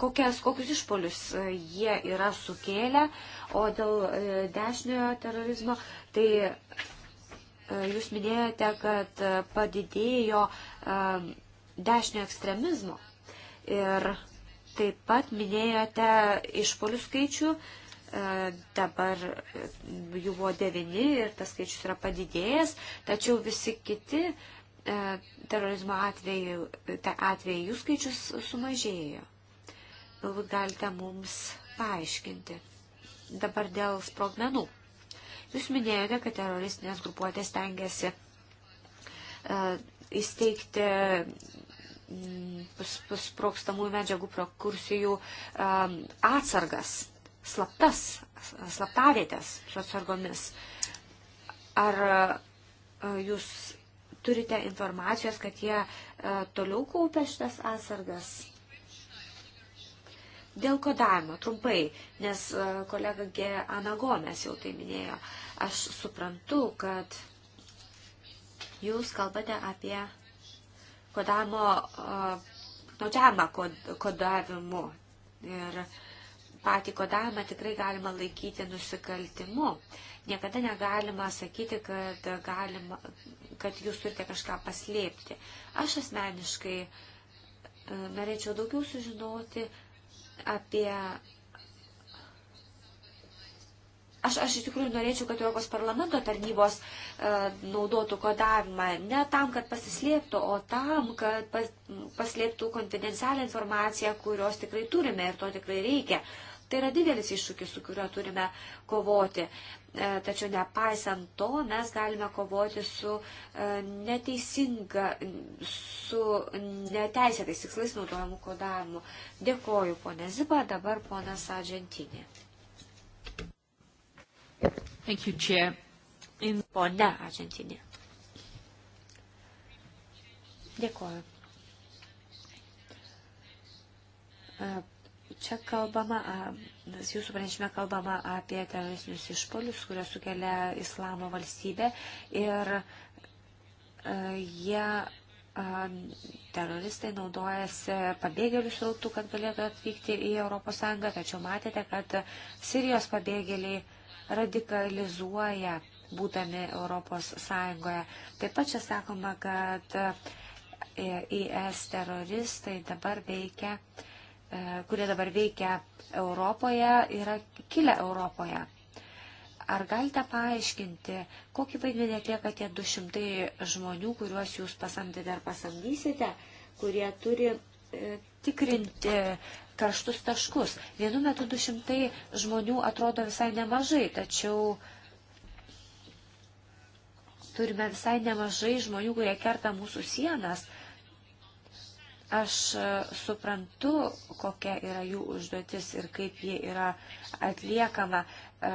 kokias, kokius išpolius e, jie yra sukėlę, o dėl dešiniojo terorizmo, tai jūs minėjote, kad padidėjo dešinio ekstremizmo. Ir taip pat minėjote išpolių skaičių E, dabar jų buvo devini ir tas skaičius yra padidėjęs, tačiau visi kiti e, terorizmo atveju, atveju jų skaičius sumažėjo. Galbūt galite mums paaiškinti. Dabar dėl sprogmenų. Jūs minėjote, kad teroristinės grupuotės tengiasi e, įsteigti sprokstamųjų medžiagų prokursijų atsargas slaptas, slaptavietės sociorgomis. Ar e, jūs turite informacijos, kad jie e, toliau kaupia šitas atsargas? Dėl kodavimo, trumpai, nes e, kolega G. Anagomės jau tai minėjo, aš suprantu, kad jūs kalbate apie kodavimo, naudžiamą kodavimu. Ir uh, patį kodavimą tikrai galima laikyti nusikaltimu. Niekada negalima sakyti, kad, galima, kad jūs turite kažką paslėpti. Aš asmeniškai e, norėčiau daugiau sužinoti apie Aš, aš iš tikrųjų norėčiau, kad Europos parlamento tarnybos e, naudotų kodavimą ne tam, kad pasislėptų, o tam, kad pas, paslėptų konfidencialią informaciją, kurios tikrai turime ir to tikrai reikia. E, Tai yra didelis iššūkis, su kuriuo turime kovoti. E, tačiau nepaisant to, mes galime kovoti su e, neteisinga, su neteisėtais tikslais naudojamu kodavimu. Dėkoju, ponė Ziba, dabar ponas Argentinė. Thank you, Chair. In... Pone Argentinė. Dėkoju e, Čia kalbama, jūsų pranešime kalbama apie teroristinius išpolius, kurios sukelia islamo valstybė ir jie teroristai naudojasi pabėgėlių srautų, kad galėtų atvykti į ES, tačiau matėte, kad Sirijos pabėgėliai radikalizuoja būdami ES. Taip pat čia sakoma, kad e, IS teroristai dabar veikia uh, kurie dabar veikia Europoje, yra kilę Europoje. Ar galite paaiškinti, kokį vaidmenį atlieka tie 200 žmonių, kuriuos jūs pasamdėte ar pasamdysite, kurie turi e, tikrinti karštus taškus. Vienu metu 200 žmonių atrodo visai nemažai, tačiau turime visai nemažai žmonių, kurie kerta mūsų sienas Aš e, suprantu, kokia yra jų užduotis ir kaip ji yra atliekama. E,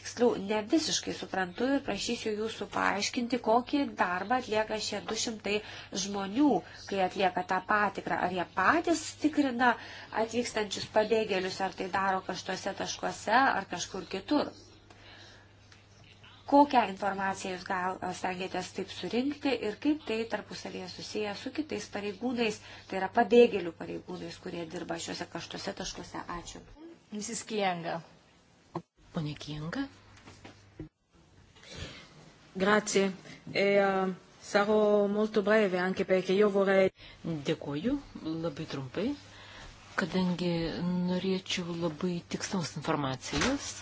tiksliau, ne visiškai suprantu ir prašysiu jūsų paaiškinti, kokį darbą atlieka šie 200 žmonių, kai atlieka tą patikrą. Ar jie patys tikrina atvykstančius pabėgėlius, ar tai daro kažtuose taškuose, ar kažkur kitur kokią informaciją jūs gal stengiatės taip surinkti ir kaip tai tarpusavėje susiję su kitais pareigūnais, tai yra pabėgėlių pareigūnais, kurie dirba šiuose kažtuose taškuose. Ačiū. Mrs. Kienga. Pone Kienga. Grazie. E, uh, sarò molto breve anche perché io vorrei. Dėkuoju, labai trumpai, kadangi norėčiau labai tikslios informacijos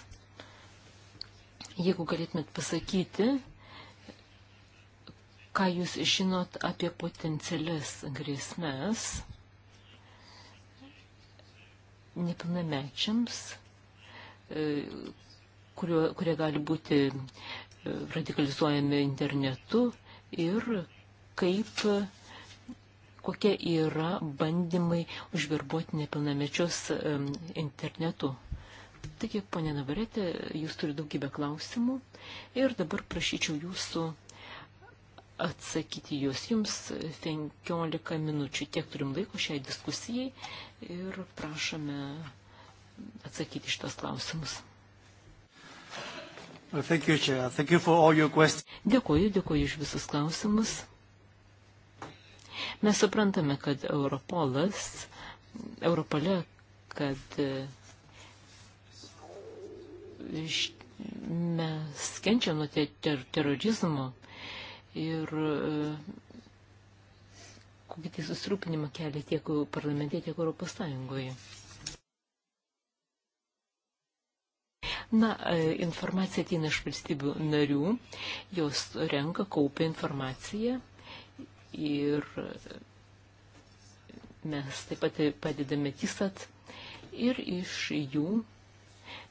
Jeigu galėtumėt pasakyti, ką jūs žinot apie potencialias grėsmės nepilnamečiams, e, kurio, kurie gali būti e, radikalizuojami internetu ir kaip kokie yra bandymai užverbuoti nepilnamečius e, internetu. Taigi, ponė Navarėtė, jūs turi daugybę klausimų ir dabar prašyčiau jūsų atsakyti juos jums 15 minučių. Tiek turim laiko šiai diskusijai ir prašome atsakyti šitas klausimus. Thank you, Chair. Thank you for all your questions. Dėkuoju, dėkuoju iš visus klausimus. Mes suprantame, kad Europolas, Europole, kad mes kenčiam nuo ter ter terorizmo ir e, kokį tai susirūpinimą kelia tiek parlamente, tiek Europos Sąjungoje. Na, e, informacija ateina iš valstybių narių, jos renka, kaupia informaciją ir mes taip pat padedame tisat ir iš jų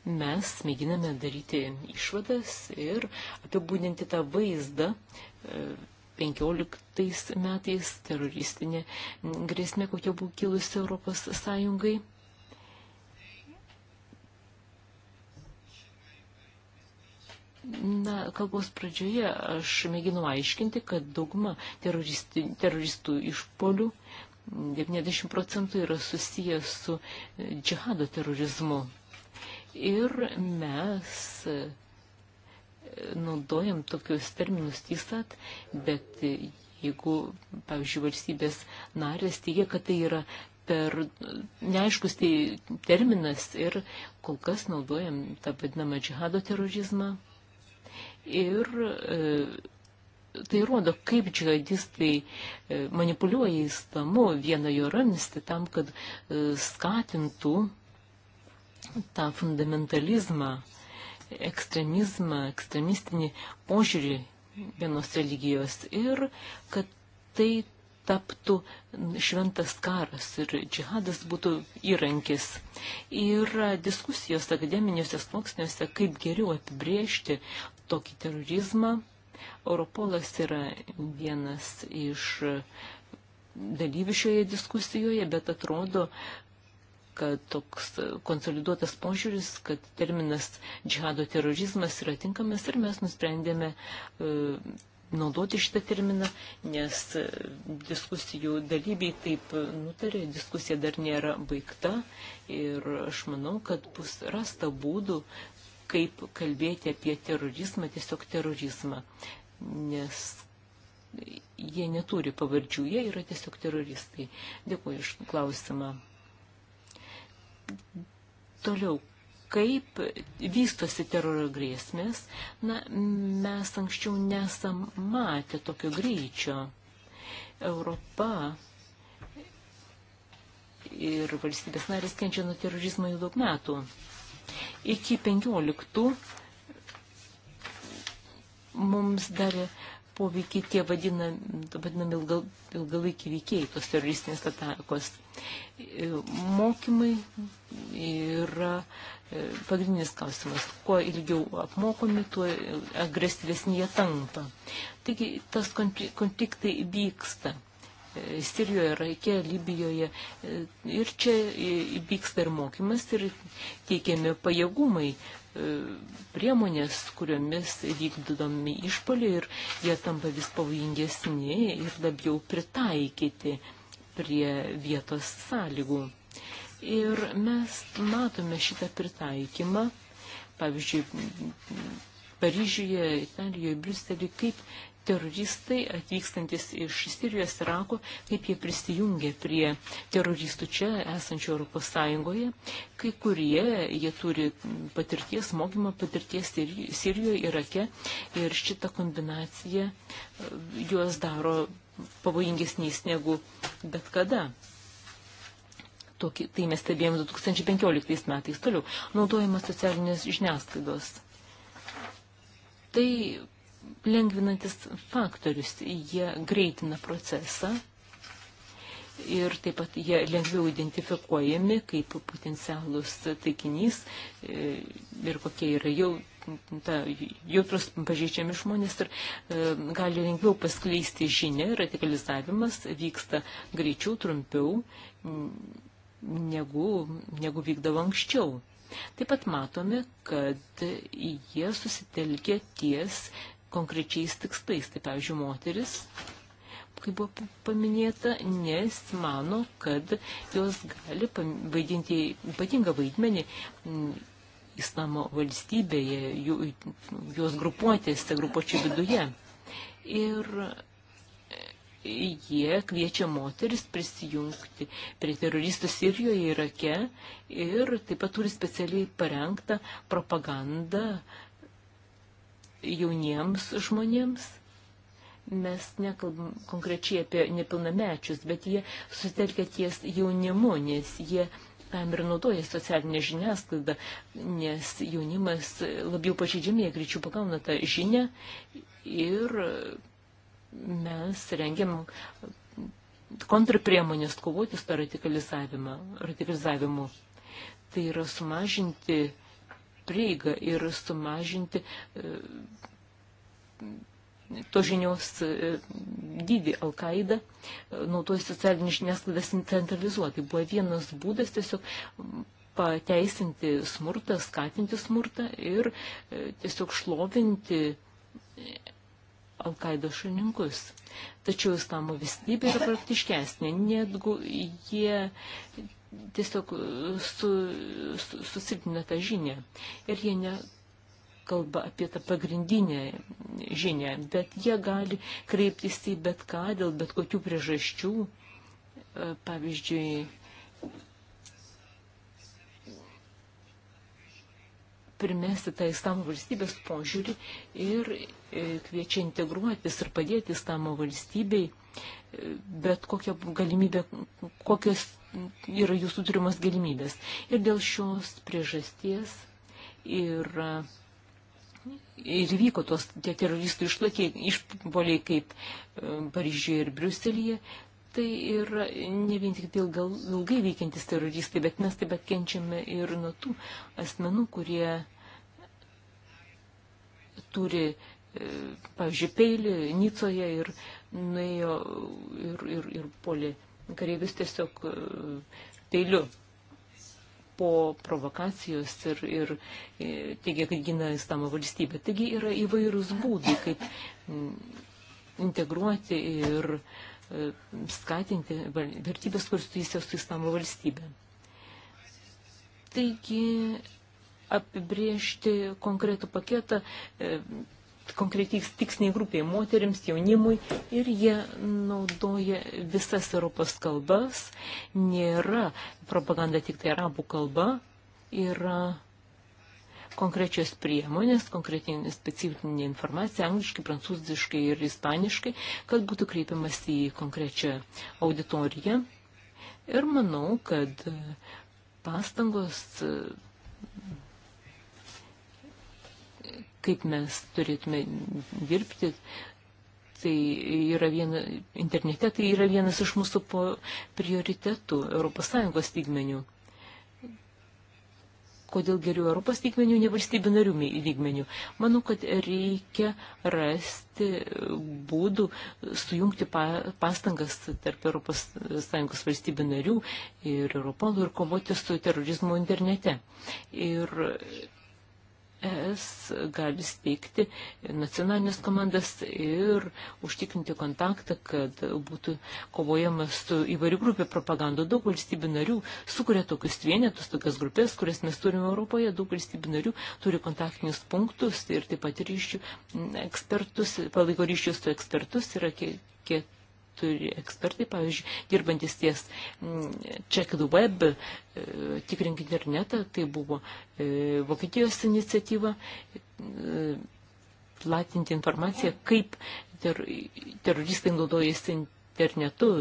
mes mėginame daryti išvadas ir apibūdinti tą vaizdą 15 e, metais teroristinė grėsmė, kokia buvo kilusi Europos Sąjungai. Na, kalbos pradžioje aš mėginau aiškinti, kad dauguma teroristų išpolių 90 procentų yra susijęs su e, džihado terorizmu. Ir mes e, naudojam tokius terminus tysat, bet jeigu, pavyzdžiui, valstybės narės teigia, kad tai yra per neaiškus tai terminas ir kol kas naudojam tą vadinamą džihado terorizmą. Ir e, tai rodo, kaip džihadistai e, manipuliuoja įstamu vieną jo ramstį tam, kad e, skatintų e, tą fundamentalizmą, ekstremizmą, ekstremistinį požiūrį vienos religijos ir kad tai taptų šventas karas ir džihadas būtų įrankis. Yra diskusijos akademiniuose sluoksniuose, kaip geriau apibriežti tokį terorizmą. Europolas yra vienas iš dalyvių šioje diskusijoje, bet atrodo, kad toks konsoliduotas požiūris, kad terminas džihado terorizmas yra tinkamas ir mes nusprendėme e, naudoti šitą terminą, nes e, diskusijų dalyviai taip nutarė, diskusija dar nėra baigta ir aš manau, kad bus rasta būdų, kaip kalbėti apie terorizmą, tiesiog terorizmą, nes jie neturi pavardžių, jie yra tiesiog teroristai. Dėkuoju iš klausimą. Toliau, kaip vystosi teroro grėsmės, na, mes anksčiau nesam matę tokio greičio. Europa ir valstybės narės kenčia nuo terorizmo jau daug metų. Iki 15 mums dar poveikį tie vadinam, vadinam ilgal, ilgalaikiai veikėjai, tos teroristinės atakos. E, mokymai yra e, pagrindinis klausimas. Kuo ilgiau apmokomi, tuo agresyvesnė jie tampa. Taigi tas konfliktai vyksta. E, Sirijoje, Raikė, Libijoje. Ir čia vyksta ir mokymas, ir teikiami pajėgumai E, priemonės, kuriomis vykdomi išpoliai ir jie tampa vis pavojingesni ir labiau pritaikyti prie vietos sąlygų. Ir mes matome šitą pritaikymą, pavyzdžiui, Paryžiuje, Italijoje, Briuselį, kaip teroristai atvykstantis iš Sirijos Irako, kaip jie prisijungia prie teroristų čia esančių Europos Sąjungoje. Kai kurie, jie turi patirties, mokymo patirties Sirijoje, Irake ir šita kombinacija e, juos daro pavojingesniais negu bet kada. Tokį, tai mes stebėjome 2015 metais toliau, naudojamas socialinės žiniasklaidos. Tai lengvinantis faktorius. Jie greitina procesą ir taip pat jie lengviau identifikuojami kaip potencialus taikinys e, ir kokie yra jau ta, jautrus pažeidžiami žmonės ir e, gali lengviau paskleisti žinę, radikalizavimas vyksta greičiau, trumpiau mm, negu, negu vykdavo anksčiau. Taip pat matome, kad jie susitelkė ties konkrečiais tikslais. Tai pavyzdžiui, moteris, kaip buvo paminėta, nes mano, kad jos gali vaidinti ypatingą vaidmenį islamo valstybėje, jų, jos grupuotėse, grupuočių viduje. Ir e, jie kviečia moteris prisijungti prie teroristų Sirijoje, Irake ir taip pat turi specialiai parengtą propagandą jauniems žmonėms. Mes nekalbam konkrečiai apie nepilnamečius, bet jie susitelkia ties jaunimu, nes jie tam ir naudoja socialinę žiniasklaidą, nes jaunimas labiau pažydžiami, jie greičiau pagauna tą žinią ir mes rengiam kontrpriemonės kovoti su radikalizavimu. Tai yra sumažinti prieigą ir sumažinti e, to žinios e, dydį Al-Qaida e, naudoja socialinį žiniasklaidą centralizuotai. Buvo vienas būdas tiesiog pateisinti smurtą, skatinti smurtą ir tiesiog šlovinti Al-Qaido šalininkus. Tačiau islamo valstybė yra praktiškesnė, netgi jie tiesiog e, su, su, susilpnina tą žinią. Ir jie nekalba apie tą pagrindinę žinią, bet jie gali kreiptis į bet ką dėl bet kokių priežasčių. E, pavyzdžiui, primesti tą islamo valstybės požiūrį ir e, kviečia integruotis ir padėti islamo valstybei bet kokia galimybė, kokios yra jūsų turimas galimybės. Ir dėl šios priežasties ir, ir vyko tos tie teroristų išpoliai kaip e, Paryžiuje ir Briuselėje. Tai yra ne vien tik dėl gal, ilgai veikiantis teroristai, bet mes taip pat kenčiame ir nuo tų asmenų, kurie turi, e, pavyzdžiui, peilį Nicoje ir uh, nuėjo ir, ir, ir polė kareivius tiesiog e, peiliu po provokacijos ir, ir e, teigia, kad gina Islamo valstybę. Taigi yra įvairūs būdai, kaip mm, integruoti ir e, skatinti vertybės, kuris susijusios su Islamo valstybė. Taigi apibriežti konkretų paketą konkretiai tiksliniai grupiai moteriams, jaunimui ir jie naudoja visas Europos kalbas. Nėra propaganda tik tai arabų kalba, yra konkrečios priemonės, konkretinė specifinė informacija, angliškai, prancūziškai ir ispaniškai, kad būtų kreipiamas į konkrečią auditoriją. Ir manau, kad pastangos kaip mes turėtume dirbti, tai yra viena, internete tai yra vienas iš mūsų prioritetų ES lygmenių. Kodėl geriau Europos lygmenių, ne valstybių narių lygmenių? Manau, kad reikia rasti būdų sujungti pa, pastangas tarp ES valstybių narių ir Europolų ir kovoti su terorizmu internete. Ir ES gali steigti nacionalinės komandas ir užtikrinti kontaktą, kad būtų kovojama su įvairių grupė propaganda. Daug valstybių narių sukuria tokius vienetus, tokias grupės, kurias mes turime Europoje. Daug valstybių narių turi kontaktinius punktus ir taip pat ryšių ekspertus, palaiko ryšius su ekspertus yra kiek turi ekspertai, pavyzdžiui, dirbantis ties mm, Check the Web, e, tikrink internetą, tai buvo e, Vokietijos iniciatyva e, platinti informaciją, kaip ter teroristai naudojasi internetu,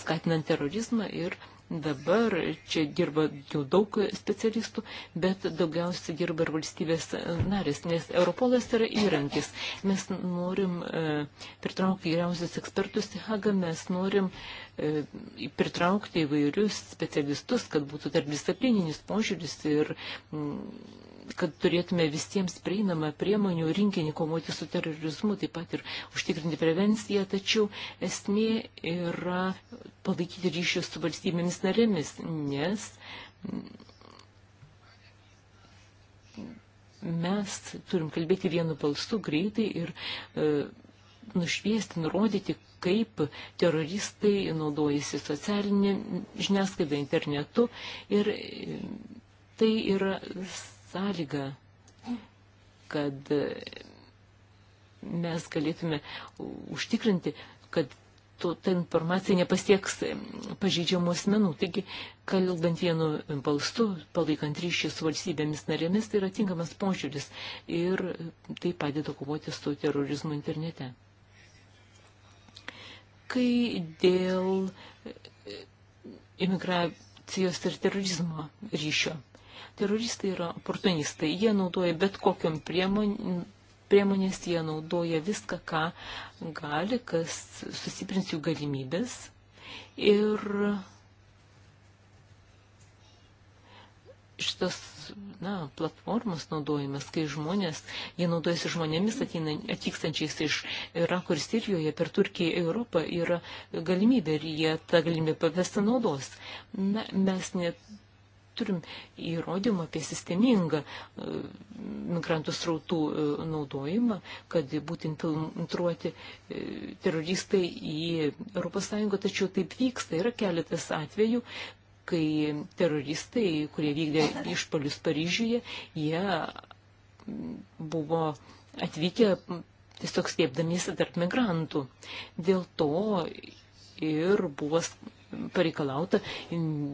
skatinant terorizmą ir terorizmą Dabar čia dirba jau daug specialistų, bet daugiausia dirba ir valstybės narės, nes Europolas yra įrankis. Mes norim e, pritraukti geriausius ekspertus į Hagą, mes norim e, pritraukti įvairius specialistus, kad būtų tarp disciplininis požiūris ir m, kad turėtume visiems prieinamą priemonių rinkinį komuoti su terorizmu, taip pat ir užtikrinti prevenciją, tačiau esmė yra palaikyti ryšius su valstybėmis narėmis, nes mes turim kalbėti vienu balsu greitai ir e, nušviesti, nurodyti, kaip teroristai naudojasi socialinė žiniasklaida internetu ir e, tai yra sąlyga, kad mes galėtume užtikrinti, kad to, ta informacija nepasieks pažydžiamų asmenų. Taigi, kalbant vienu balstu, palaikant ryšį su valstybėmis narėmis, tai yra tinkamas požiūris ir tai padeda kovoti su terorizmu internete. Kai dėl imigracijos ir terorizmo ryšio. Teroristai yra oportunistai, jie naudoja bet kokiam priemonėm priemonės, jie naudoja viską, ką gali, kas susiprins jų galimybės. Ir šitas, na, platformas naudojimas, kai žmonės, jie naudojasi žmonėmis ateina, atvykstančiais iš Irako ir Sirijoje per Turkiją į Europą, yra galimybė ir jie tą galimybę pavesinaudos. Na, mes net turim įrodymą apie sistemingą e, migrantų srautų e, naudojimą, kad būtų infiltruoti e, teroristai į ES, tačiau taip vyksta. Yra keletas atvejų, kai teroristai, kurie vykdė išpalius Paryžiuje, jie buvo atvykę tiesiog slėpdamiesi tarp migrantų. Dėl to ir buvo pareikalauta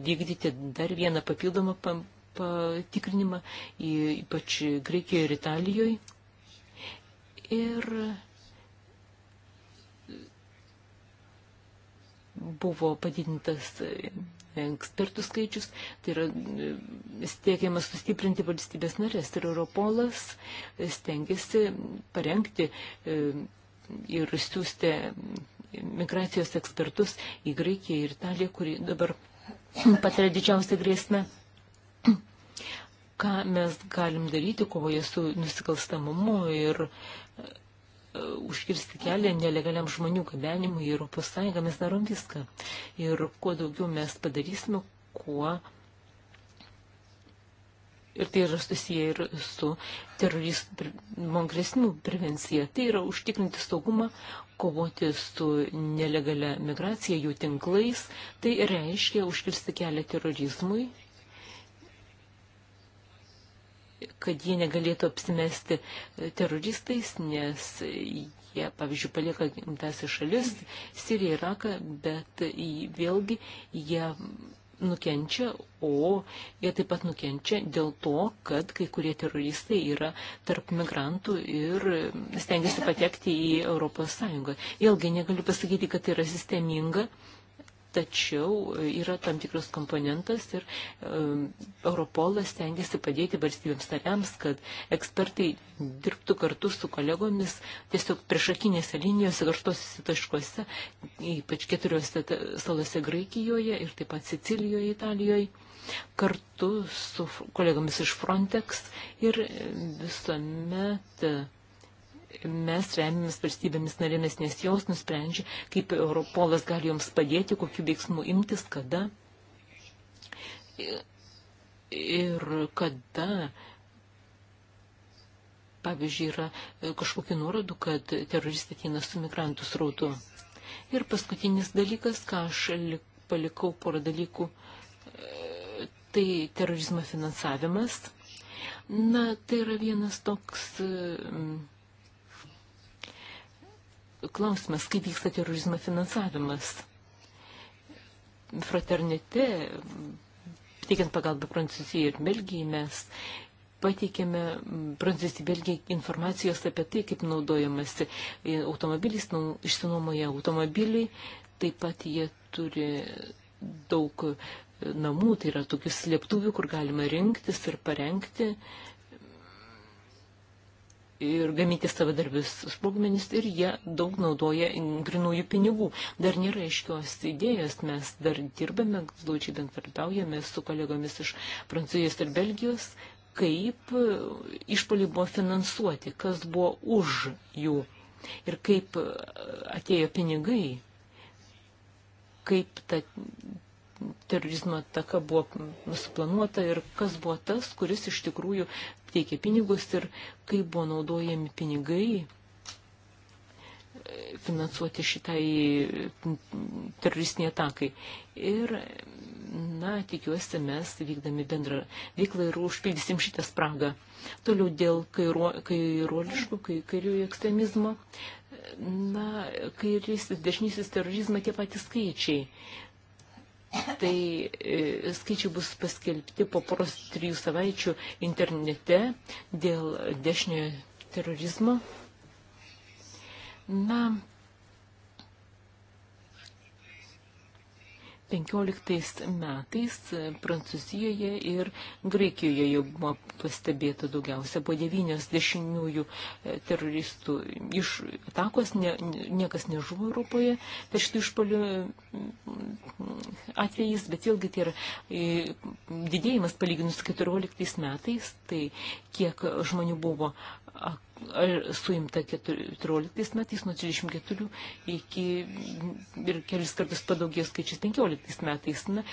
vykdyti dar vieną papildomą patikrinimą, ypač Graikijoje ir Italijoje. Ir buvo padidintas ekspertų skaičius, tai yra e, stiekiama sustiprinti valstybės narės ir Europolas stengiasi parengti e, ir siūsti migracijos ekspertus į Graikiją ir Italiją, kuri dabar patiria didžiausią grėsmę ką mes galim daryti kovoje su nusikalstamumu ir e, užkirsti kelią nelegaliam žmonių gabenimui į Europos Sąjungą, mes darom viską. Ir kuo daugiau mes padarysime, kuo. Ir tai yra susiję ir su teroristų grėsmių prevencija. Tai yra užtikrinti saugumą, kovoti su nelegalia migracija, jų tinklais, tai reiškia užkirsti kelią terorizmui, kad jie negalėtų apsimesti teroristais, nes jie, pavyzdžiui, palieka tas šalis, Siriją, Iraką, bet vėlgi jie nukenčia, o jie taip pat nukenčia dėl to, kad kai kurie teroristai yra tarp migrantų ir stengiasi patekti į Europos Sąjungą. Vėlgi negaliu pasakyti, kad tai yra sisteminga, tačiau yra tam tikras komponentas ir um, Europolas stengiasi padėti valstybėms nariams, kad ekspertai dirbtų kartu su kolegomis tiesiog priešakinėse linijose, karštosiuose taškuose, ypač keturiuose salose Graikijoje ir taip pat Sicilijoje, Italijoje, kartu su kolegomis iš Frontex ir visuomet mes remiamės valstybėmis narėmis, nes jos nusprendžia, kaip Europolas gali joms padėti, kokiu veiksmu imtis, kada ir kada. Pavyzdžiui, yra kažkokių nuorodų, kad teroristai ateina su migrantų srautu. Ir paskutinis dalykas, ką aš palikau porą dalykų, tai terorizmo finansavimas. Na, tai yra vienas toks. Mm, klausimas, kaip vyksta terorizmo finansavimas. Fraternite, teikiant pagalbą Prancūzijai ir Belgijai, mes pateikėme Prancūzijai Belgijai informacijos apie tai, kaip naudojamasi automobilis, išsinuomoja automobiliai, taip pat jie turi daug namų, tai yra tokių slėptuvių, kur galima rinktis ir parengti uh, ir gaminti savadarbius sprogmenis ir jie daug naudoja grinųjų pinigų. Dar nėra aiškios idėjos, mes dar dirbame, glaučiai bendradarbiaujame su kolegomis iš Prancūzijos ir Belgijos, kaip e, išpoliai buvo finansuoti, kas buvo už jų ir kaip e, atėjo pinigai, kaip ta terorizmo ataka buvo suplanuota ir kas buvo tas, kuris iš tikrųjų teikė pinigus ir kaip buvo naudojami pinigai e, finansuoti šitai teroristiniai atakai. Ir, na, tikiuosi, mes vykdami bendrą veiklą ir užpildysim šitą spragą. Toliau dėl kairo, kairoliškų, kairiojo ekstremizmo na, kairysis, dešinysis terorizmas tie patys skaičiai. Tai e, skaičiai bus paskelbti po poros trijų savaičių internete dėl dešiniojo terorizmo. Na, 15 metais Prancūzijoje ir Graikijoje jau buvo pastebėta daugiausia. Po 90-ųjų e, teroristų iš atakos ne, niekas nežuvo Europoje per šitų išpolių mm, atvejais, bet vėlgi tai yra e, didėjimas palyginus 14 metais, tai kiek žmonių buvo suimta 14 metais nuo 34 iki ir kelis kartus padaugės skaičius 15 metais. Na,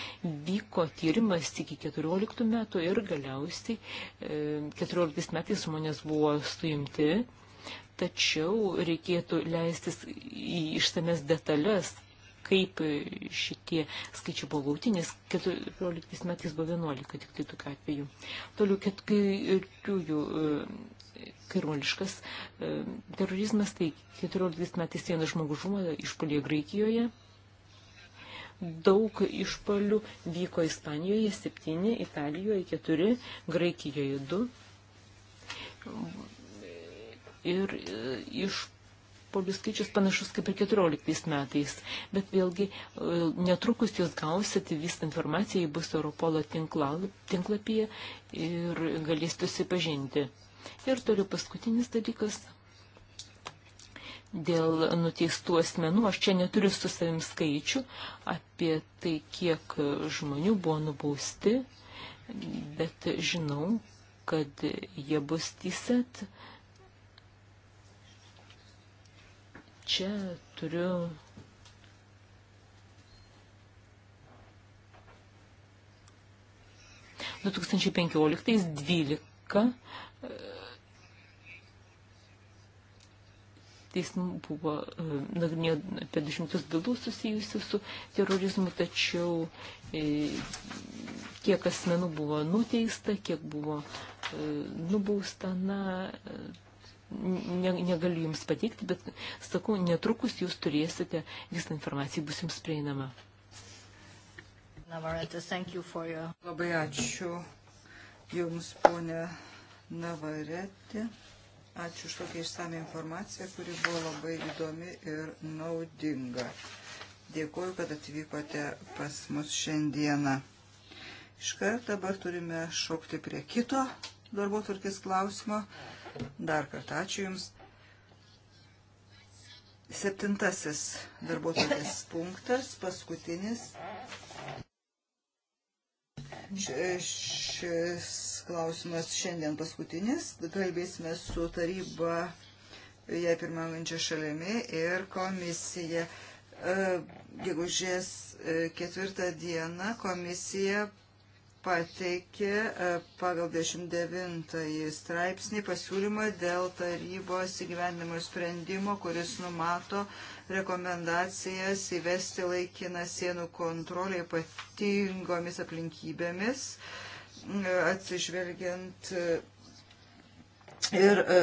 vyko tyrimas iki 14 metų ir galiausiai 14 e, metais žmonės buvo suimti. Tačiau reikėtų leistis į išsames detalės, kaip šitie skaičiai buvo gauti, nes 14 metais buvo 11 tik tai tokiu atveju. Toliau keturiųjų e, kairuoliškas e, terorizmas, tai 14 metais vienas žmogus žuvo išpolėje Graikijoje. Daug išpolių vyko Ispanijoje 7, Italijoje 4, Graikijoje 2. Ir e, iš polių skaičius panašus kaip ir 14 metais. Bet vėlgi e, netrukus jūs gausite visą informaciją, ji bus Europolo tinkla, tinklapyje ir galėsite susipažinti. Ir toliau paskutinis dalykas. Dėl nuteistų asmenų, aš čia neturiu su savim skaičių apie tai, kiek žmonių buvo nubausti, bet žinau, kad jie bus tysat. Čia turiu du tūkstančiai penkioliktais dvylika teismų buvo e, nagrinėjo apie 200 bylų susijusių su terorizmu, tačiau e, kiek asmenų buvo nuteista, kiek buvo e, nubausta, na, ne, negaliu jums pateikti, bet sakau, netrukus jūs turėsite, visą informaciją bus jums prieinama. Navarrete, thank you for your... Labai ačiū Jums, ponė Navaretė. Ačiū už tokią išsame informaciją, kuri buvo labai įdomi ir naudinga. Dėkuoju, kad atvykote pas mus šiandieną. Iškart dabar turime šokti prie kito darbo tvarkės klausimo. Dar kartą ačiū Jums. Septintasis darbo tvarkės punktas, paskutinis. Šis klausimas šiandien paskutinis. Kalbėsime su taryba, jai pirmaujančia šalimi ir komisija. E, gegužės e, ketvirtą dieną komisija pateikė e, pagal 29 straipsnį pasiūlymą dėl tarybos įgyvendimo sprendimo, kuris numato rekomendacijas įvesti laikiną sienų kontrolę ypatingomis aplinkybėmis. Uh, atsižvelgiant Ir e,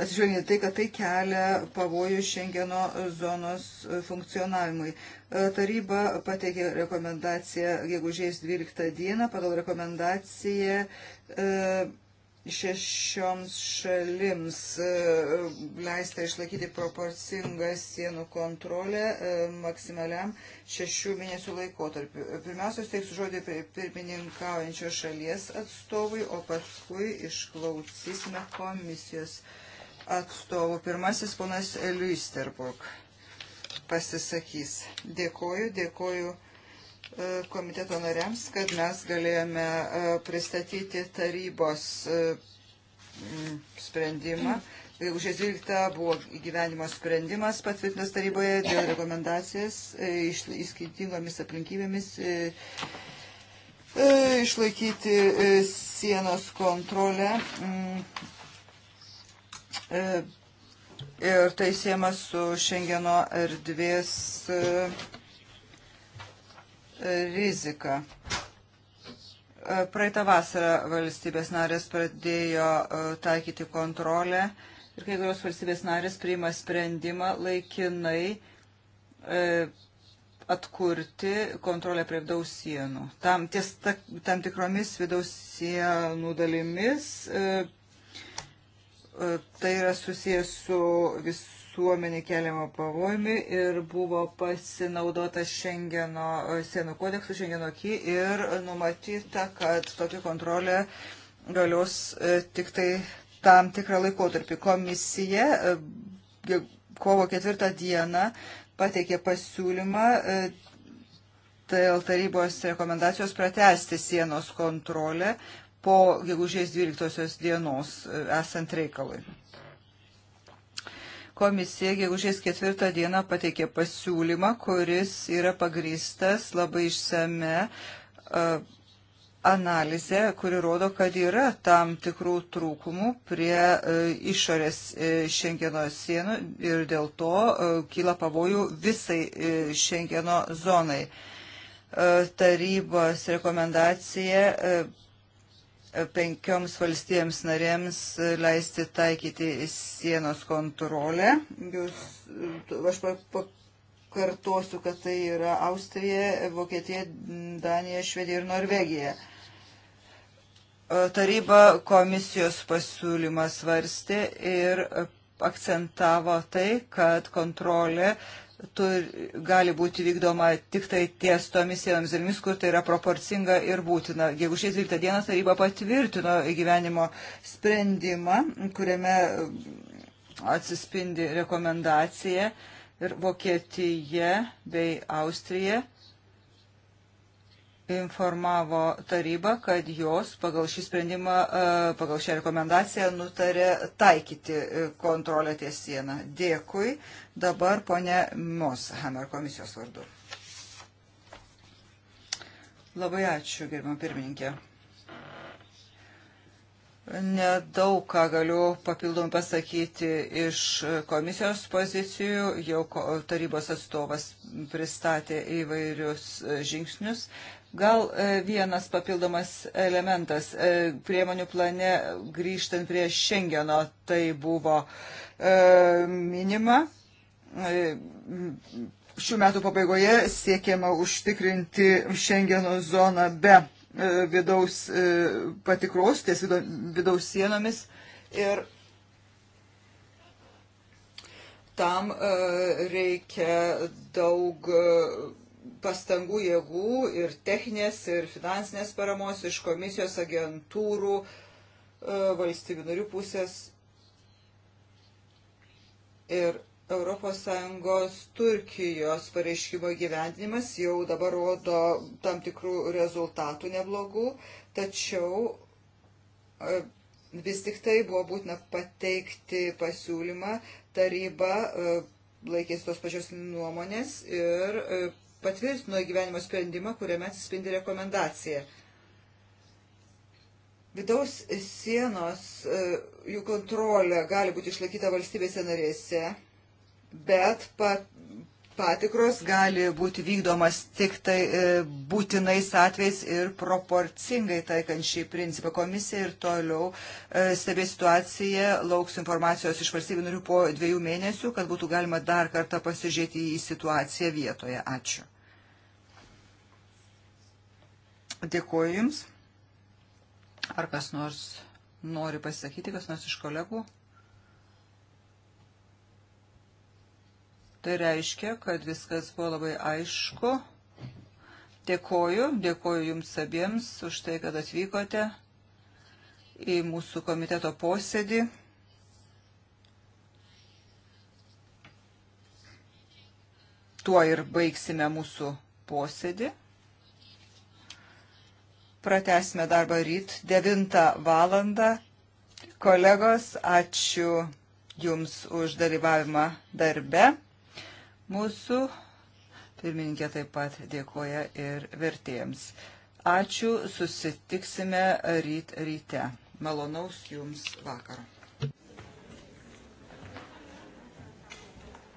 atsižvelgiant tai, kad tai kelia pavojų Šengeno zonos funkcionavimui. E, taryba pateikė rekomendaciją gegužės 12 dieną. Pagal rekomendaciją e, šešioms šalims e, leista išlaikyti proporcingą sienų kontrolę e, maksimaliam šešių mėnesių laikotarpiu. Pirmiausia, teiksiu žodį pirmininkaujančios šalies atstovui, o paskui išklausysime komisijos atstovų. Pirmasis ponas Liuisterburg pasisakys. Dėkoju, dėkoju E, komiteto nariams, kad mes galėjome e, pristatyti tarybos e, sprendimą. Užės 12 buvo įgyvenimo sprendimas patvirtintas taryboje dėl rekomendacijas įskirtingomis aplinkybėmis išlaikyti sienos kontrolę. Ir tai siemas su Šengeno erdvės rizika. E, praeitą vasarą valstybės narės pradėjo e, taikyti kontrolę ir kai kurios valstybės narės priima sprendimą laikinai e, atkurti kontrolę prie vidaus sienų. Tam, ties, ta, tam tikromis vidaus sienų dalimis e, e, tai yra susijęs su vis, visuomenį keliamo pavojumi ir buvo pasinaudota Šengeno e, sienų kodeksų Šengeno ky ir numatyta, kad tokia kontrolė galios e, tik tai tam tikrą laikotarpį. Komisija e, kovo ketvirtą dieną pateikė pasiūlymą dėl tarybos rekomendacijos pratesti sienos kontrolę po gegužės 12 dienos esant reikalui. Komisija gegužės ketvirtą dieną pateikė pasiūlymą, kuris yra pagrįstas labai išsame e, analizė, kuri rodo, kad yra tam tikrų trūkumų prie e, išorės e, Šengeno sienų ir dėl to kyla pavojų visai Šengeno zonai. Tarybos rekomendacija penkioms valstijams narėms e, leisti taikyti sienos kontrolę. Jūs, e, aš pakartosiu, kad tai yra Austrija, Vokietija, Danija, Švedija ir Norvegija. E, taryba komisijos pasiūlymą svarstė ir akcentavo tai, kad kontrolė tur, gali būti vykdoma tik tai ties tomis sienomis dalimis, kur tai yra proporcinga ir būtina. Gegužės 12 dieną taryba patvirtino gyvenimo sprendimą, kuriame um, atsispindi rekomendacija ir Vokietija bei Austrija informavo taryba, kad jos pagal šį sprendimą, e, pagal šią rekomendaciją nutarė taikyti e, kontrolę ties sieną. Dėkui. Dabar ponė Moshammer komisijos vardu. Labai ačiū, gerbimo pirmininkė. Nedaug ką galiu papildomai pasakyti iš komisijos pozicijų, jau tarybos atstovas pristatė įvairius e, žingsnius. Gal e, vienas papildomas elementas e, priemonių plane grįžtant prie Šengeno, tai buvo e, minima. Šių metų pabaigoje siekiama užtikrinti Šengeno zoną be vidaus patikros, ties vidaus sienomis. Ir tam reikia daug pastangų jėgų ir techninės, ir finansinės paramos iš komisijos agentūrų, e, valstybių narių pusės ir ES Turkijos pareiškimo gyvendinimas jau dabar rodo tam tikrų rezultatų neblogų, tačiau e, vis tik tai buvo būtina pateikti pasiūlymą, taryba e, laikėsi tos pačios nuomonės ir patvirtino įgyvenimo sprendimą, kuriame atsispindi rekomendacija. Vidaus sienos, e, jų kontrolė gali būti išlaikyta valstybėse narėse, bet pat, patikros gali būti vykdomas tik tai e, būtinais atvejais ir proporcingai taikant šį principą. Komisija ir toliau e, stebė situaciją, lauks informacijos iš valstybių narių po dviejų mėnesių, kad būtų galima dar kartą pasižiūrėti į situaciją vietoje. Ačiū. Dėkuoju Jums. Ar kas nors nori pasakyti, kas nors iš kolegų? Tai reiškia, kad viskas buvo labai aišku. Dėkoju, dėkoju Jums abiems už tai, kad atvykote į mūsų komiteto posėdį. Tuo ir baigsime mūsų posėdį. Pratesime darbą ryt 9 valandą. Kolegos, ačiū Jums už dalyvavimą darbe. Mūsų pirmininkė taip pat dėkoja ir vertėjams. Ačiū, susitiksime ryt ryte. Malonaus Jums vakaro.